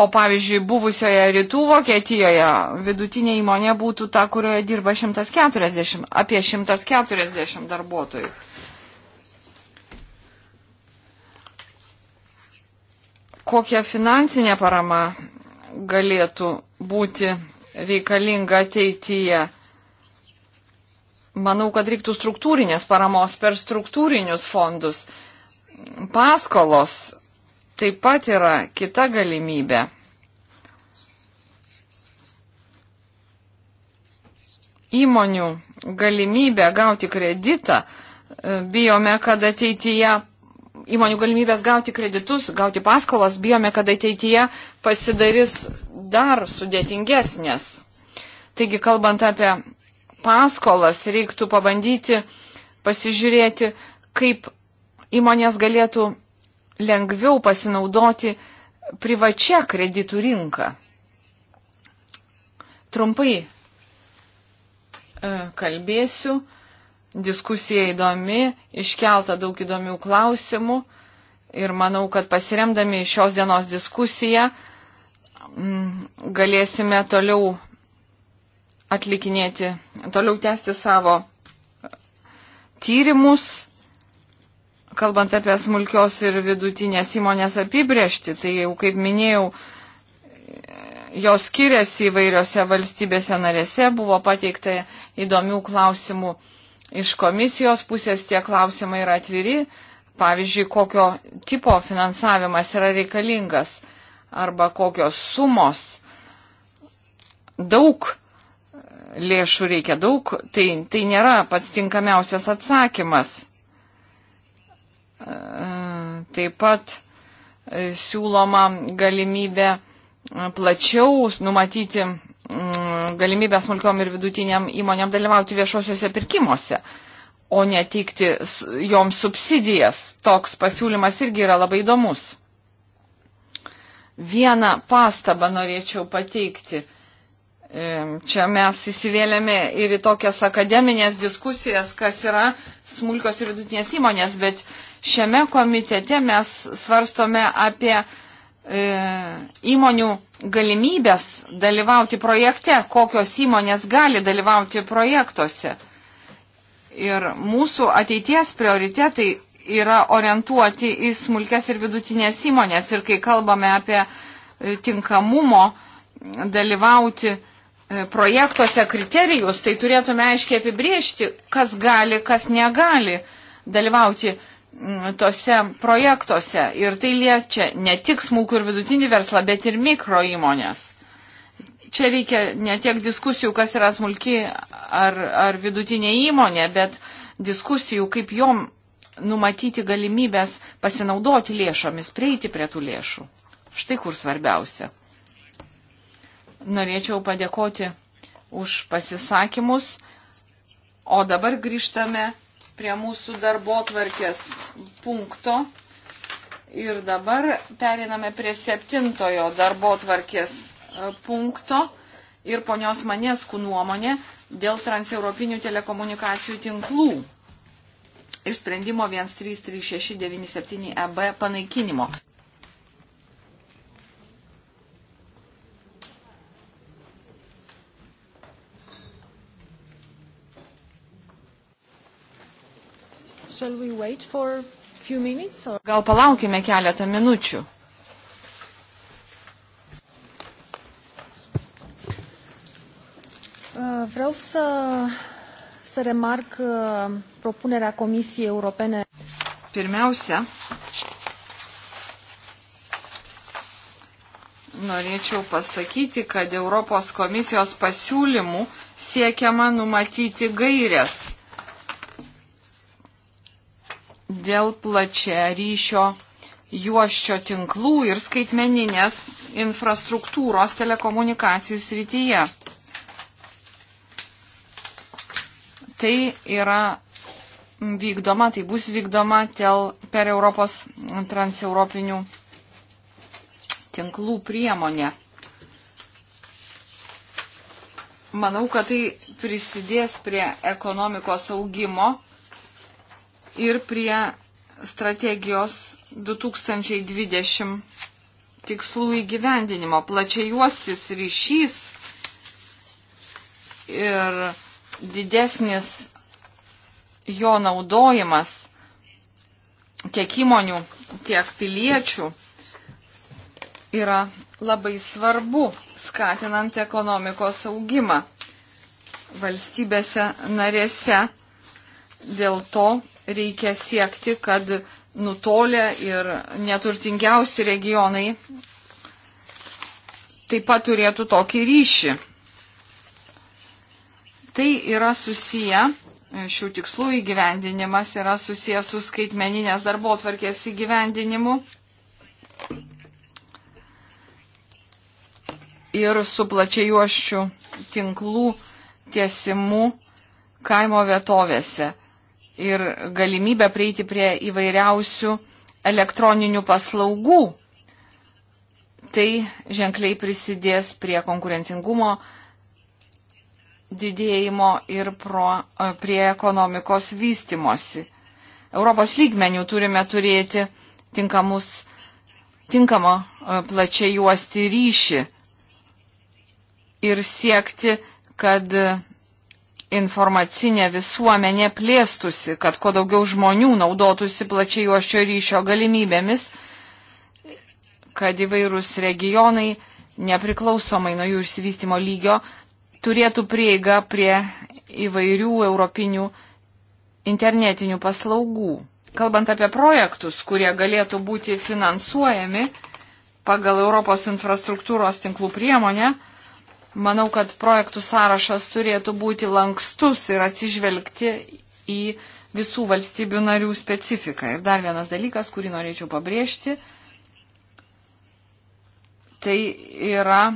o pavyzdžiui, buvusioje rytų Vokietijoje vidutinė įmonė būtų ta, kurioje dirba 140, apie 140 darbuotojų. Kokia finansinė parama galėtų būti reikalinga ateityje? Manau, kad reiktų struktūrinės paramos per struktūrinius fondus. Paskolos taip pat yra kita galimybė. Įmonių galimybė gauti kreditą, bijome, kad ateityje įmonių galimybės gauti kreditus, gauti paskolas, bijome, kad ateityje pasidarys dar sudėtingesnės. Taigi, kalbant apie paskolas, reiktų pabandyti pasižiūrėti, kaip įmonės galėtų lengviau pasinaudoti privačia kreditų rinka. Trumpai e, kalbėsiu, diskusija įdomi, iškelta daug įdomių klausimų ir manau, kad pasiremdami šios dienos diskusiją galėsime toliau atlikinėti, toliau tęsti savo tyrimus, kalbant apie smulkios ir vidutinės įmonės apibriešti. Tai jau, kaip minėjau, jos skiriasi įvairiose valstybėse narėse, buvo pateikta įdomių klausimų iš komisijos pusės, tie klausimai yra atviri, pavyzdžiui, kokio tipo finansavimas yra reikalingas arba kokios sumos. Daug lėšų reikia daug, tai, tai nėra pats tinkamiausias atsakymas. E, taip pat e, siūloma galimybė e, plačiau numatyti galimybę smulkiom ir vidutiniam įmonėm dalyvauti viešuosiuose pirkimuose, o ne teikti joms subsidijas. Toks pasiūlymas irgi yra labai įdomus. Vieną pastabą norėčiau pateikti. Čia mes įsivėlėme ir į tokias akademinės diskusijas, kas yra smulkios ir vidutinės įmonės, bet šiame komitete mes svarstome apie e, įmonių galimybės dalyvauti projekte, kokios įmonės gali dalyvauti projektuose. Ir mūsų ateities prioritetai yra orientuoti į smulkes ir vidutinės įmonės. Ir kai kalbame apie e, tinkamumo dalyvauti, E, projektuose kriterijus, tai turėtume aiškiai apibriežti, kas gali, kas negali dalyvauti tose projektuose. Ir tai liečia ne tik smulkų ir vidutinį verslą, bet ir mikro įmonės. Čia reikia ne tiek diskusijų, kas yra smulki ar, ar vidutinė įmonė, bet diskusijų, kaip jom numatyti galimybės pasinaudoti lėšomis, prieiti prie tų lėšų. Štai kur svarbiausia norėčiau padėkoti už pasisakymus. O dabar grįžtame prie mūsų darbo tvarkės punkto. Ir dabar periname prie septintojo darbo tvarkės e, punkto ir ponios Manieskų nuomonė dėl transeuropinių telekomunikacijų tinklų ir sprendimo 133697 EB panaikinimo. minutes, or... Gal palaukime keletą minučių. Uh, vreau să, să remarc uh, propunerea Comisiei Europene. Pirmiausia, norėčiau pasakyti, kad Europos komisijos pasiūlymų siekiama numatyti gairias dėl plačia ryšio juoščio tinklų ir skaitmeninės infrastruktūros telekomunikacijų srityje. Tai yra vykdoma, tai bus vykdoma tel, per Europos transeuropinių tinklų priemonę. Manau, kad tai prisidės prie ekonomikos augimo ir prie strategijos 2020 tikslų įgyvendinimo. Plačiai juostis ryšys ir didesnis jo naudojimas tiek įmonių, tiek piliečių yra labai svarbu skatinant ekonomikos augimą valstybėse narėse. Dėl to reikia siekti, kad nutolę ir neturtingiausi regionai taip pat turėtų tokį ryšį. Tai yra susiję, šių tikslų įgyvendinimas yra susiję su skaitmeninės darbo atvarkės įgyvendinimu ir su plačiajuoščių tinklų tiesimu kaimo vietovėse ir galimybę prieiti prie įvairiausių elektroninių paslaugų. Tai ženkliai prisidės prie konkurencingumo didėjimo ir pro, e, prie ekonomikos vystimosi. Europos lygmenių turime turėti tinkamus, tinkamą e, plačiai juosti ryšį ir siekti, kad informacinė visuomenė plėstusi, kad kuo daugiau žmonių naudotųsi plačiai juošio ryšio galimybėmis, kad įvairūs regionai, nepriklausomai nuo jų išsivystimo lygio, turėtų prieigą prie įvairių europinių internetinių paslaugų. Kalbant apie projektus, kurie galėtų būti finansuojami pagal Europos infrastruktūros tinklų priemonę, Manau, kad projektų sąrašas turėtų būti lankstus ir atsižvelgti į visų valstybių narių specifiką. Ir dar vienas dalykas, kurį norėčiau pabrėžti, tai yra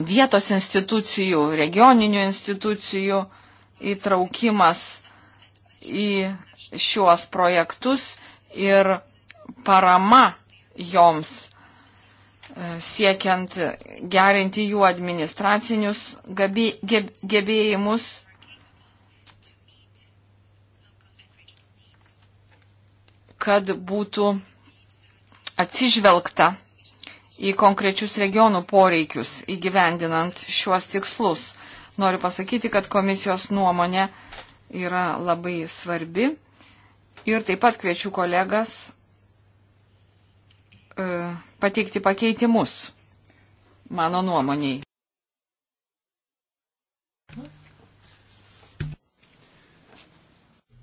vietos institucijų, regioninių institucijų įtraukimas į šiuos projektus ir parama joms siekiant gerinti jų administracinius gebėjimus. kad būtų atsižvelgta į konkrečius regionų poreikius įgyvendinant šiuos tikslus. Noriu pasakyti, kad komisijos nuomonė yra labai svarbi ir taip pat kviečiu kolegas e, pateikti pakeitimus mano nuomoniai.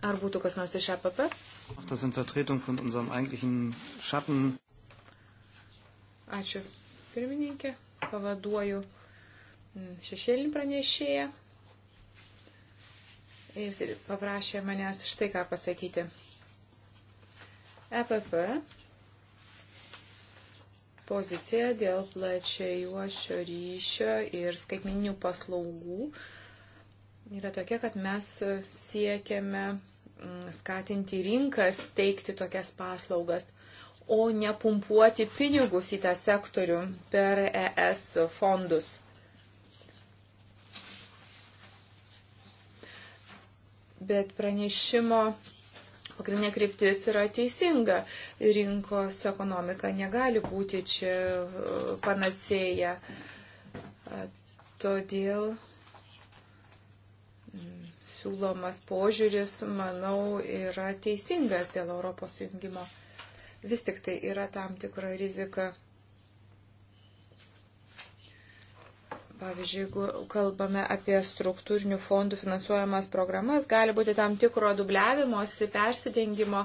Ar būtų kas nors iš APP? Ačiū. Pirmininkė, pavaduoju mm, šešėlinį pranešėją. Jis paprašė manęs štai ką pasakyti. EPP poziciją dėl plačiajuošio ryšio ir skaitmeninių paslaugų yra tokia, kad mes siekiame mm, skatinti rinkas teikti tokias paslaugas, o ne pumpuoti pinigus į tą sektorių per ES fondus. Bet pranešimo pagrindinė kryptis yra teisinga. Rinkos ekonomika negali būti čia e, panacėja. Todėl mm, siūlomas požiūris, manau, yra teisingas dėl Europos jungimo. Vis tik tai yra tam tikra rizika Pavyzdžiui, jeigu kalbame apie struktūrinių fondų finansuojamas programas, gali būti tam tikro dubliavimosi, persidengimo.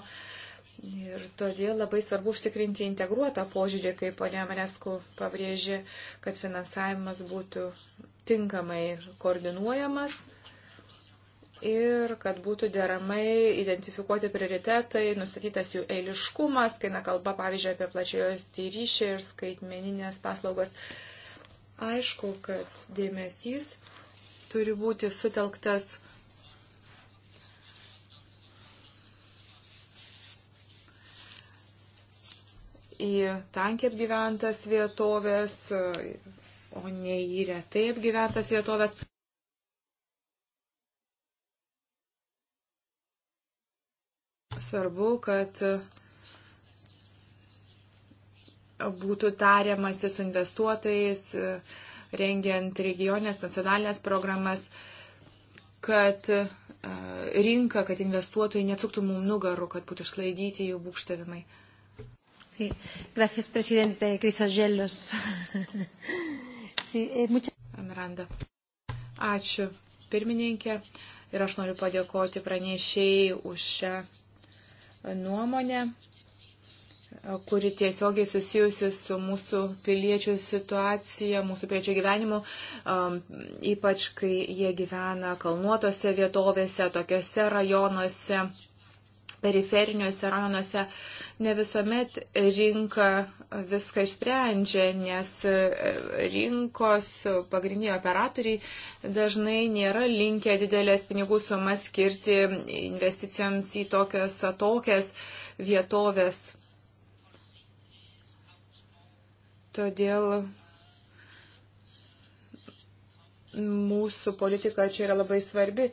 Ir todėl labai svarbu užtikrinti integruotą požiūrį, kaip ponia Manesku pabrėžė, kad finansavimas būtų tinkamai koordinuojamas ir kad būtų deramai identifikuoti prioritetai, nustatytas jų eiliškumas, kai na kalba, pavyzdžiui, apie plačiojo ryšį ir skaitmeninės paslaugas. Aišku, kad dėmesys turi būti sutelktas į tankiai apgyventas vietovės, o ne į retai apgyventas vietovės. Svarbu, kad būtų tariamasi su investuotojais, rengiant regionės, nacionalinės programas, kad e, rinka, kad investuotojai neatsuktų mum nugarų, kad būtų išlaidyti jų būkštavimai. Sí. Gracias, presidente Crisogelos. sí, eh, mucha... Miranda. Ačiū, pirmininkė. Ir aš noriu padėkoti pranešėjai už šią nuomonę kuri tiesiogiai susijusi su mūsų piliečių situacija, mūsų piliečių gyvenimu, um, ypač kai jie gyvena kalnuotose vietovėse, tokiuose rajonuose, periferiniuose rajonuose. Ne visuomet rinka viską išsprendžia, nes e, rinkos pagrindiniai operatoriai dažnai nėra linkę didelės pinigų sumas skirti investicijoms į tokias atokias vietovės Todėl mūsų politika čia yra labai svarbi.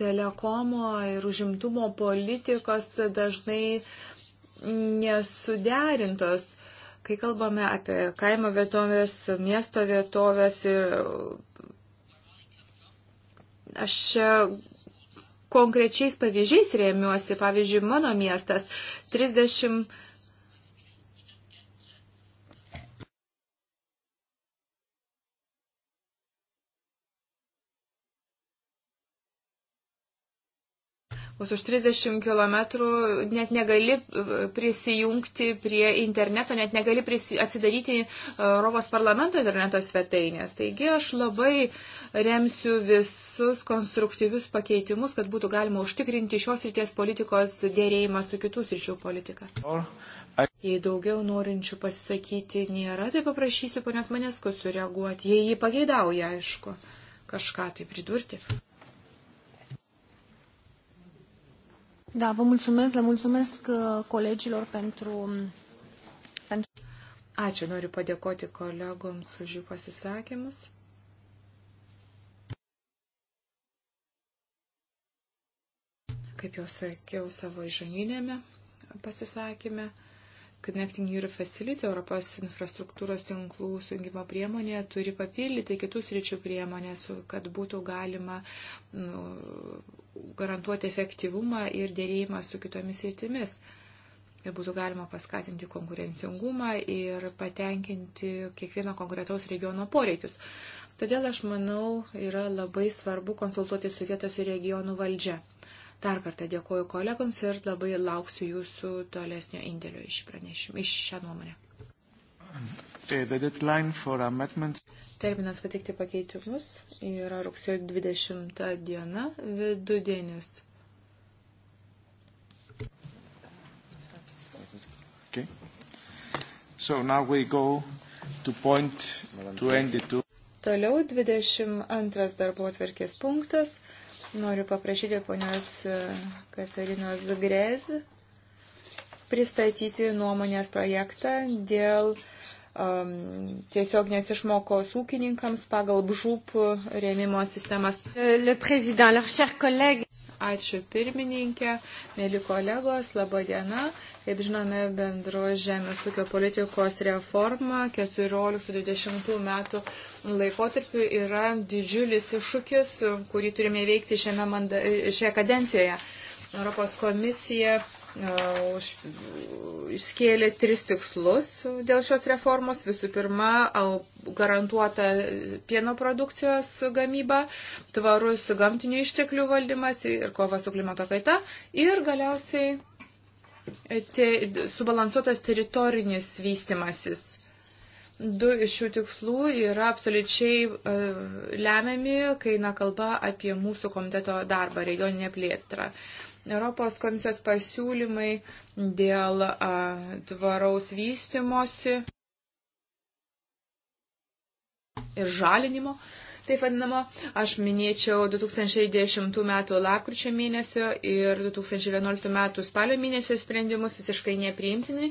Telekomo ir užimtumo politikos dažnai nesuderintos. Kai kalbame apie kaimo vietovės, miesto vietovės ir aš konkrečiais pavyzdžiais remiuosi. Pavyzdžiui, mano miestas 30 Vos už 30 km net negali e, prisijungti prie interneto, net negali atsidaryti e, Europos parlamento interneto svetainės. Taigi aš labai remsiu visus konstruktyvius pakeitimus, kad būtų galima užtikrinti šios ryties politikos dėrėjimą su kitus ryčių politika. Jei daugiau norinčių pasisakyti nėra, tai paprašysiu ponios Maneskus sureaguoti, jei jį pageidauja, aišku, kažką tai pridurti. Da, vă mulțumesc, le mulțumesc uh, colegilor pentru. Um, pentru... Ačiū, noriu padėkoti kolegoms už jų pasisakymus. Kaip jau sakiau savo įžanginėme pasisakymė, Connecting Europe Facility, Europos infrastruktūros tinklų sujungimo priemonė, turi papildyti kitus ryčių priemonės, kad būtų galima nu, garantuoti efektyvumą ir dėrėjimą su kitomis rytimis. Ir būtų galima paskatinti konkurencingumą ir patenkinti kiekvieno konkretaus regiono poreikius. Todėl aš manau, yra labai svarbu konsultuoti su vietos ir regionų valdžia. Dar kartą dėkoju kolegoms ir labai lauksiu jūsų tolesnio indėlio iš pranešimų, iš šią nuomonę. Terminas pateikti pakeitimus yra rugsėjo 20 diena vidudienis. Okay. So now we go to point 22. Toliau 22 darbo atverkės punktas. Noriu paprašyti ponios e, Katarinos Grez pristatyti nuomonės projektą dėl um, tiesioginės išmokos ūkininkams pagal bžūp rėmimo sistemas. Euh, le président, leurs chers collègues. Ačiū pirmininkė, mėly kolegos, laba diena. Kaip žinome, bendro žemės ūkio politikos reforma 14-20 metų laikotarpiu yra didžiulis iššūkis, kurį turime veikti šiame manda, šioje kadencijoje. Europos komisija e, iškėlė tris tikslus dėl šios reformos. Visų pirma, garantuota pieno produkcijos gamyba, tvarus gamtinių išteklių valdymas ir kova su klimato kaita ir galiausiai te, subalansuotas teritorinis vystimasis. Du iš šių tikslų yra absoliučiai e, lemiami, kai eina kalba apie mūsų komiteto darbą, regioninę plėtrą. Europos komisijos pasiūlymai dėl a, tvaraus vystimosi ir žalinimo. A, taip vadinamo. Aš minėčiau 2010 m. lapkričio mėnesio ir 2011 m. spalio mėnesio sprendimus visiškai nepriimtini.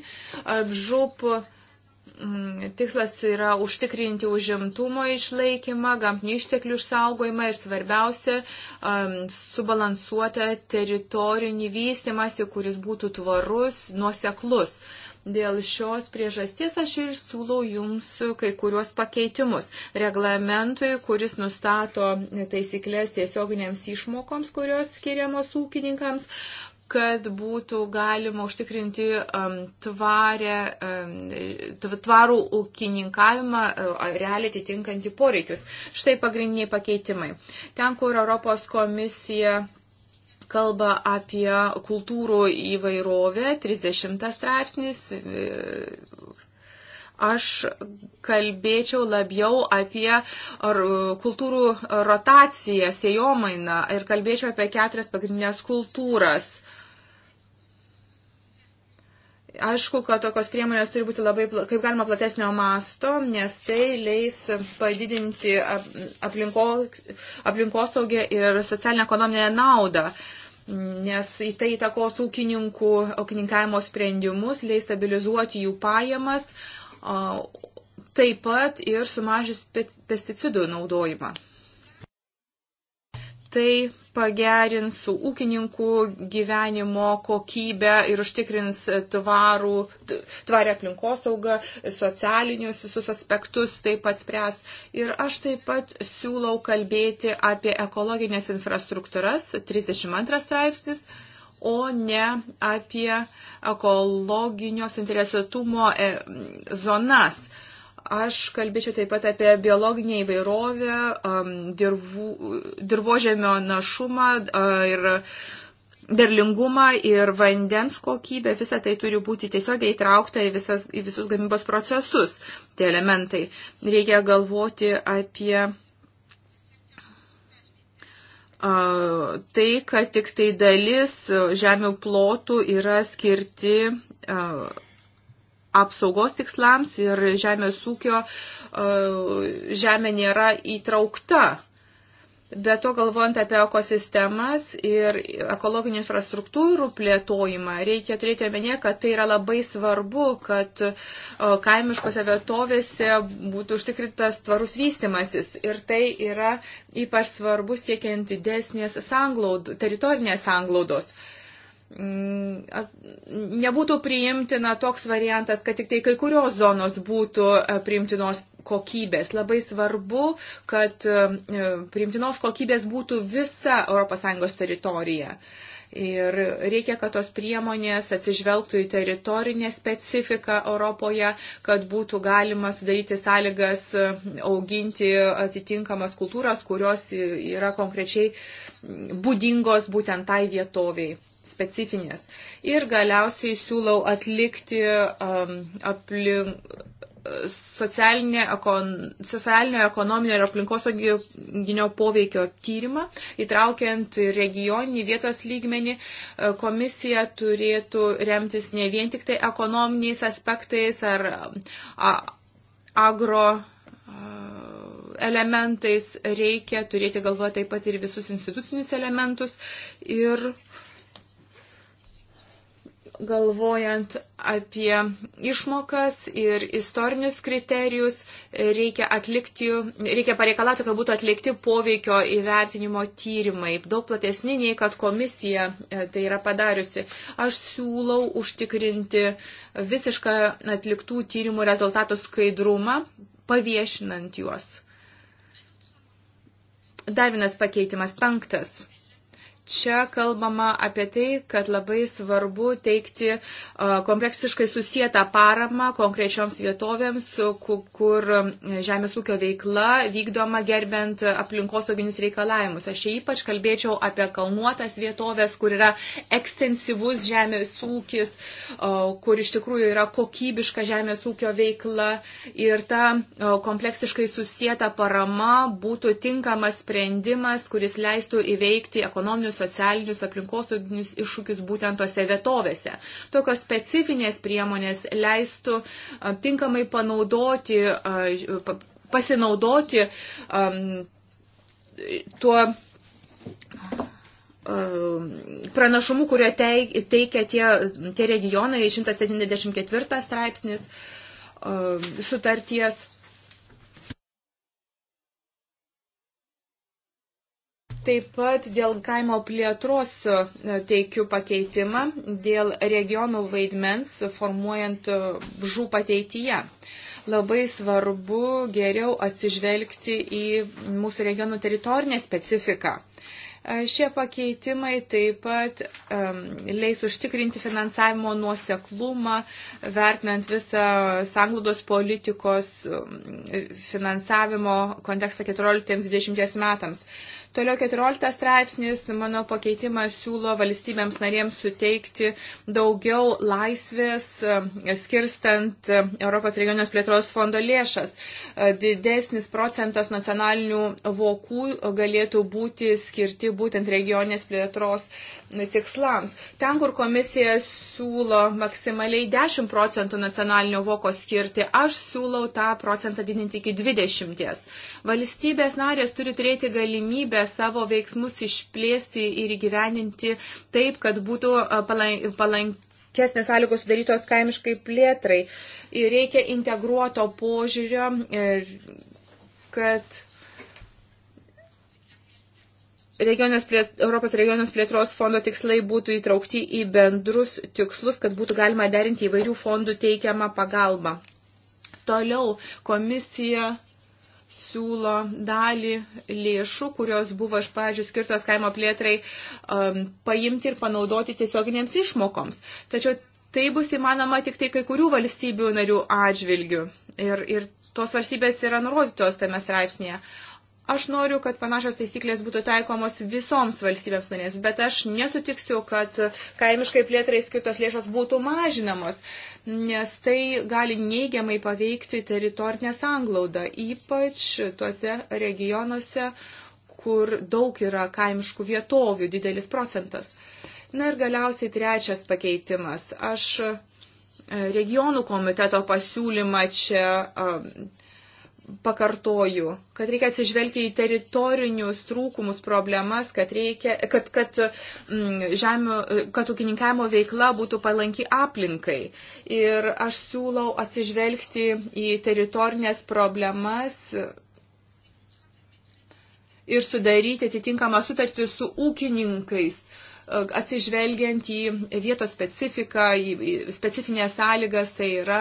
Žūp mm, tikslas yra užtikrinti užimtumo išlaikymą, gamtinių išteklių išsaugojimą ir svarbiausia um, subalansuotą teritorinį vystimąsi, kuris būtų tvarus, nuoseklus. Uh, Dėl šios priežasties aš ir siūlau jums kai kuriuos pakeitimus reglamentui, kuris nustato taisyklės tiesioginėms išmokoms, kurios skiriamos ūkininkams kad būtų galima užtikrinti um, tvarę, um, tvarų ūkininkavimą, uh, realiai atitinkantį poreikius. Štai pagrindiniai pakeitimai. Ten, kur Europos komisija kalba apie kultūrų įvairovę, 30 straipsnis. Aš kalbėčiau labiau apie kultūrų rotaciją, sėjomainą ir kalbėčiau apie keturias pagrindinės kultūras Aišku, kad tokios priemonės turi būti labai, kaip galima, platesnio masto, nes tai leis padidinti aplinko, aplinkosaugę ir socialinę ekonominę naudą, nes į tai įtakos ūkininkų, ūkininkavimo sprendimus, leis stabilizuoti jų pajamas, taip pat ir sumažys pesticidų naudojimą tai pagerins ūkininkų gyvenimo kokybę ir užtikrins tvarų, tvarę aplinkosaugą, socialinius visus aspektus taip pat spręs. Ir aš taip pat siūlau kalbėti apie ekologinės infrastruktūras, 32 straipsnis o ne apie ekologinio suinteresuotumo e, zonas. Aš kalbėčiau taip pat apie biologinę įvairovę, dirvų, dirbožėmio našumą ir derlingumą ir vandens kokybę, visa tai turi būti tiesiog įtraukta į, visas, į visus gamybos procesus, tie elementai. Reikia galvoti apie uh, tai, kad tik tai dalis žemių plotų yra skirti uh, apsaugos tikslams ir žemės ūkio e, žemė nėra įtraukta. Be to, galvojant apie ekosistemas ir ekologinių infrastruktūrų plėtojimą, reikia turėti omenyje, kad tai yra labai svarbu, kad e, kaimiškose vietovėse būtų užtikrintas tvarus vystimasis. Ir tai yra ypač svarbu siekiant didesnės sanglaud, teritorinės sanglaudos. Teritorinė Mm, nebūtų priimtina toks variantas, kad tik tai kai kurios zonos būtų e, priimtinos kokybės. Labai svarbu, kad e, e, priimtinos kokybės būtų visa ES teritorija. Ir reikia, kad tos priemonės atsižvelgtų į teritorinę specifiką Europoje, kad būtų galima sudaryti sąlygas auginti atitinkamas kultūras, kurios yra konkrečiai būdingos būtent tai vietoviai specifinės. Ir galiausiai siūlau atlikti um, aplink socialinio, ekon, socialinio ekonominio ir aplinkosauginio poveikio tyrimą, įtraukiant regioninį vietos lygmenį, e, komisija turėtų remtis ne vien tik tai ekonominiais aspektais ar a, agro e, elementais, reikia turėti galvoje taip pat ir visus institucinius elementus ir galvojant apie išmokas ir istorinius kriterijus, reikia, atlikti, reikia pareikalauti, kad būtų atlikti poveikio įvertinimo tyrimai, daug platesni nei kad komisija e, tai yra padariusi. Aš siūlau užtikrinti visišką atliktų tyrimų rezultatų skaidrumą, paviešinant juos. Dar vienas pakeitimas, penktas čia kalbama apie tai, kad labai svarbu teikti kompleksiškai susijęta parama konkrečioms vietovėms, kur žemės ūkio veikla vykdoma gerbent aplinkosauginius reikalavimus. Aš čia ypač kalbėčiau apie kalnuotas vietovės, kur yra ekstensyvus žemės ūkis, kur iš tikrųjų yra kokybiška žemės ūkio veikla ir ta kompleksiškai susijęta parama būtų tinkamas sprendimas, kuris leistų įveikti ekonominius socialinius, aplinkosauginius iššūkius būtent tose vietovėse. Tokios specifinės priemonės leistų tinkamai panaudoti, pasinaudoti tuo pranašumu, kurio teikia tie, tie regionai 174 straipsnis sutarties Taip pat dėl kaimo plėtros e, teikiu pakeitimą dėl regionų vaidmens formuojant e, žų pateityje. Labai svarbu geriau atsižvelgti į mūsų regionų teritorinę specifiką. E, šie pakeitimai taip pat um, leis užtikrinti finansavimo nuoseklumą, vertinant visą sanglaudos politikos finansavimo kontekstą 14-20 metams. Toliau 14 straipsnis, mano pakeitimas siūlo valstybėms narėms suteikti daugiau laisvės, e, skirstant e, Europos regionės plėtros fondo lėšas. E, didesnis procentas nacionalinių vokų galėtų būti skirti būtent regionės plėtros tikslams. Ten, kur komisija siūlo maksimaliai 10 procentų nacionalinio voko skirti, aš siūlau tą procentą didinti iki 20. Valstybės narės turi turėti galimybę savo veiksmus išplėsti ir įgyveninti taip, kad būtų palankiai palankesnės sąlygos sudarytos kaimiškai plėtrai. Ir reikia integruoto požiūrio, kad regionės plėt, Europos regionės plėtros fondo tikslai būtų įtraukti į bendrus tikslus, kad būtų galima derinti įvairių fondų teikiamą pagalbą. Toliau komisija siūlo dalį lėšų, kurios buvo iš pradžių skirtos kaimo plėtrai, um, paimti ir panaudoti tiesioginėms išmokoms. Tačiau tai bus įmanoma tik tai kai kurių valstybių narių atžvilgių. Ir, ir tos valstybės yra nurodytos tame straipsnėje. Aš noriu, kad panašios taisyklės būtų taikomos visoms valstybėms narėms, bet aš nesutiksiu, kad kaimiškai plėtrai skirtos lėšos būtų mažinamos, nes tai gali neigiamai paveikti teritorinę sanglaudą, ypač tuose regionuose, kur daug yra kaimiškų vietovių, didelis procentas. Na ir galiausiai trečias pakeitimas. Aš e, regionų komiteto pasiūlymą čia pakartoju, kad reikia atsižvelgti į teritorinius trūkumus, problemas, kad, reikia, kad, kad, mm, žemio, kad ūkininkavimo veikla būtų palanki aplinkai. Ir aš siūlau atsižvelgti į teritorinės problemas ir sudaryti atitinkamą sutartį su ūkininkais atsižvelgiant į vietos specifiką, į specifinės sąlygas, tai yra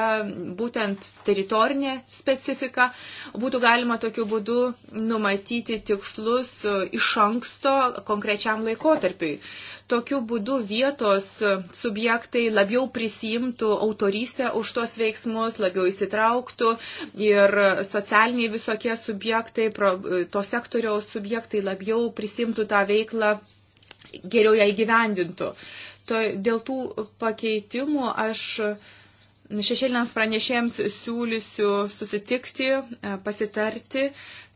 būtent teritorinė specifika, būtų galima tokiu būdu numatyti tikslus e, iš anksto konkrečiam laikotarpiui. Tokiu būdu vietos subjektai labiau prisimtų autorystę už tuos veiksmus, labiau įsitrauktų ir socialiniai visokie subjektai, e, to sektoriaus subjektai labiau prisimtų tą veiklą geriau ją įgyvendintų. To, dėl tų pakeitimų aš nu, šešėliniams pranešėjams siūlysiu susitikti, e, pasitarti,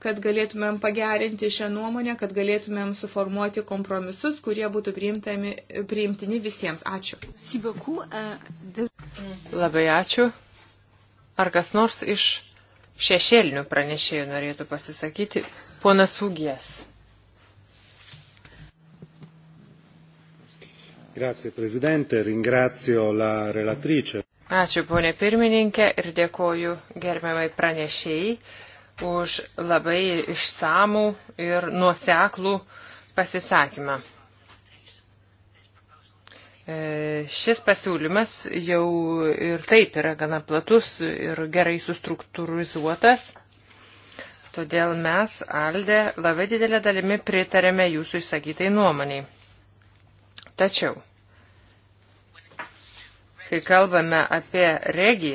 kad galėtumėm pagerinti šią nuomonę, kad galėtumėm suformuoti kompromisus, kurie būtų priimtini visiems. Ačiū. Euh, Labai ačiū. Ar kas nors iš šešėlinių pranešėjų norėtų pasisakyti? Ponas Ugijas. Grazie, prezidente, ringrazio la relatrice. Ačiū, ponė pirmininkė, ir dėkoju gerbiamai pranešėjai už labai išsamų ir nuoseklų pasisakymą. E, šis pasiūlymas jau ir taip yra gana platus ir gerai sustruktūrizuotas. Todėl mes, Aldė, labai didelė dalimi pritarėme jūsų išsakytai nuomoniai. Tačiau Kai kalbame apie regį,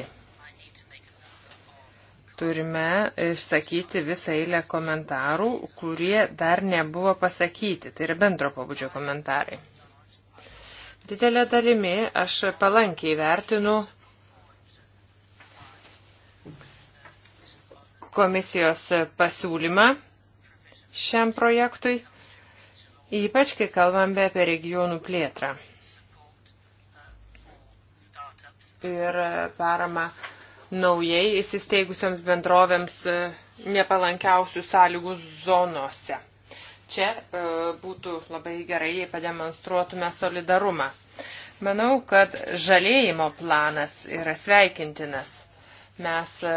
turime išsakyti visą eilę komentarų, kurie dar nebuvo pasakyti. Tai yra bendro pabudžio komentarai. Didelė dalimi aš palankiai vertinu komisijos pasiūlymą šiam projektui, ypač kai kalbame apie regionų plėtrą. ir parama naujai įsisteigusiams bendrovėms e, nepalankiausių sąlygų zonose. Čia e, būtų labai gerai, jei pademonstruotume solidarumą. Manau, kad žalėjimo planas yra sveikintinas. Mes e,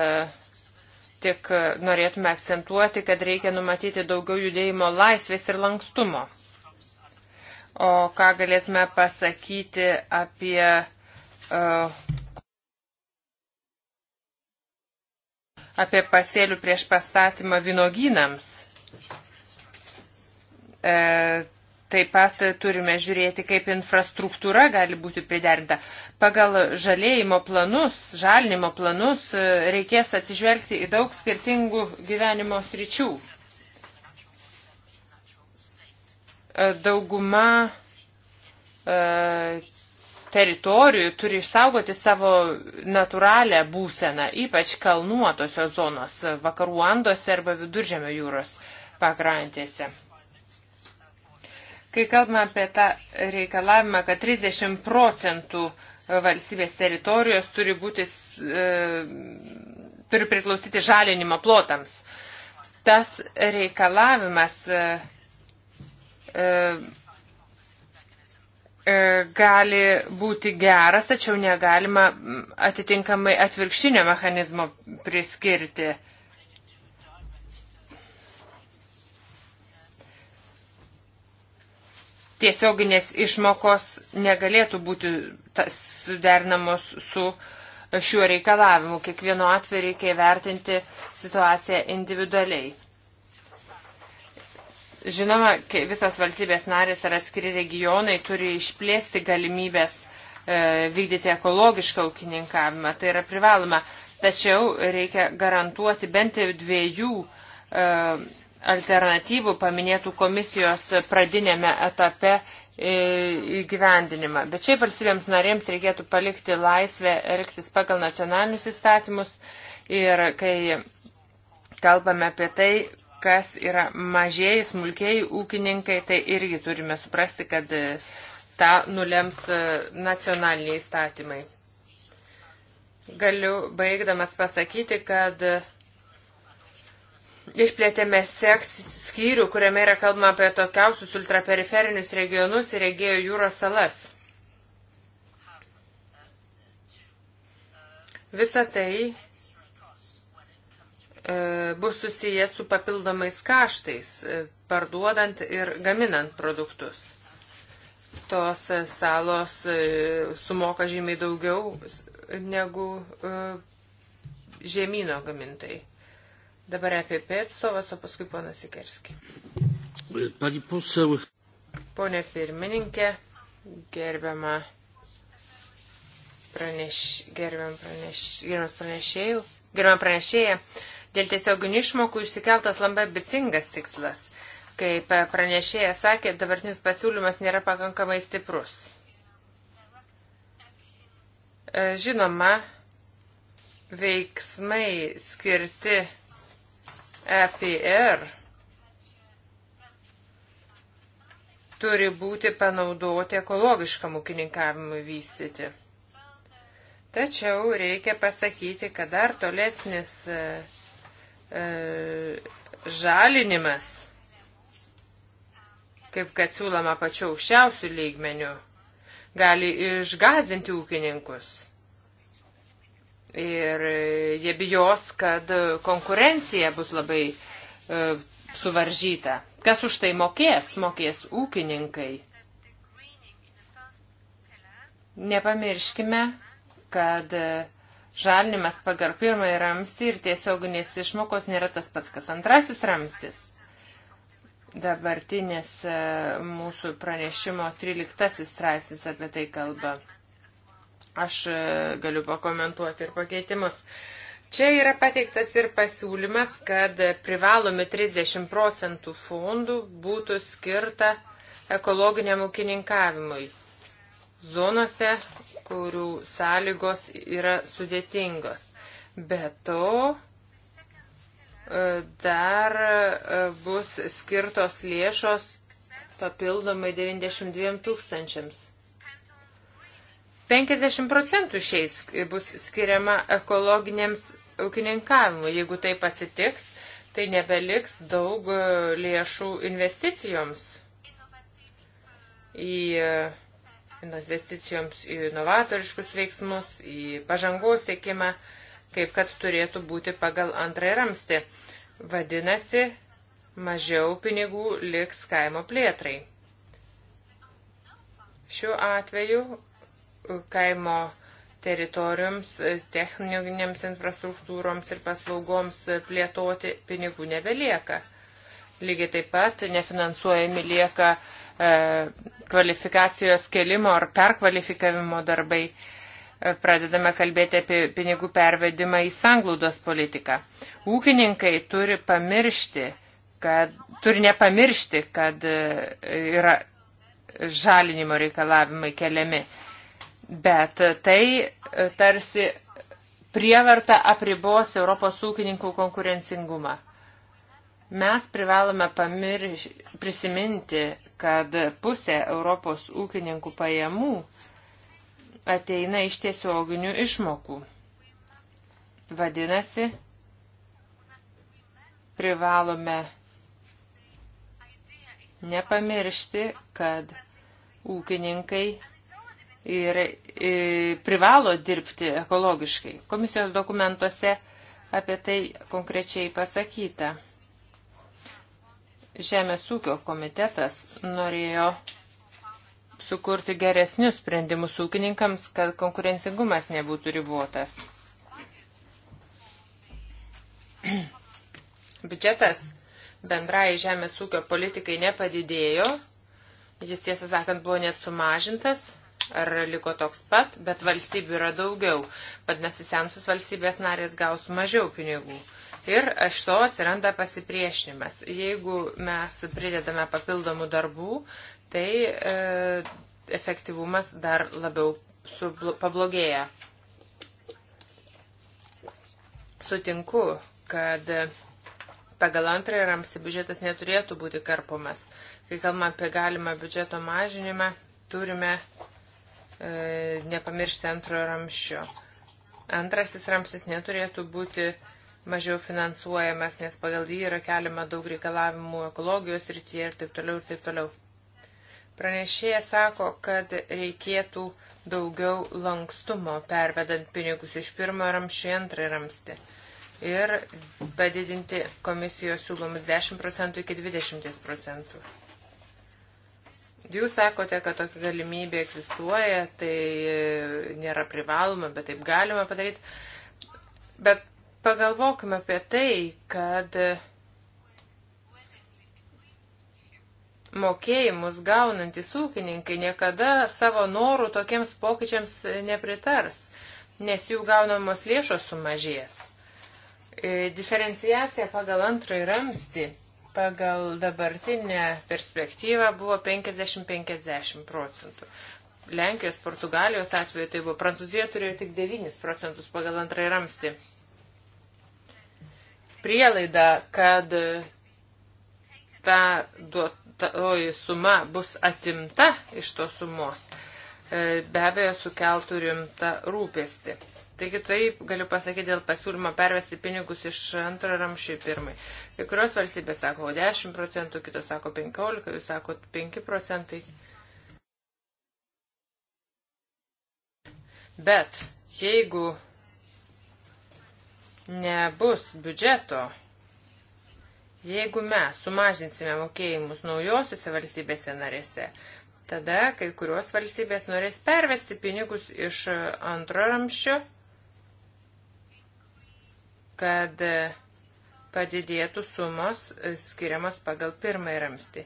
tik norėtume akcentuoti, kad reikia numatyti daugiau judėjimo laisvės ir lankstumo. O ką galėtume pasakyti apie uh, apie pasėlių prieš pastatymą vinogynams. E, taip pat turime žiūrėti, kaip infrastruktūra gali būti priderinta. Pagal žalėjimo planus, žalinimo planus e, reikės atsižvelgti į daug skirtingų gyvenimo sričių. E, dauguma e, teritorijų turi išsaugoti savo natūralią būseną, ypač kalnuotosios zonos vakarų Andose arba viduržėmio jūros pakrantėse. Kai kalbame apie tą reikalavimą, kad 30 procentų valstybės teritorijos turi, būti, e, turi priklausyti žalinimo plotams, tas reikalavimas e, e, E, gali būti geras, tačiau negalima atitinkamai atvirkštinio mechanizmo priskirti. Tiesioginės išmokos negalėtų būti suderinamos su šiuo reikalavimu. Kiekvienu atveju reikia vertinti situaciją individualiai. Žinoma, visos valstybės narės ar atskiri regionai turi išplėsti galimybės e, vykdyti ekologišką ūkininkavimą. Tai yra privaloma. Tačiau reikia garantuoti bent jau dviejų e, alternatyvų paminėtų komisijos pradinėme etape e, įgyvendinimą. Bet šiaip valstybėms narėms reikėtų palikti laisvę elgtis pagal nacionalinius įstatymus ir kai kalbame apie tai, kas yra mažieji, smulkiai ūkininkai, tai irgi turime suprasti, kad e, tą nulems e, nacionaliniai įstatymai. Galiu baigdamas pasakyti, kad e, išplėtėme seks skyrių, kuriame yra kalbama apie tokiausius ultraperiferinius regionus ir regėjo jūros salas. Visa tai E, bus susijęs su papildomais kaštais, e, parduodant ir gaminant produktus. Tos e, salos sumoka žymiai daugiau negu žemynų gamintojai. Dabar apie pėtstovas, o paskui ponas Sikerski. Pone pirmininkė, gerbiama praneš, gerbiam praneš, gerbiamas pranešėjų, gerbiam pranešėja, Dėl tiesioginių išmokų išsikeltas labai ambicingas tikslas. Kaip pranešėjas sakė, dabartinis pasiūlymas nėra pakankamai stiprus. E, žinoma, veiksmai skirti EPR turi būti panaudoti ekologiškam ūkininkavimui vystyti. Tačiau reikia pasakyti, kad dar tolesnis e, E, žalinimas, kaip kad siūloma pačiu aukščiausių lygmenių, gali išgazinti ūkininkus. Ir jie bijos, kad konkurencija bus labai e, suvaržyta. Kas už tai mokės? Mokės ūkininkai. Nepamirškime, kad e, Žalinimas pagal pirmąjį ramstį ir tiesioginės išmokos nėra tas pats, kas antrasis ramstis. Dabartinis e, mūsų pranešimo 13 straipsnis apie tai kalba. Aš e, galiu pakomentuoti ir pakeitimus. Čia yra pateiktas ir pasiūlymas, kad privalomi 30 procentų fondų būtų skirta ekologiniam ūkininkavimui zonose, kurių sąlygos yra sudėtingos. Be to, e, dar e, bus skirtos lėšos papildomai 92 tūkstančiams. 50 procentų šiais bus skiriama ekologiniams ūkininkavimui. Jeigu taip atsitiks, tai nebeliks daug e, lėšų investicijoms į uh, investicijoms į novatoriškus veiksmus, į pažangos siekimą, kaip kad turėtų būti pagal antrąjį ramstį. Vadinasi, mažiau pinigų liks kaimo plėtrai. Šiuo atveju kaimo teritorijoms, techninėms infrastruktūroms ir paslaugoms plėtoti pinigų nebelieka. Lygiai taip pat nefinansuojami lieka uh, E, kvalifikacijos kelimo ar perkvalifikavimo darbai. E, pradedame kalbėti apie pinigų pervedimą į sanglaudos politiką. Ūkininkai turi pamiršti, kad turi nepamiršti, kad e, yra žalinimo reikalavimai keliami. Bet tai tarsi prievarta apribos Europos ūkininkų konkurencingumą. Mes privalome pamirš, prisiminti, kad pusė Europos ūkininkų pajamų ateina iš tiesioginių išmokų. Vadinasi, privalome nepamiršti, kad ūkininkai ir, ir e, privalo dirbti ekologiškai. Komisijos dokumentuose apie tai konkrečiai pasakyta. Žemės ūkio komitetas norėjo sukurti geresnius sprendimus ūkininkams, kad konkurencingumas nebūtų ribotas. (clears throat) Biudžetas bendrai žemės ūkio politikai nepadidėjo, jis tiesą sakant buvo net sumažintas ar liko toks pat, bet valstybių yra daugiau, vadinasi sensus valstybės narės gaus mažiau pinigų ir iš to atsiranda pasipriešinimas. Jeigu mes pridedame papildomų darbų, tai e, efektyvumas dar labiau sublo, pablogėja. Sutinku, kad pagal antrąjį ramsį biudžetas neturėtų būti karpomas. Kai kalbame apie galimą biudžeto mažinimą, turime e, nepamiršti antrojo ramščio. Antrasis ramsis neturėtų būti e, mažiau finansuojamas, nes pagal jį yra keliama daug reikalavimų ekologijos rytyje ir taip toliau ir taip toliau. Pranešėja sako, kad reikėtų daugiau lankstumo pervedant pinigus iš pirmo ramščio į antrą ramstį ir padidinti komisijos siūlomus 10 procentų iki 20 procentų. Jūs sakote, kad tokia galimybė egzistuoja, tai nėra privaloma, bet taip galima padaryti. Bet Pagalvokime apie tai, kad mokėjimus gaunantys ūkininkai niekada savo norų tokiems pokyčiams nepritars, nes jų gaunamos lėšos sumažės. E, diferenciacija pagal antrąjį ramstį pagal dabartinę perspektyvą buvo 50-50 procentų. Lenkijos, Portugalijos atveju tai buvo, Prancūzija turėjo tik 9 procentus pagal antrąjį ramstį prielaida, kad ta duotoji suma bus atimta iš tos sumos, e, be abejo sukeltų rimtą rūpestį. Taigi taip galiu pasakyti dėl pasiūlymo pervesti pinigus iš antro ramšio į pirmąjį. Kai kurios valstybės sako 10 procentų, kitos sako 15, jūs sako 5 procentai. Bet jeigu nebus biudžeto, jeigu mes sumažinsime mokėjimus naujosiuose valstybėse narėse, tada kai kurios valstybės norės pervesti pinigus iš antro ramščio, kad padidėtų sumos skiriamos pagal pirmąjį ramstį.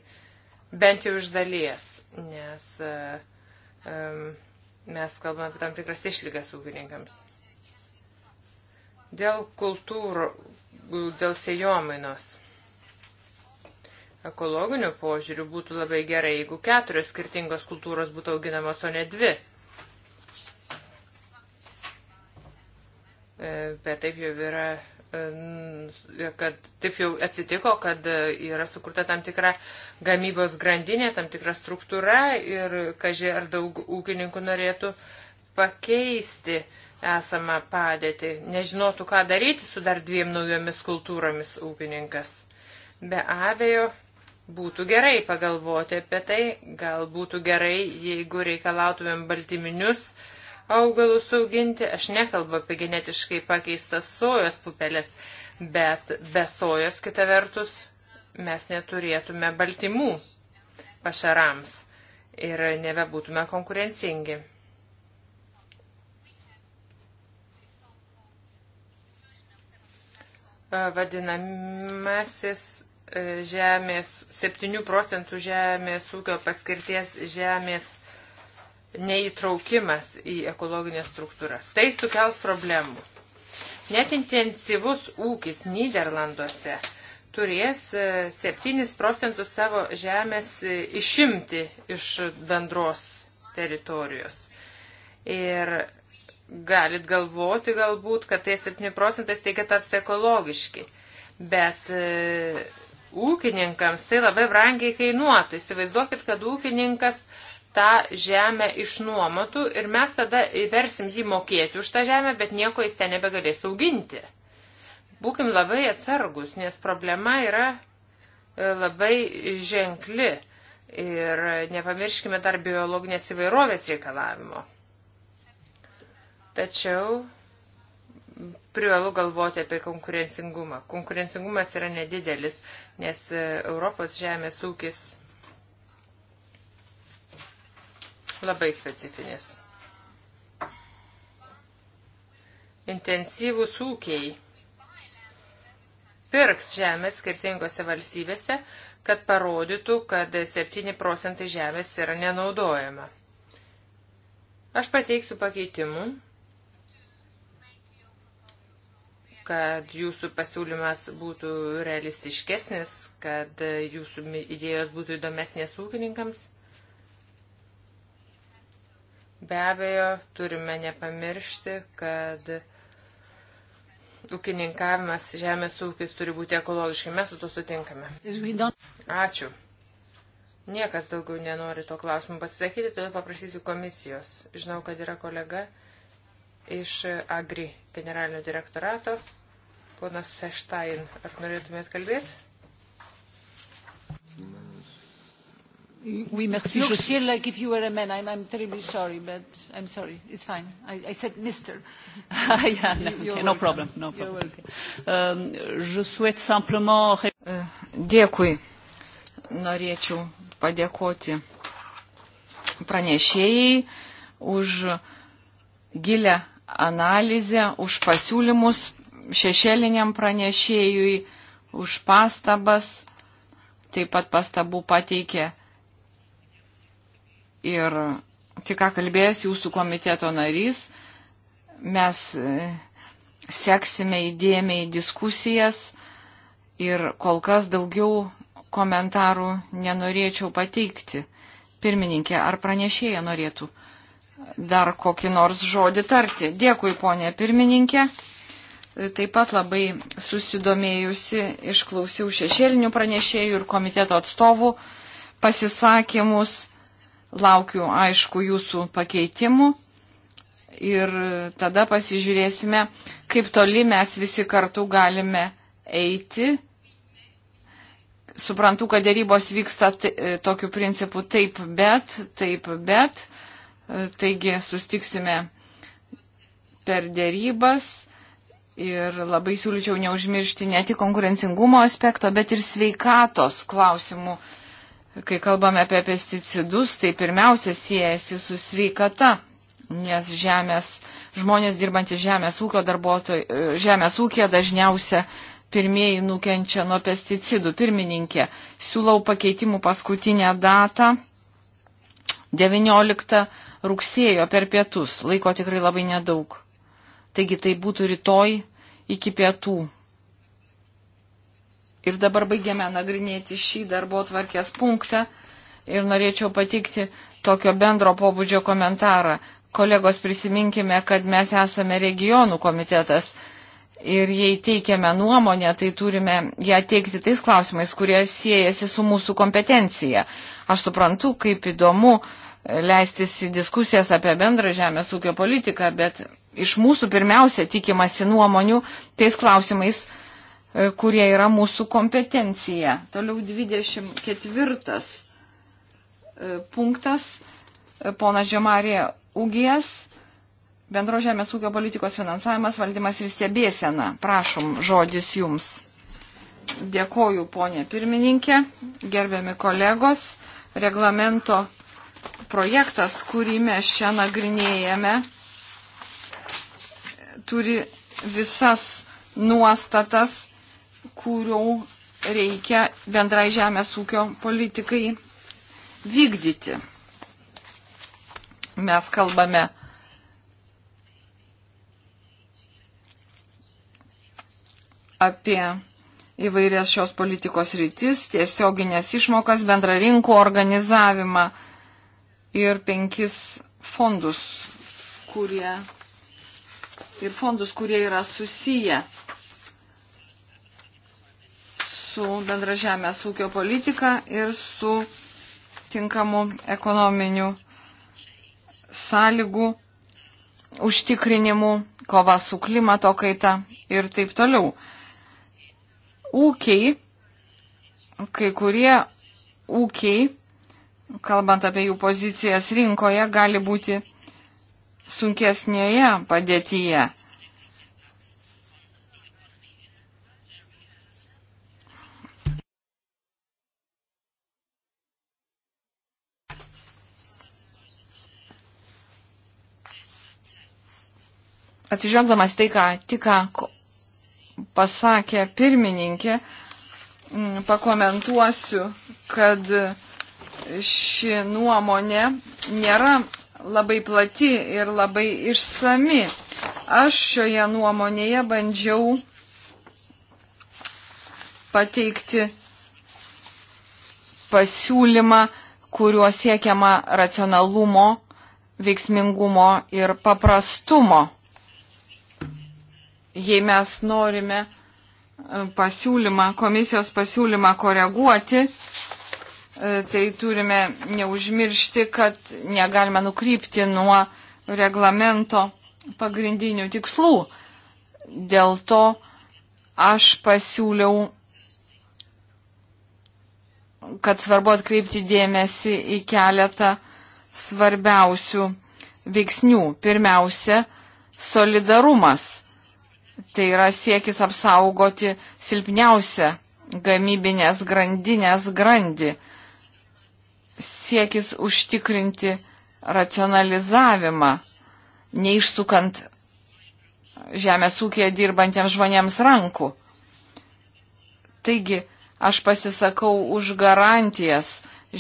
Bent jau iš dalies, nes um, mes kalbame apie tam tikras išlygas ūkininkams. Dėl kultūrų, dėl sejomainos. Ekologiniu požiūriu būtų labai gerai, jeigu keturios skirtingos kultūros būtų auginamos, o ne dvi. E, bet taip jau yra, e, kad taip jau atsitiko, kad e, yra sukurta tam tikra gamybos grandinė, tam tikra struktūra ir, kažkai, ar daug ūkininkų norėtų pakeisti uh, esamą padėtį, nežinotų, ką daryti su dar dviem naujomis kultūromis ūkininkas. Be abejo, būtų gerai pagalvoti apie tai, gal būtų gerai, jeigu reikalautumėm baltyminius augalus auginti. Aš nekalbu apie genetiškai pakeistas sojos pupelės, bet be sojos kita vertus mes neturėtume baltymų pašarams ir nebebūtume konkurencingi. vadinamasis e, žemės, 7 procentų žemės ūkio paskirties žemės neįtraukimas į ekologinės struktūras. Tai sukels problemų. Net intensyvus ūkis Niderlanduose turės 7 e, procentus savo žemės e, išimti iš bendros teritorijos. Ir galit galvoti galbūt, kad tie 7 procentai staiga taps ekologiški. Bet e, ūkininkams tai labai brangiai kainuotų. Įsivaizduokit, kad ūkininkas tą žemę išnuomotų ir mes tada versim jį mokėti už tą žemę, bet nieko jis ten nebegalės auginti. Būkim labai atsargus, nes problema yra e, labai ženkli ir nepamirškime dar biologinės įvairovės reikalavimo. Tačiau privalu galvoti apie konkurencingumą. Konkurencingumas yra nedidelis, nes e, Europos žemės ūkis labai specifinis. Intensyvūs ūkiai pirks žemės skirtingose valstybėse, kad parodytų, kad 7 procentai žemės yra nenaudojama. Aš pateiksiu pakeitimų kad jūsų pasiūlymas būtų realistiškesnis, kad jūsų idėjos būtų įdomesnės ūkininkams. Be abejo, turime nepamiršti, kad ūkininkavimas, žemės ūkis turi būti ekologiškai. Mes su to sutinkame. Ačiū. Niekas daugiau nenori to klausimu pasisakyti, todėl paprašysiu komisijos. Žinau, kad yra kolega iš Agri generalinio direktorato. Ponas Feštain, ar norėtumėt kalbėti? Oui, merci. Looks je... here like if you were a man. I'm, I'm terribly sorry, but I'm sorry. It's fine. I, I said Mr. (laughs) (laughs) yeah, no, okay, no problem. No problem. Um, je souhaite simplement... Uh, dėkui. Norėčiau padėkoti pranešėjai už gilę analizę, už pasiūlymus šešėliniam pranešėjui, už pastabas. Taip pat pastabų pateikė ir tik ką kalbėjęs jūsų komiteto narys. Mes e, seksime įdėmiai diskusijas ir kol kas daugiau komentarų nenorėčiau pateikti. Pirmininkė, ar pranešėja norėtų dar kokį nors žodį tarti. Dėkui, ponė pirmininkė. Taip pat labai susidomėjusi išklausiau šešėlinių pranešėjų ir komiteto atstovų pasisakymus. Laukiu, aišku, jūsų pakeitimų. Ir tada pasižiūrėsime, kaip toli mes visi kartu galime eiti. Suprantu, kad dėrybos vyksta tokiu principu taip, bet, taip, bet Taigi sustiksime per dėrybas ir labai siūlyčiau neužmiršti ne tik konkurencingumo aspekto, bet ir sveikatos klausimų. Kai kalbame apie pesticidus, tai pirmiausia siejasi su sveikata, nes žemės, žmonės dirbantys žemės ūkio darbuotojai, žemės ūkė dažniausia pirmieji nukenčia nuo pesticidų. Pirmininkė, siūlau pakeitimų paskutinę datą 19 rugsėjo per pietus, laiko tikrai labai nedaug. Taigi tai būtų rytoj iki pietų. Ir dabar baigiame nagrinėti šį darbo tvarkės punktą ir norėčiau patikti tokio bendro pobūdžio komentarą. Kolegos prisiminkime, kad mes esame regionų komitetas ir jei teikiame nuomonę, tai turime ją teikti tais klausimais, kurie siejasi su mūsų kompetencija. Aš suprantu, kaip įdomu leistis į diskusijas apie bendrą žemės ūkio politiką, bet iš mūsų pirmiausia tikimasi nuomonių tais klausimais, e, kurie yra mūsų kompetencija. Toliau 24 e, punktas. E, ponas Žemarė Ugijas, bendro žemės ūkio politikos finansavimas, valdymas ir stebėsena. Prašom, žodis jums. Dėkoju, ponė pirmininkė, gerbiami kolegos. Reglamento projektas, kurį mes čia nagrinėjame, turi visas nuostatas, kurių reikia bendrai žemės ūkio politikai vykdyti. Mes kalbame apie įvairias šios politikos rytis, tiesioginės išmokas, bendrą rinkų organizavimą, ir penkis fondus, kurie, ir fondus, kurie yra susiję su bendra žemės ūkio politika ir su tinkamu ekonominiu sąlygų užtikrinimu, kova su klimato kaita ir taip toliau. Ūkiai, kai kurie ūkiai kalbant apie jų pozicijas rinkoje, gali būti sunkesnėje padėtyje. Atsižvelgdamas tai, ką tik pasakė pirmininkė, mm, pakomentuosiu, kad ši nuomonė nėra labai plati ir labai išsami. Aš šioje nuomonėje bandžiau pateikti pasiūlymą, kuriuo siekiama racionalumo, veiksmingumo ir paprastumo. Jei mes norime e, pasiūlymą, komisijos pasiūlymą koreguoti, E, tai turime neužmiršti, kad negalime nukrypti nuo reglamento pagrindinių tikslų. Dėl to aš pasiūliau, kad svarbu atkreipti dėmesį į keletą svarbiausių veiksnių. Pirmiausia, solidarumas. Tai yra siekis apsaugoti silpniausią gamybinės grandinės grandį siekis užtikrinti racionalizavimą, neišsukant žemės ūkėje dirbantiems žmonėms rankų. Taigi, aš pasisakau už garantijas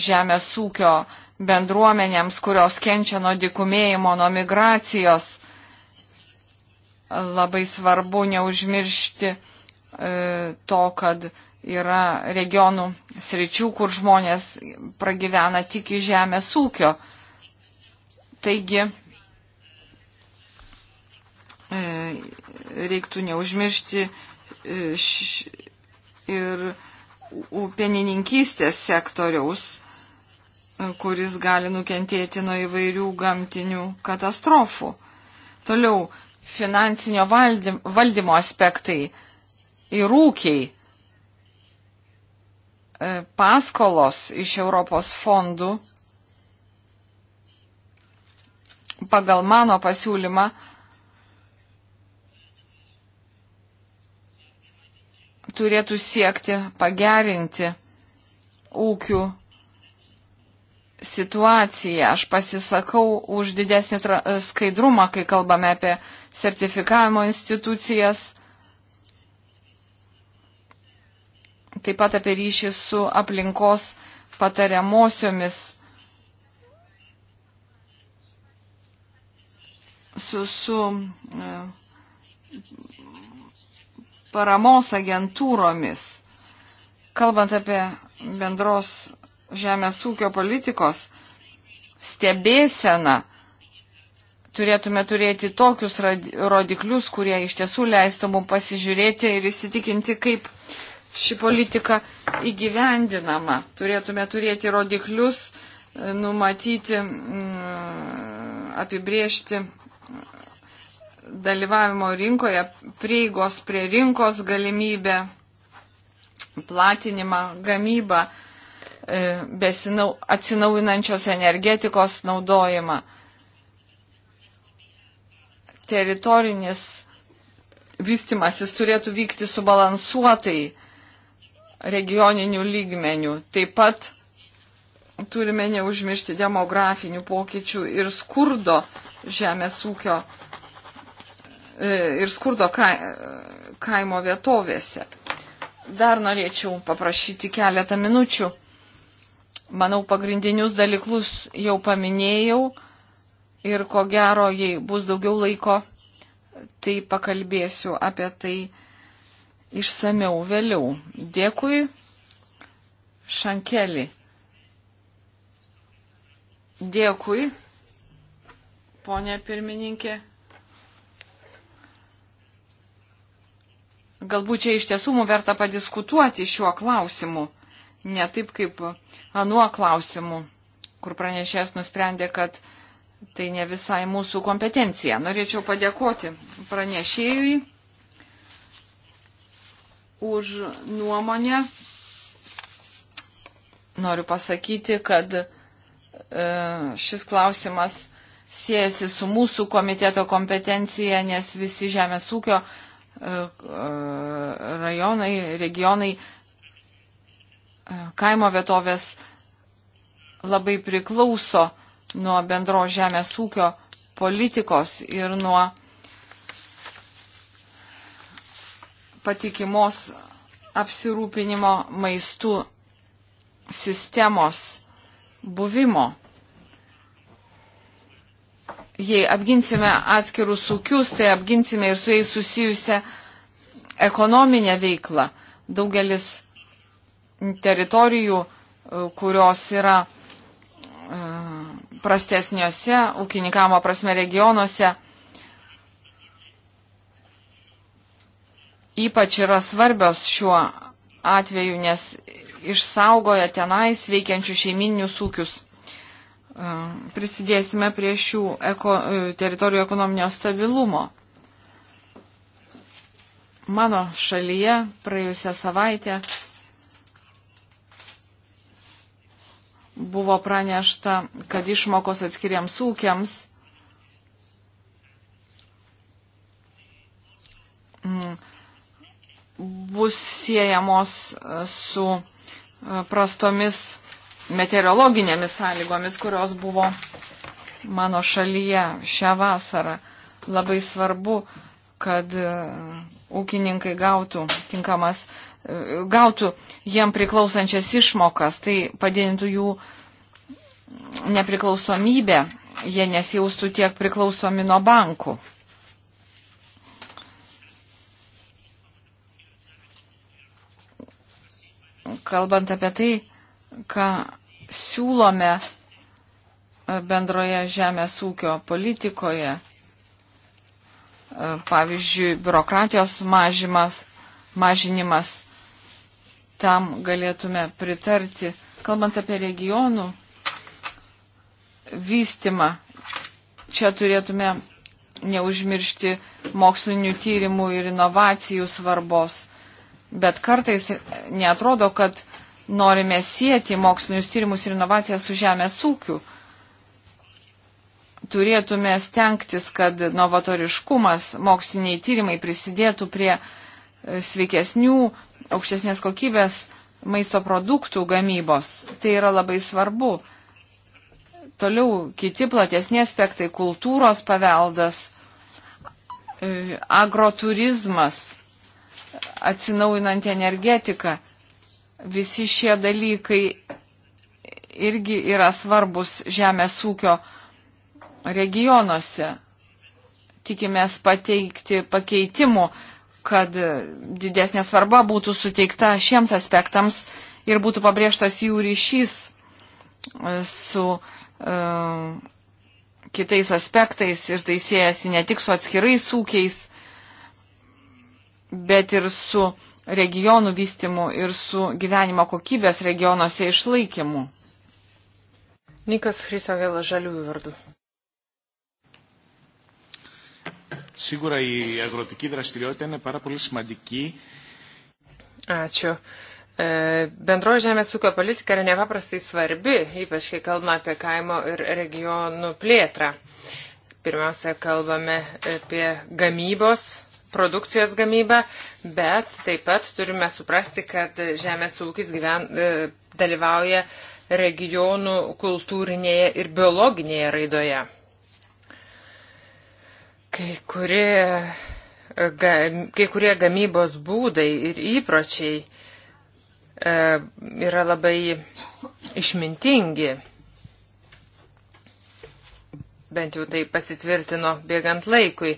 žemės ūkio bendruomenėms, kurios kenčia nuo dikumėjimo, nuo migracijos. Labai svarbu neužmiršti e, to, kad Yra regionų sričių, kur žmonės pragyvena tik iš žemės ūkio. Taigi e, reiktų neužmiršti e, ir upenininkystės sektoriaus, e, kuris gali nukentėti nuo įvairių gamtinių katastrofų. Toliau finansinio valdymo aspektai ir ūkiai. E, paskolos iš Europos fondų pagal mano pasiūlymą turėtų siekti pagerinti ūkių situaciją. Aš pasisakau už didesnį skaidrumą, kai kalbame apie sertifikavimo institucijas taip pat apie ryšį su aplinkos patariamosiomis, su, su e, paramos agentūromis. Kalbant apie bendros žemės ūkio politikos stebėseną, turėtume turėti tokius rodiklius, kurie iš tiesų leistų mums pasižiūrėti ir įsitikinti, kaip uh, ši politika įgyvendinama. Turėtume turėti rodiklius, e, numatyti, mm, apibriežti dalyvavimo rinkoje, prieigos prie rinkos galimybę, platinimą, gamybą, e, besinau, atsinaujinančios energetikos naudojimą. Teritorinis vystimasis turėtų vykti subalansuotai regioninių lygmenių. Taip pat turime neužmiršti demografinių pokyčių ir skurdo žemės ūkio e, ir skurdo kaimo vietovėse. Dar norėčiau paprašyti keletą minučių. Manau, pagrindinius dalykus jau paminėjau ir ko gero, jei bus daugiau laiko, tai pakalbėsiu apie tai išsameu vėliau. Dėkui, Šankeli. Dėkui, ponė pirmininkė. Galbūt čia iš tiesų mums verta padiskutuoti šiuo klausimu, ne taip kaip anuo klausimu, kur pranešės nusprendė, kad tai ne visai mūsų kompetencija. Norėčiau padėkoti pranešėjui už nuomonę. Noriu pasakyti, kad e, šis klausimas siejasi su mūsų komiteto kompetencija, nes visi žemės ūkio e, e, rajonai, regionai, kaimo vietovės labai priklauso nuo bendros žemės ūkio politikos ir nuo patikimos apsirūpinimo maistų sistemos buvimo. Jei apginsime atskirus ūkius, tai apginsime ir su jais susijusią ekonominę veiklą. Daugelis teritorijų, kurios yra e, prastesniuose, ūkininkamo prasme regionuose, ypač yra svarbios šiuo atveju, nes išsaugoja tenais veikiančių šeimininius ūkius. E, prisidėsime prie šių eko, e, teritorijų ekonominio stabilumo. Mano šalyje praėjusią savaitę buvo pranešta, kad išmokos atskiriams ūkiams mm, bus siejamos e, su e, prastomis meteorologinėmis sąlygomis, kurios buvo mano šalyje šią vasarą. Labai svarbu, kad e, ūkininkai gautų tinkamas, gautų jiem priklausančias išmokas, tai padidintų jų nepriklausomybę, jie nesijaustų tiek priklausomi nuo bankų. kalbant apie tai, ką siūlome e, bendroje žemės ūkio politikoje, e, pavyzdžiui, biurokratijos mažimas, mažinimas, tam galėtume pritarti. Kalbant apie regionų vystimą, čia turėtume neužmiršti mokslinių tyrimų ir inovacijų svarbos bet kartais netrodo, kad norime sieti mokslinius tyrimus ir inovacijas su žemės ūkiu. Turėtume stengtis, kad novatoriškumas, moksliniai tyrimai prisidėtų prie e, sveikesnių, aukštesnės kokybės maisto produktų gamybos. Tai yra labai svarbu. Toliau kiti platesni aspektai - kultūros paveldas, e, agroturizmas atsinaujinanti energetika. Visi šie dalykai irgi yra svarbus žemės ūkio regionuose. Tikimės pateikti pakeitimų, kad didesnė svarba būtų suteikta šiems aspektams ir būtų pabrėžtas jų ryšys e, su uh, kitais aspektais ir tai siejasi ne tik su atskirais ūkiais, bet ir su regionų vystimu ir su gyvenimo kokybės regionuose išlaikymu. Nikas Hrysavėla Žaliųjų vardu. Σίγουρα η αγροτική δραστηριότητα είναι πάρα πολύ σημαντική. Ačiū. E, Bendro žemės ūkio politika yra nepaprastai svarbi, ypač kai kalbame apie kaimo ir regionų plėtrą. Pirmiausia, kalbame apie gamybos produkcijos gamybą, bet taip pat turime suprasti, kad žemės ūkis gyven, e, dalyvauja regionų kultūrinėje ir biologinėje raidoje. Kai kurie, e, ga, kai kurie gamybos būdai ir įpročiai e, yra labai išmintingi. Bent jau tai pasitvirtino bėgant laikui.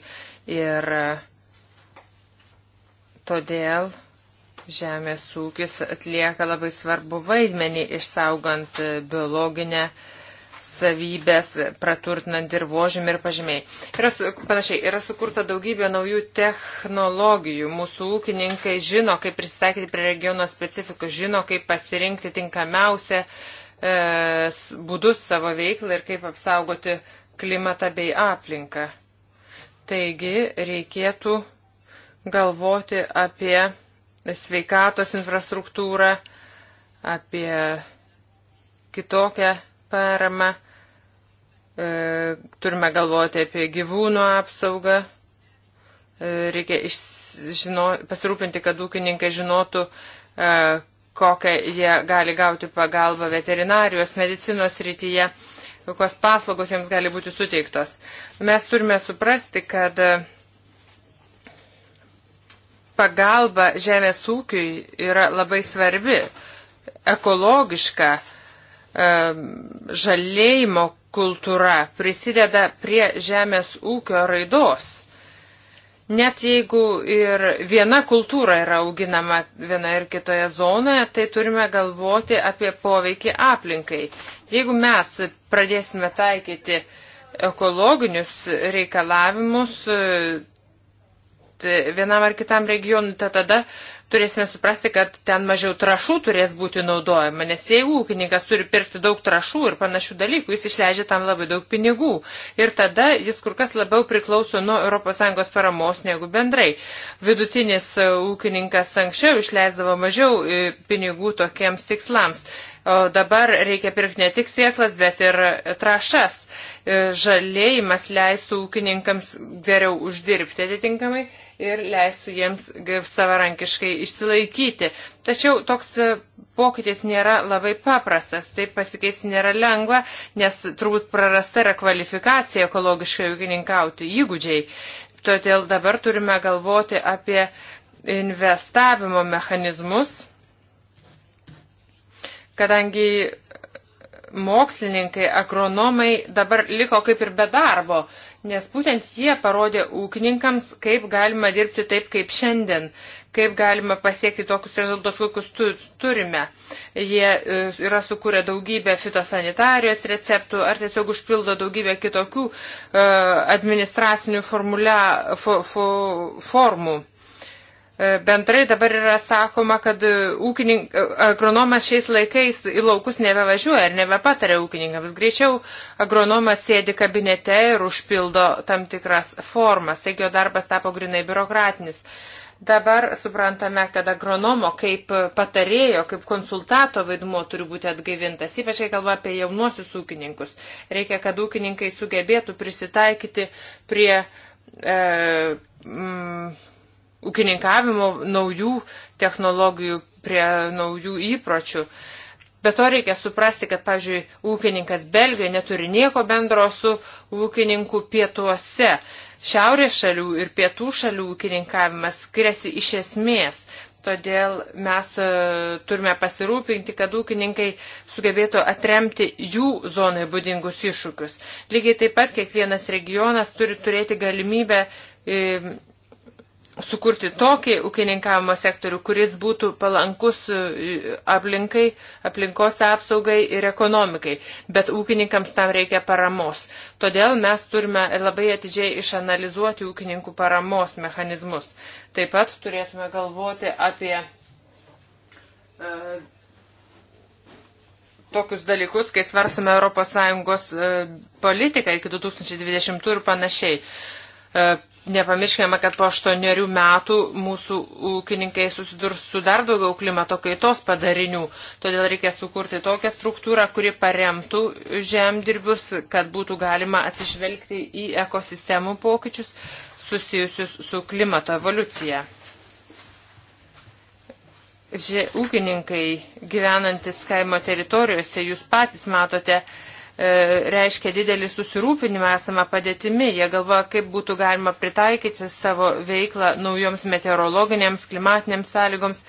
Ir e, Todėl žemės ūkis atlieka labai svarbu vaidmenį išsaugant biologinę savybės, praturtinant dirbožymį ir pažymiai. Yra, su, panašiai, yra sukurta daugybė naujų technologijų. Mūsų ūkininkai žino, kaip prisitaikyti prie regiono specifikų, žino, kaip pasirinkti tinkamiausią e, būdus savo veiklą ir kaip apsaugoti klimatą bei aplinką. Taigi reikėtų galvoti apie sveikatos infrastruktūrą, apie kitokią paramą, e, turime galvoti apie gyvūnų apsaugą, e, reikia žino, pasirūpinti, kad ūkininkai žinotų, e, kokią jie gali gauti pagalbą veterinarijos, medicinos rytyje, kokios paslaugos jiems gali būti suteiktos. Mes turime suprasti, kad pagalba žemės ūkiui yra labai svarbi. Ekologiška žalėjimo kultūra prisideda prie žemės ūkio raidos. Net jeigu ir viena kultūra yra auginama vienoje ir kitoje zonoje, tai turime galvoti apie poveikį aplinkai. Jeigu mes pradėsime taikyti ekologinius reikalavimus, vienam ar kitam regionui, tai tada turėsime suprasti, kad ten mažiau trašų turės būti naudojama, nes jeigu ūkininkas turi pirkti daug trašų ir panašių dalykų, jis išleidžia tam labai daug pinigų. Ir tada jis kur kas labiau priklauso nuo ES paramos negu bendrai. Vidutinis ūkininkas anksčiau išleisdavo mažiau e, pinigų tokiems tikslams. O dabar reikia pirkti ne tik sieklas, bet ir trašas. E, žalėjimas leisų ūkininkams geriau uždirbti atitinkamai ir leisų jiems savarankiškai išsilaikyti. Tačiau toks e, pokytis nėra labai paprastas, taip pasikeisti nėra lengva, nes turbūt prarasta yra kvalifikacija ekologiškai ūkininkauti įgūdžiai. Todėl dabar turime galvoti apie investavimo mechanizmus kadangi mokslininkai, agronomai dabar liko kaip ir be darbo, nes būtent jie parodė ūkininkams, kaip galima dirbti taip, kaip šiandien, kaip galima pasiekti tokius rezultatus, kokius tu, turime. Jie e, yra sukūrę daugybę fitosanitarijos receptų ar tiesiog užpildo daugybę kitokių uh, administracinių formulia, fo, fo, formų. E, bendrai dabar yra sakoma, kad e, ūkininkas, e, agronomas šiais laikais į laukus nebevažiuoja ir nebepataria ūkininkams. Greičiau agronomas sėdi kabinete ir užpildo tam tikras formas, taigi jo darbas tapo grinai biurokratinis. Dabar suprantame, kad agronomo kaip patarėjo, kaip konsultato vaidmuo turi būti atgaivintas, ypač kai kalba apie jaunuosius ūkininkus. Reikia, kad ūkininkai sugebėtų prisitaikyti prie. E, mm, ūkininkavimo, naujų technologijų, prie naujų įpročių. Bet to reikia suprasti, kad, pavyzdžiui, ūkininkas Belgijoje neturi nieko bendro su ūkininku pietuose. Šiaurės šalių ir pietų šalių ūkininkavimas skiriasi iš esmės. Todėl mes e, turime pasirūpinti, kad ūkininkai sugebėtų atremti jų zonai būdingus iššūkius. Lygiai taip pat kiekvienas regionas turi turėti galimybę e, sukurti tokį ūkininkavimo sektorių, kuris būtų palankus e, aplinkai, aplinkos apsaugai ir ekonomikai. Bet ūkininkams tam reikia paramos. Todėl mes turime labai atidžiai išanalizuoti ūkininkų paramos mechanizmus. Taip pat turėtume galvoti apie e, tokius dalykus, kai svarsome ES e, politiką iki 2020 ir panašiai. E, Nepamirškime, kad po aštuoniarių metų mūsų ūkininkai susidurs su dar daugiau klimato kaitos padarinių. Todėl reikia sukurti tokią struktūrą, kuri paremtų žemdirbius, kad būtų galima atsižvelgti į ekosistemų pokyčius susijusius su klimato evoliucija. Že, ūkininkai gyvenantis kaimo teritorijose, jūs patys matote, E, reiškia didelį susirūpinimą esamą padėtimi. Jie galvoja, kaip būtų galima pritaikyti savo veiklą naujoms meteorologinėms, klimatinėms sąlygoms.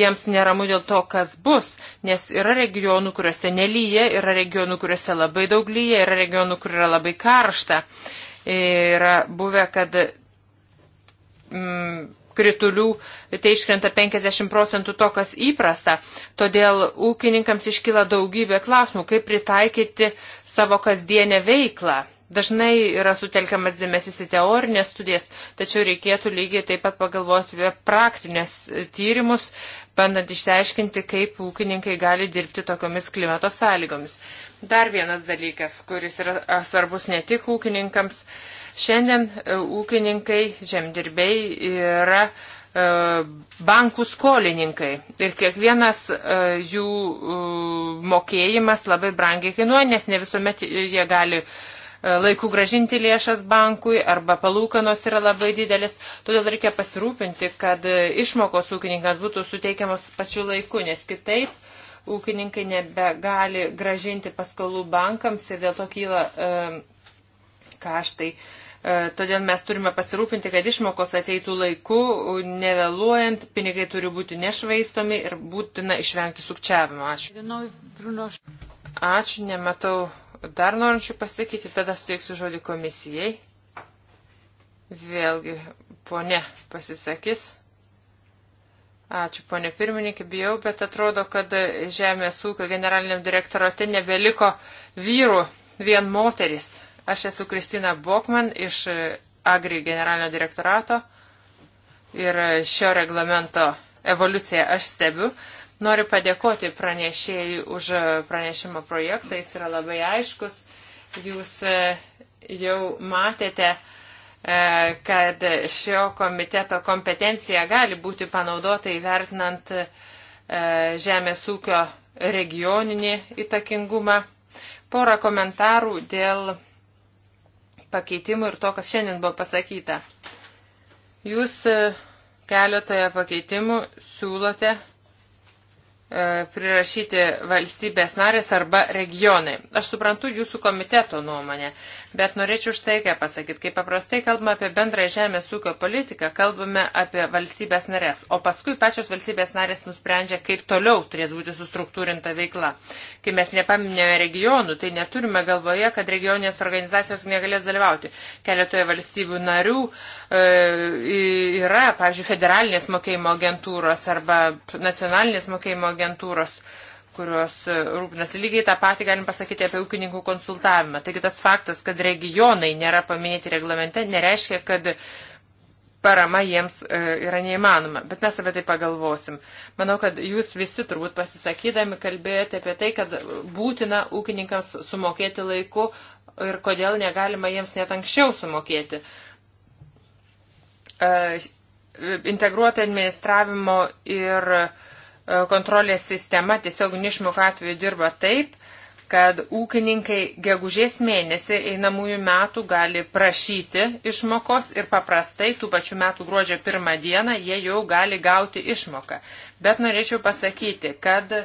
Jiems neramu dėl to, kas bus, nes yra regionų, kuriuose nelyja, yra regionų, kuriuose labai daug lyja, yra regionų, kur yra labai karšta. Yra buvę, kad mm, kritulių, tai iškrenta 50 procentų to, kas įprasta. Todėl ūkininkams iškyla daugybė klausimų, kaip pritaikyti savo kasdienę veiklą. Dažnai yra sutelkiamas dėmesys į teorinės studijas, tačiau reikėtų lygiai taip pat pagalvoti apie praktinės tyrimus, bandant išsiaiškinti, kaip ūkininkai gali dirbti tokiomis klimato sąlygomis. Dar vienas dalykas, kuris yra svarbus ne tik ūkininkams, uh, Šiandien e, ūkininkai, žemdirbiai yra e, bankų skolininkai ir kiekvienas e, jų mokėjimas labai brangiai kainuoja, nes ne visuomet jie gali laiku gražinti lėšas bankui arba palūkanos yra labai didelis. Todėl reikia pasirūpinti, kad išmokos ūkininkams būtų suteikiamos pačiu laiku, nes kitaip ūkininkai nebegali gražinti paskolų bankams ir dėl to kyla e, kaštai. E, todėl mes turime pasirūpinti, kad išmokos ateitų laiku, nevėluojant, pinigai turi būti nešvaistomi ir būtina išvengti sukčiavimo. Ačiū. Ačiū, nematau dar norinčių pasakyti, tada suteiksiu žodį komisijai. Vėlgi, ponė pasisakys. Ačiū, ponė pirmininkė, bijau, bet atrodo, kad Žemės ūkio generaliniam direktorate nebeliko vyrų, vien moteris. Aš esu Kristina Bokman iš Agri generalinio direktorato ir šio reglamento evoliuciją aš stebiu. Noriu padėkoti pranešėjai už pranešimo projektą, jis yra labai aiškus. Jūs e, jau matėte, e, kad šio komiteto kompetencija gali būti panaudota įvertinant e, žemės ūkio regioninį įtakingumą. Porą komentarų dėl pakeitimų ir to, kas šiandien buvo pasakyta. Jūs e, keletoje pakeitimų siūlote e, prirašyti valstybės narės arba regionai. Aš suprantu jūsų komiteto nuomonę, Bet norėčiau štai ką pasakyti. Kai paprastai kalbame apie bendrą žemės ūkio politiką, kalbame apie valstybės narės, o paskui pačios valstybės narės nusprendžia, kaip toliau turės būti sustruktūrinta veikla. Kai mes nepaminėjome regionų, tai neturime galvoje, kad regioninės organizacijos negalės dalyvauti. Keletoje valstybių narių e, yra, pavyzdžiui, federalinės mokėjimo agentūros arba nacionalinės mokėjimo agentūros kurios e, rūpinasi lygiai tą patį galim pasakyti apie ūkininkų konsultavimą. Taigi tas faktas, kad regionai nėra paminėti reglamente, nereiškia, kad parama jiems e, yra neįmanoma. Bet mes apie tai pagalvosim. Manau, kad jūs visi turbūt pasisakydami kalbėjote apie tai, kad būtina ūkininkams sumokėti laiku ir kodėl negalima jiems net anksčiau sumokėti. E, Integruota administravimo ir uh, E, kontrolės sistema tiesiog nišmokų atveju dirba taip, kad ūkininkai gegužės mėnesį einamųjų metų gali prašyti išmokos ir paprastai tų pačių metų gruodžio pirmą dieną jie jau gali gauti išmoką. Bet norėčiau pasakyti, kad e,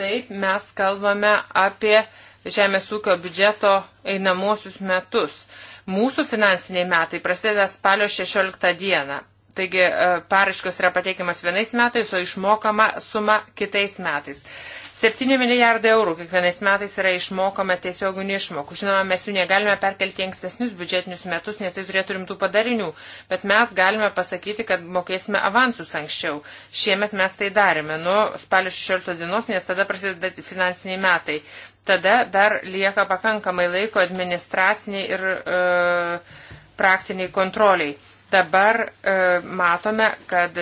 taip mes kalbame apie žemės ūkio biudžeto einamosius metus. Mūsų finansiniai metai prasideda spalio 16 dieną. Taigi e, paraškos yra pateikiamas vienais metais, o išmokama suma kitais metais. 7 milijardai eurų kiekvienais metais yra išmokama tiesioginių išmokų. Žinoma, mes jų negalime perkelti į ankstesnius biudžetinius metus, nes tai turėtų rimtų padarinių, bet mes galime pasakyti, kad mokėsime avansus anksčiau. Šiemet mes tai darėme nuo spalio 16 dienos, nes tada prasideda finansiniai metai. Tada dar lieka pakankamai laiko administraciniai ir e, praktiniai kontroliai. Dabar e, matome, kad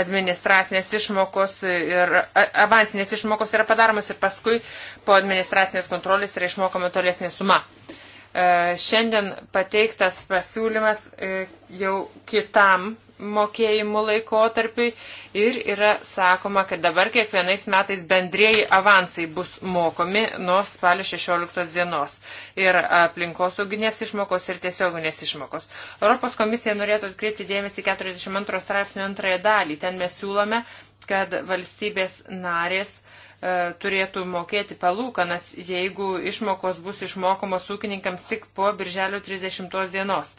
administracinės išmokos ir avansinės išmokos yra padaromos ir paskui po administracinės kontrolės yra išmokama tolesnė suma. E, šiandien pateiktas pasiūlymas e, jau kitam mokėjimų laikotarpiui ir yra sakoma, kad dabar kiekvienais metais bendrėjai avansai bus mokomi nuo spalio 16 dienos ir aplinkosauginės išmokos ir tiesioginės išmokos. Europos komisija norėtų atkreipti dėmesį 42 straipsnio antrąją dalį. Ten mes siūlome, kad valstybės narės e, turėtų mokėti palūkanas, jeigu išmokos bus išmokomos ūkininkams tik po birželio 30 dienos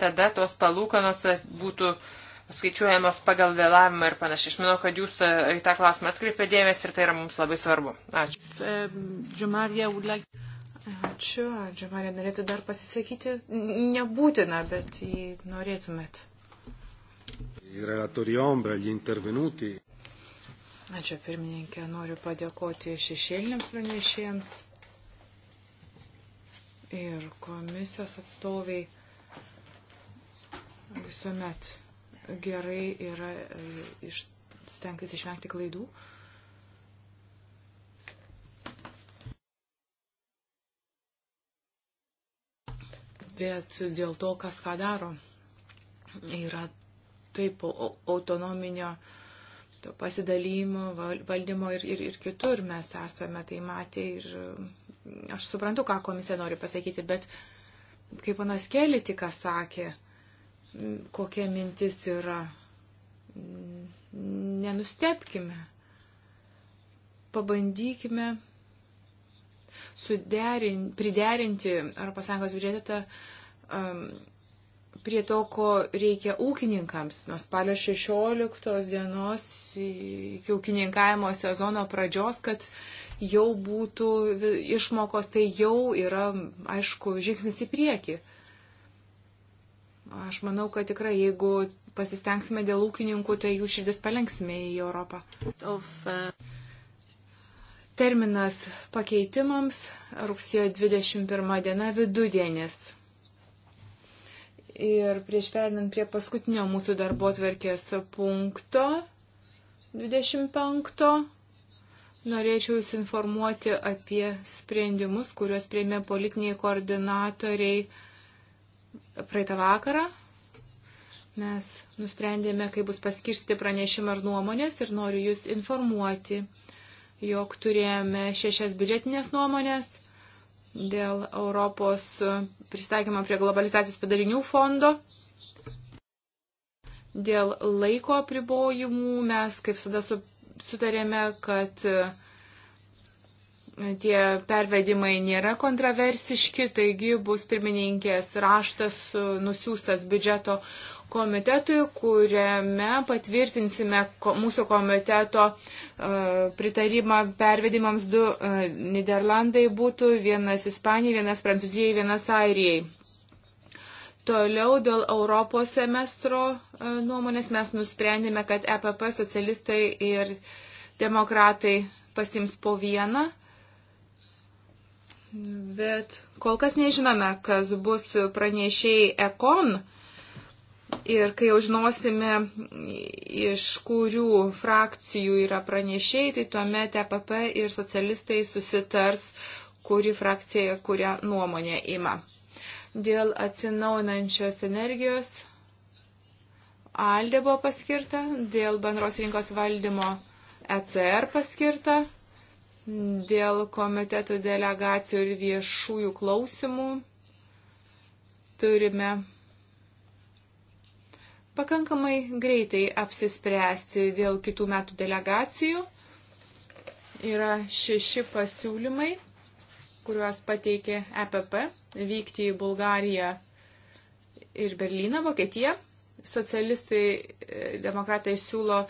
tada tos palūkanos būtų skaičiuojamos pagal vėlavimą ir panašiai. Aš manau, kad jūs e, į tą klausimą atkreipė dėmesį ir tai yra mums labai svarbu. Ačiū. Ačiū. Džamarija norėtų dar pasisakyti. Nebūtina, bet jį norėtumėt. Ačiū pirmininkė, noriu padėkoti šešėliniams pranešėjams ir komisijos atstoviai visuomet gerai yra e, iš, stengtis išvengti klaidų. Bet dėl to, kas ką daro, yra taip autonominio to pasidalymo, valdymo ir, ir, ir kitur mes esame tai matę ir e, aš suprantu, ką komisija nori pasakyti, bet kaip panas Kelį tik sakė, kokia mintis yra. Nenustepkime. Pabandykime suderin, priderinti ES biudžetą um, prie to, ko reikia ūkininkams. Nuo spalio 16 dienos iki ūkininkavimo sezono pradžios, kad jau būtų išmokos, tai jau yra, aišku, žingsnis į priekį. Aš manau, kad tikrai, jeigu pasistengsime dėl ūkininkų, tai jų širdis palenksime į Europą. Uh, Terminas pakeitimams rugsėjo 21 diena vidudienis. Ir prieš perinant prie paskutinio mūsų darbo atverkės punkto 25, norėčiau Jūs informuoti apie sprendimus, kuriuos prieimė politiniai koordinatoriai praeitą vakarą mes nusprendėme, kaip bus paskirsti pranešimą ar nuomonės ir noriu Jūs informuoti, jog turėjome šešias biudžetinės nuomonės dėl Europos pristaikymo prie globalizacijos padarinių fondo. Dėl laiko apribojimų mes, kaip visada, sutarėme, kad uh, tie pervedimai nėra kontroversiški, taigi bus pirmininkės raštas nusiųstas biudžeto komitetui, kuriame patvirtinsime mūsų komiteto e, pritarimą pervedimams du e, Niderlandai būtų, vienas Ispanijai, vienas Prancūzijai, vienas Airijai. Toliau dėl Europos semestro e, nuomonės mes nusprendėme, kad EPP socialistai ir demokratai pasims po vieną Bet kol kas nežinome, kas bus pranešėjai ekon. Ir kai jau žinosime, iš kurių frakcijų yra pranešėjai, tai tuomet EPP ir socialistai susitars, kuri frakcija, kurią nuomonę ima. Dėl atsinaunančios energijos Aldė buvo paskirta, dėl bendros rinkos valdymo ECR paskirta dėl komitetų delegacijų ir viešųjų klausimų turime pakankamai greitai apsispręsti dėl kitų metų delegacijų. Yra šeši pasiūlymai, kuriuos pateikė EPP vykti į Bulgariją ir Berliną, Vokietiją socialistai e, demokratai siūlo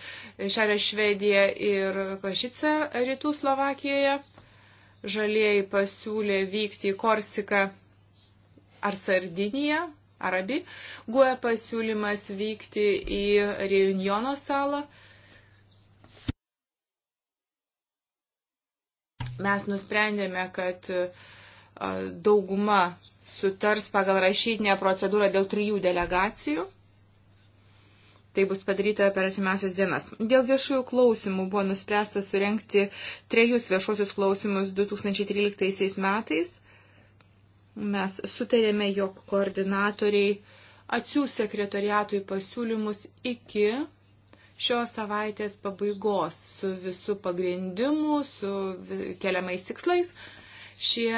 Šiaurės Švediją ir Košicę rytų Slovakijoje. Žalieji pasiūlė vykti į Korsiką ar Sardiniją, ar abi. Guoja pasiūlymas vykti į Reunjono salą. Mes nusprendėme, kad e, dauguma sutars pagal rašytinę procedūrą dėl trijų delegacijų Tai bus padaryta per artimiausias dienas. Dėl viešųjų klausimų buvo nuspręsta surenkti trejus viešuosius klausimus 2013 metais. Mes sutarėme, jog koordinatoriai atsiūs sekretoriatui pasiūlymus iki šios savaitės pabaigos su visų pagrindimu, su keliamais tikslais. Šie,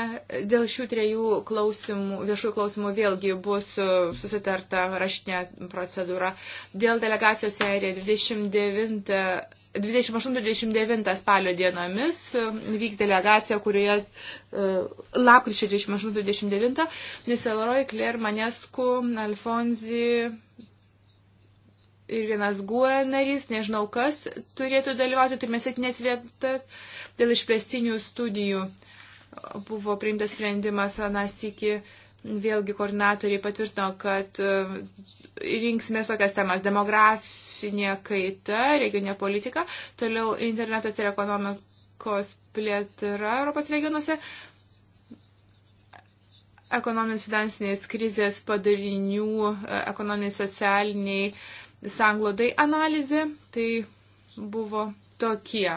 dėl šių trejų klausimų, viešų klausimų vėlgi bus e, susitarta raštinė procedūra. Dėl delegacijos airė 29. 28-29 spalio dienomis e, vyks delegacija, kurioje uh, lapkričio 28-29 Niseloroj, Kler, Manesku, Alfonzi, ir vienas GUE narys, nežinau kas, turėtų dalyvauti, turime sėkmės vietas dėl išplėstinių studijų buvo priimtas sprendimas, anas iki vėlgi koordinatoriai patvirtino, kad e, rinksimės tokias temas - demografinė kaita, regioninė politika, toliau internetas ir ekonomikos plėtra Europos regionuose, ekonominės finansinės krizės padarinių, e, ekonominiai socialiniai sanglodai analizė, tai buvo tokie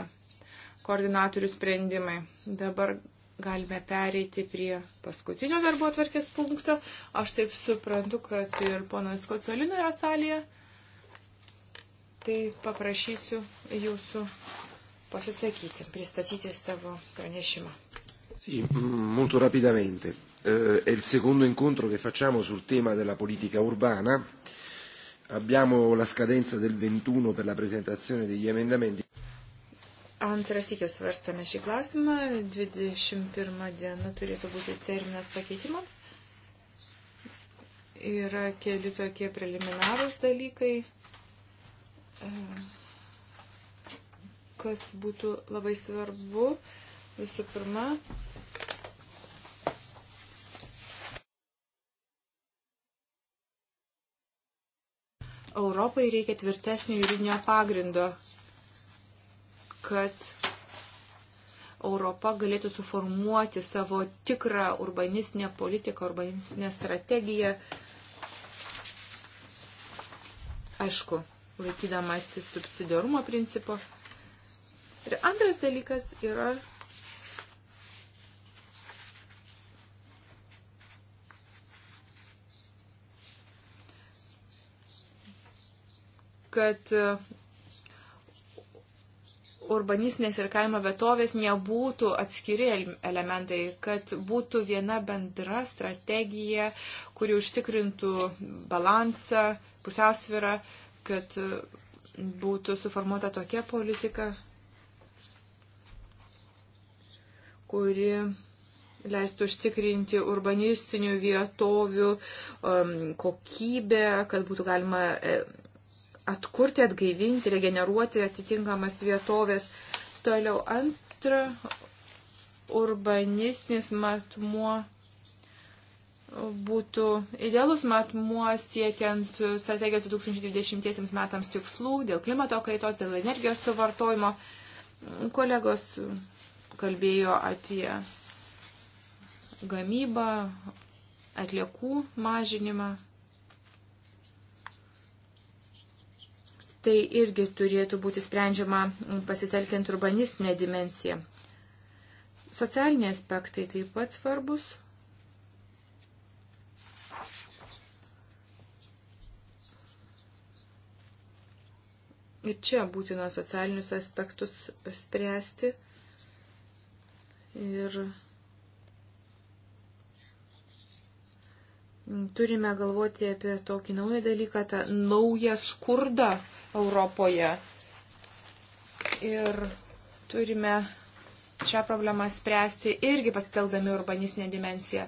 koordinatorių sprendimai. Dabar galime pereiti prie paskutinio darbo atvarkės punkto. Aš taip suprantu, kad ir ponas Kocolino yra salėje. Tai paprašysiu jūsų pasisakyti, pristatyti savo pranešimą. Sì, molto rapidamente. Eh, è il secondo incontro che facciamo sul tema della politica urbana. Abbiamo la scadenza del 21 per la presentazione degli emendamenti. Antras įkio svarstome šį klausimą. 21 diena turėtų būti terminas pakeitimams. Yra keli tokie preliminarūs dalykai, e, kas būtų labai svarbu. Visų pirma, Europai reikia tvirtesnio juridinio pagrindo kad Europa galėtų suformuoti savo tikrą urbanistinę politiką, urbanistinę strategiją. Aišku, laikydamasi subsidiarumo principo. Ir antras dalykas yra kad urbanistinės ir kaimo vietovės nebūtų atskiri elementai, kad būtų viena bendra strategija, kuri užtikrintų balansą, pusiausvyrą, kad būtų suformuota tokia politika, kuri leistų užtikrinti urbanistinių vietovių um, kokybę, kad būtų galima e, atkurti, atgaivinti, regeneruoti atitinkamas vietovės. Toliau antra urbanistinis matmuo būtų idealus matmuo siekiant strategijos 2020 metams tikslų dėl klimato kaitos, dėl energijos suvartojimo. Kolegos kalbėjo apie gamybą, atliekų mažinimą. tai irgi turėtų būti sprendžiama pasitelkiant urbanistinę dimenciją. Socialiniai aspektai taip pat svarbus. Ir čia būtina socialinius aspektus spręsti. Ir turime galvoti apie tokį naują dalyką, tą naują skurdą Europoje. Ir turime šią problemą spręsti irgi pasiteldami urbanistinę dimenciją.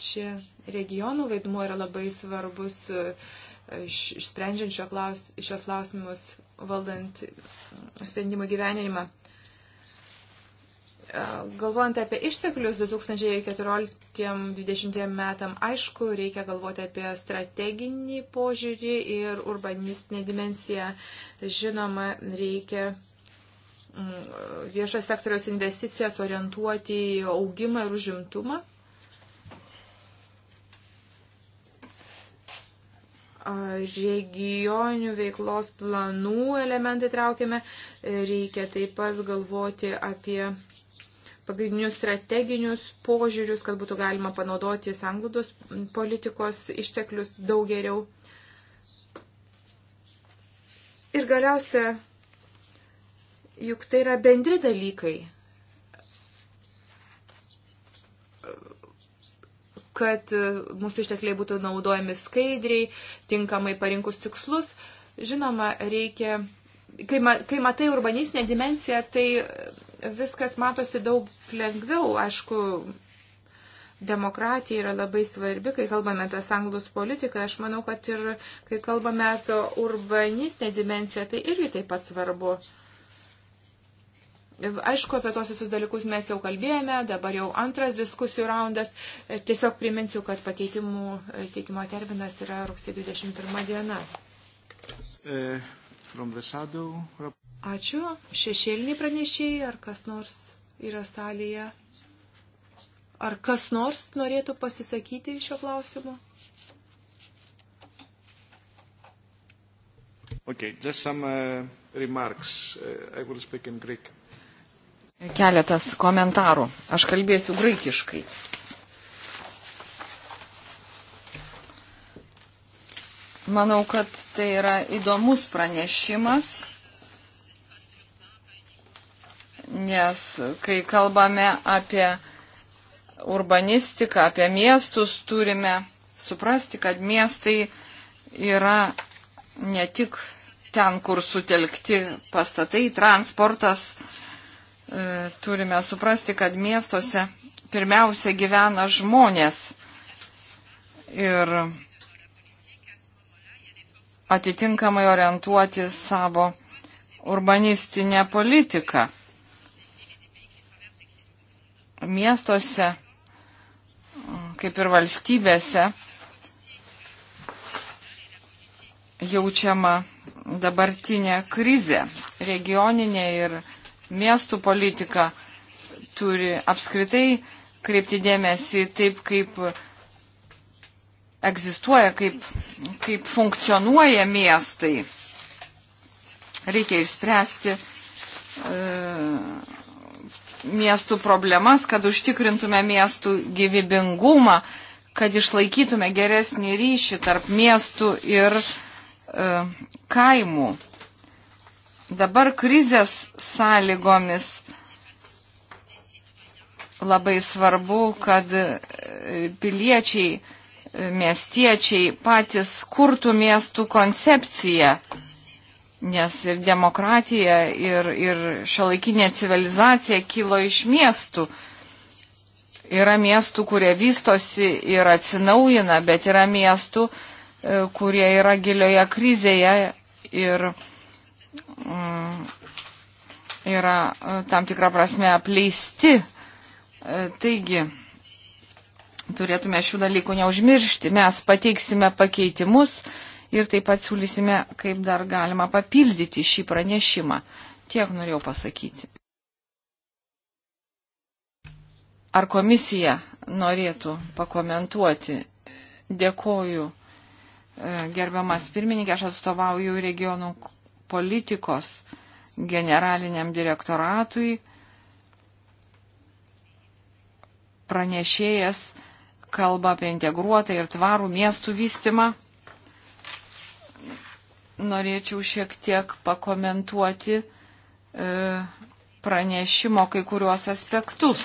Čia regionų vaidmuo yra labai svarbus, e, išsprendžiant šios klausimus valdant sprendimų gyvenimą. E, galvojant apie išteklius 2014-2020 metam, aišku, reikia galvoti apie strateginį požiūrį ir urbanistinę dimensiją. Žinoma, reikia mm, viešas sektoriaus investicijas orientuoti į augimą ir užimtumą. regioninių veiklos planų elementai traukiame. Reikia taip pat galvoti apie pagrindinius strateginius požiūrius, kad būtų galima panaudoti sanglaudos politikos išteklius daug geriau. Ir galiausia, juk tai yra bendri dalykai, kad mūsų ištekliai būtų naudojami skaidriai, tinkamai parinkus tikslus. Žinoma, reikia, kai, ma, kai matai urbanistinę dimenciją, tai viskas matosi daug lengviau. Aišku, demokratija yra labai svarbi, kai kalbame apie sanglus politiką. Aš manau, kad ir kai kalbame apie urbanistinę dimenciją, tai irgi taip pat svarbu. Aišku, apie tos visus dalykus mes jau kalbėjome, dabar jau antras diskusijų raundas. Tiesiog priminsiu, kad pakeitimų teikimo terminas yra rugsėjo 21 diena. E, Ačiū. Šešėliniai pranešėjai, ar kas nors yra salėje? Ar kas nors norėtų pasisakyti šio klausimu? Okay, just some uh, remarks. Uh, I will speak in Greek. Keletas komentarų. Aš kalbėsiu graikiškai. Manau, kad tai yra įdomus pranešimas Nes kai kalbame apie urbanistiką, apie miestus, turime suprasti, kad miestai yra ne tik ten, kur sutelkti pastatai, transportas. E, turime suprasti, kad miestuose pirmiausia gyvena žmonės. Ir atitinkamai orientuoti savo urbanistinę politiką miestuose, kaip ir valstybėse, jaučiama dabartinė krizė. Regioninė ir miestų politika turi apskritai kreipti dėmesį taip, kaip egzistuoja, kaip, kaip funkcionuoja miestai. Reikia išspręsti e, miestų problemas, kad užtikrintume miestų gyvybingumą, kad išlaikytume geresnį ryšį tarp miestų ir e, kaimų. Dabar krizės sąlygomis labai svarbu, kad e, piliečiai, e, miestiečiai patys kurtų miestų koncepciją nes ir demokratija, ir, ir šiolaikinė civilizacija kilo iš miestų. Yra miestų, kurie vystosi ir atsinaujina, bet yra miestų, e, kurie yra gilioje krizėje ir mm, yra e, tam tikrą prasme apleisti. E, taigi, turėtume šių dalykų neužmiršti. Mes pateiksime pakeitimus, ir taip pat siūlysime, kaip dar galima papildyti šį pranešimą. Tiek norėjau pasakyti. Ar komisija norėtų pakomentuoti? Dėkoju, e, gerbiamas pirmininkė, aš atstovauju regionų politikos generaliniam direktoratui. Pranešėjas kalba apie integruotą ir tvarų miestų vystimą norėčiau šiek tiek pakomentuoti e, pranešimo kai kuriuos aspektus.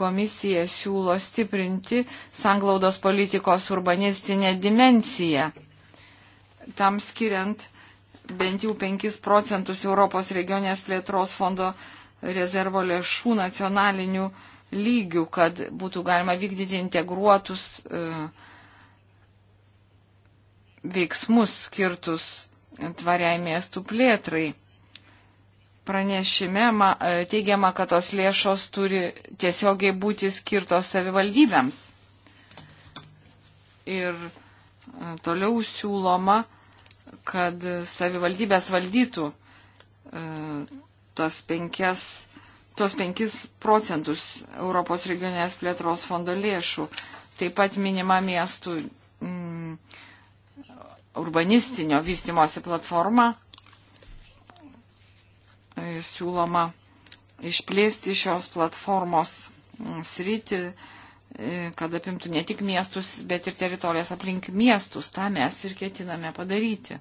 Komisija siūlo stiprinti sanglaudos politikos urbanistinę dimenciją, tam skiriant bent jau 5 procentus Europos regionės plėtros fondo rezervo lėšų nacionalinių lygių, kad būtų galima vykdyti integruotus uh, veiksmus skirtus tvariai miestų plėtrai. Pranešime e, teigiama, kad tos lėšos turi tiesiogiai būti skirtos savivaldybėms. Ir e, toliau siūloma, kad savivaldybės valdytų e, tas penkias, tos penkis procentus Europos regionės plėtros fondo lėšų. Taip pat minima miestų. Mm, urbanistinio vystimosi platformą. E, siūloma išplėsti šios platformos mm, sritį, e, kad apimtų ne tik miestus, bet ir teritorijas aplink miestus. Ta mes ir ketiname padaryti.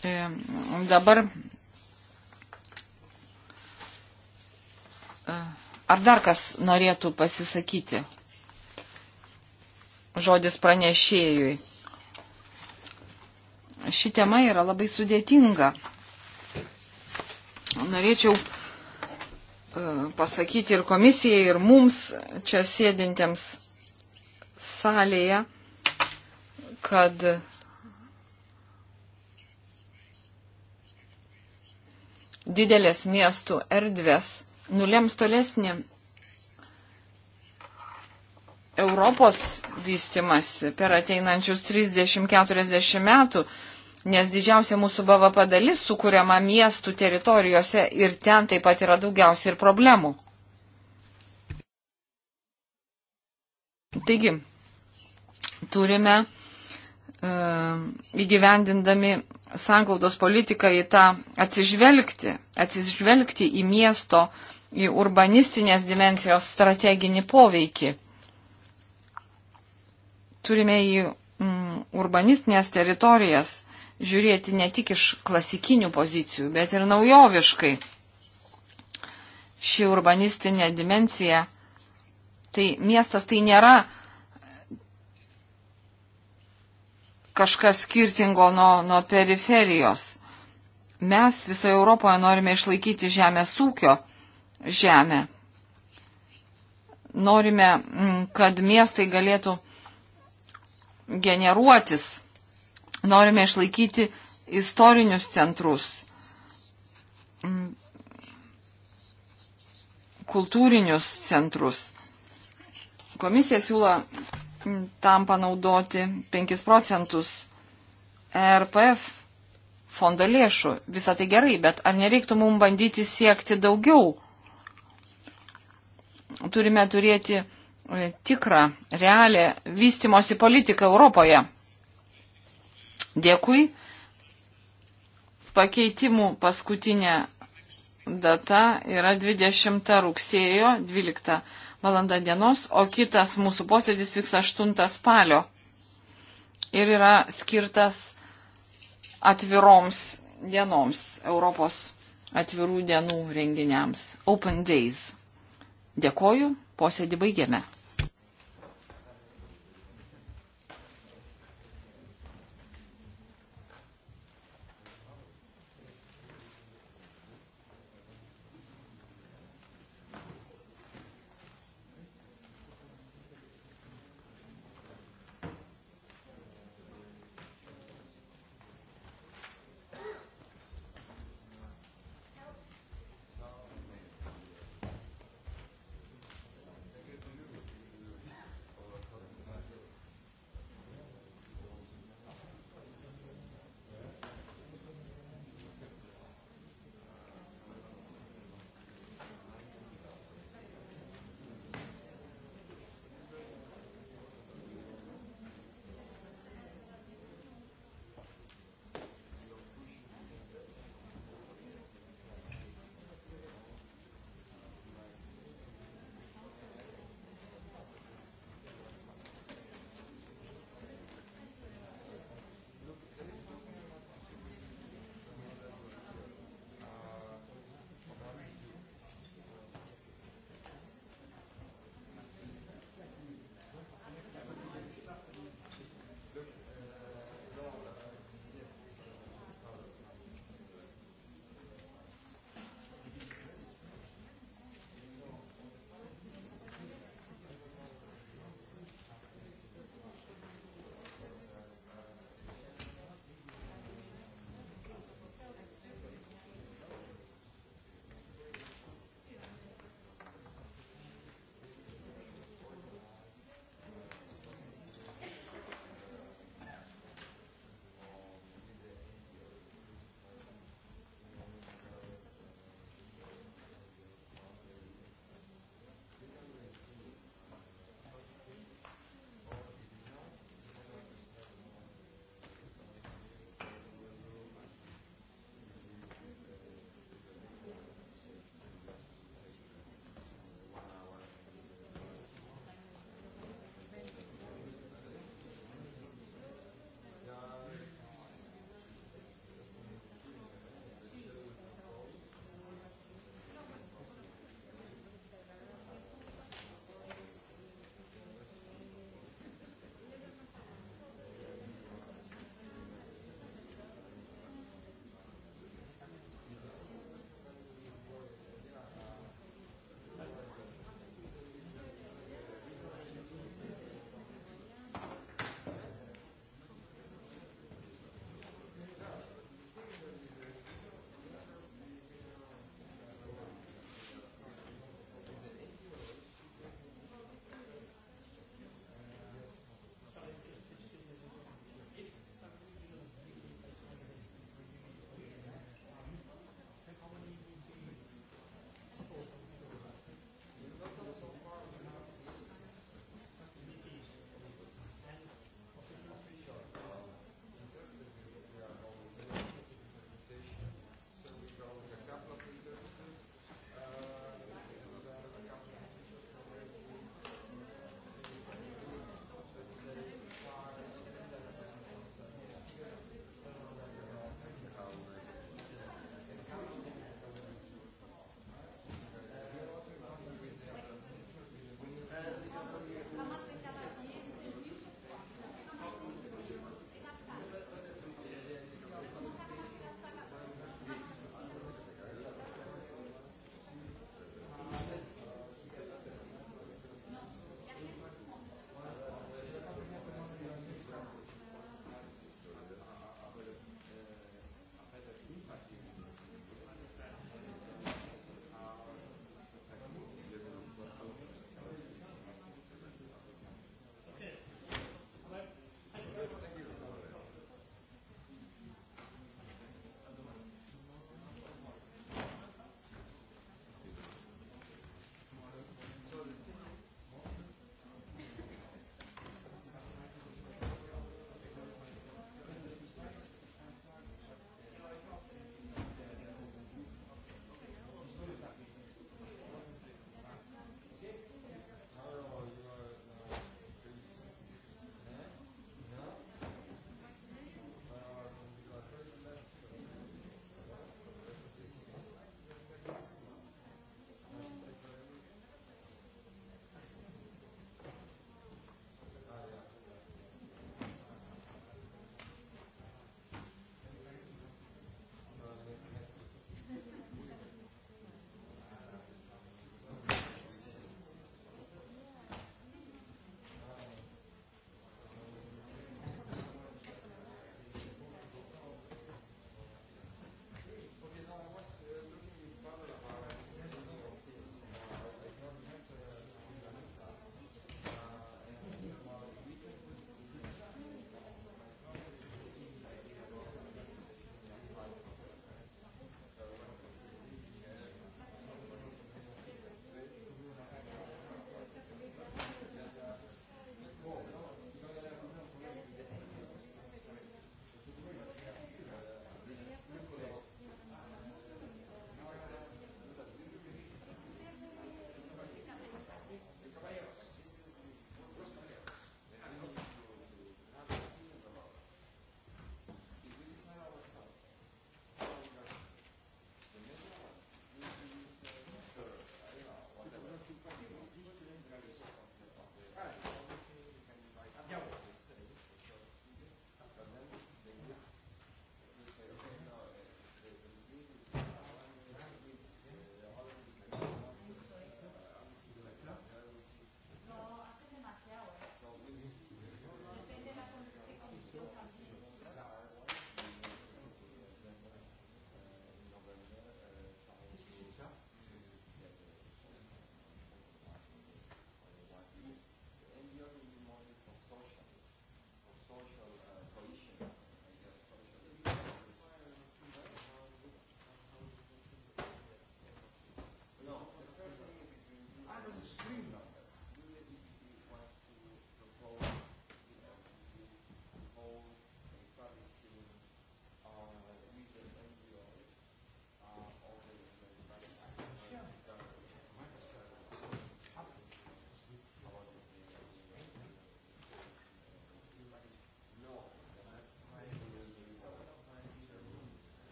E, dabar Ar dar kas norėtų pasisakyti? Žodis pranešėjui. Ši tema yra labai sudėtinga. Norėčiau e, pasakyti ir komisijai, ir mums čia sėdintiems salėje, kad didelės miestų erdvės nulems tolesnį Europos vystimasi per ateinančius 30-40 metų, nes didžiausia mūsų BVP dalis sukūriama miestų teritorijose ir ten taip pat yra daugiausia ir problemų. Taigi, turime e, įgyvendindami sanglaudos politiką į tą atsižvelgti, atsižvelgti į miesto į urbanistinės dimensijos strateginį poveikį. Turime į mm, urbanistinės teritorijas žiūrėti ne tik iš klasikinių pozicijų, bet ir naujoviškai. Ši urbanistinė dimensija, tai miestas tai nėra kažkas skirtingo nuo, nuo periferijos. Mes visoje Europoje norime išlaikyti žemės ūkio žemę. Norime, mm, kad miestai galėtų generuotis. Norime išlaikyti istorinius centrus, mm, kultūrinius centrus. Komisija siūlo mm, tam panaudoti 5 procentus e RPF fondo lėšų. Visą tai gerai, bet ar nereiktų mums bandyti siekti daugiau? turime turėti e, tikrą, realią vystimosi politiką Europoje. Dėkui. Pakeitimų paskutinė data yra 20 rugsėjo 12 valanda dienos, o kitas mūsų posėdis vyks 8 spalio ir yra skirtas atviroms dienoms, Europos atvirų dienų renginiams, Open Days. Dėkoju, posėdį baigėme.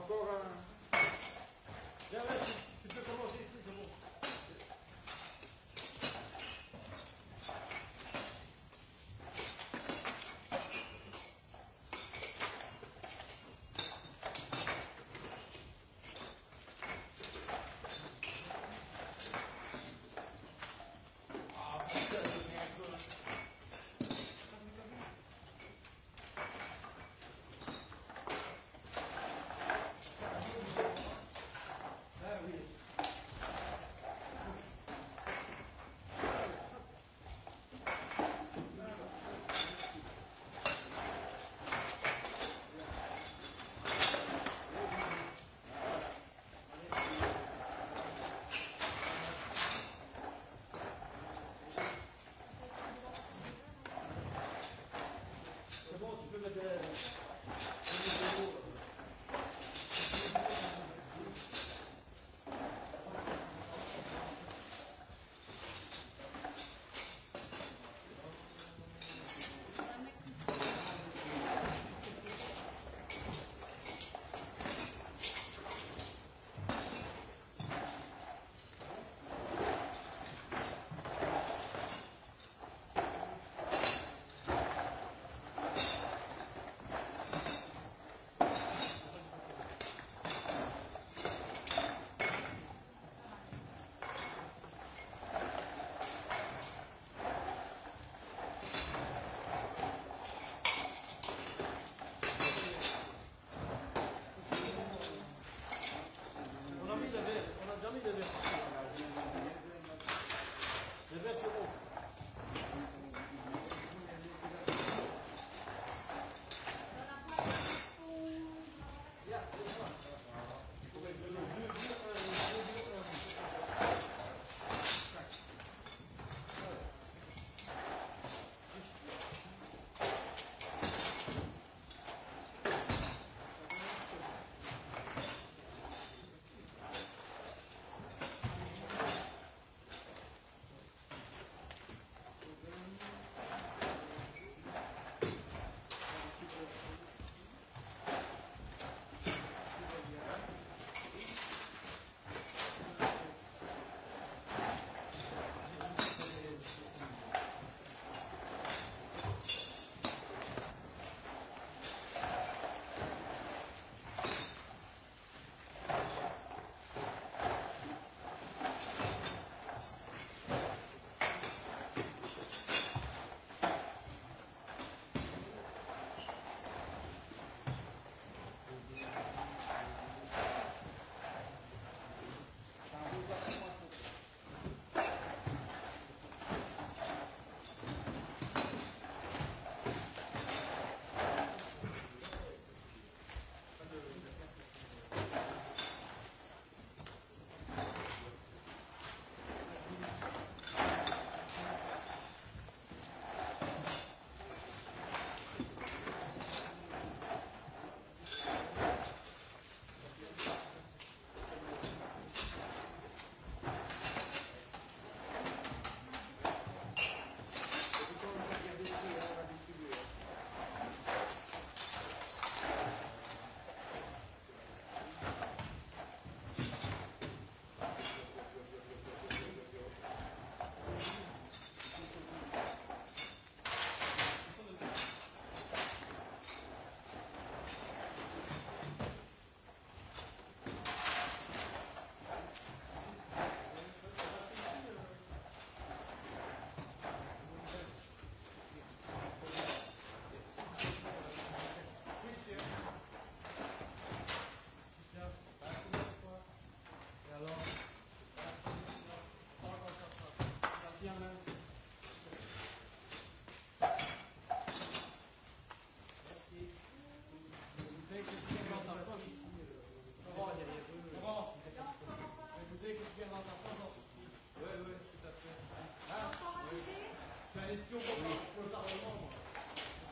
Mokoga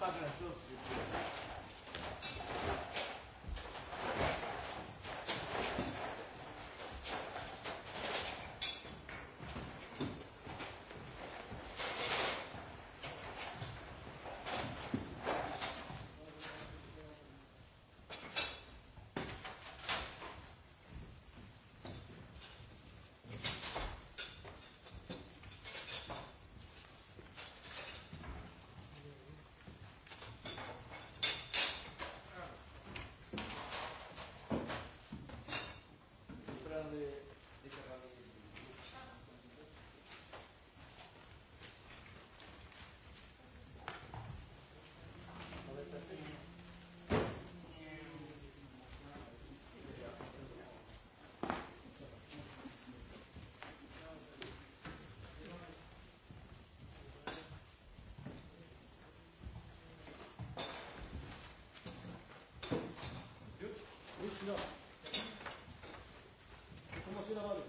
pagal šios ですが、そこも修羅場ある。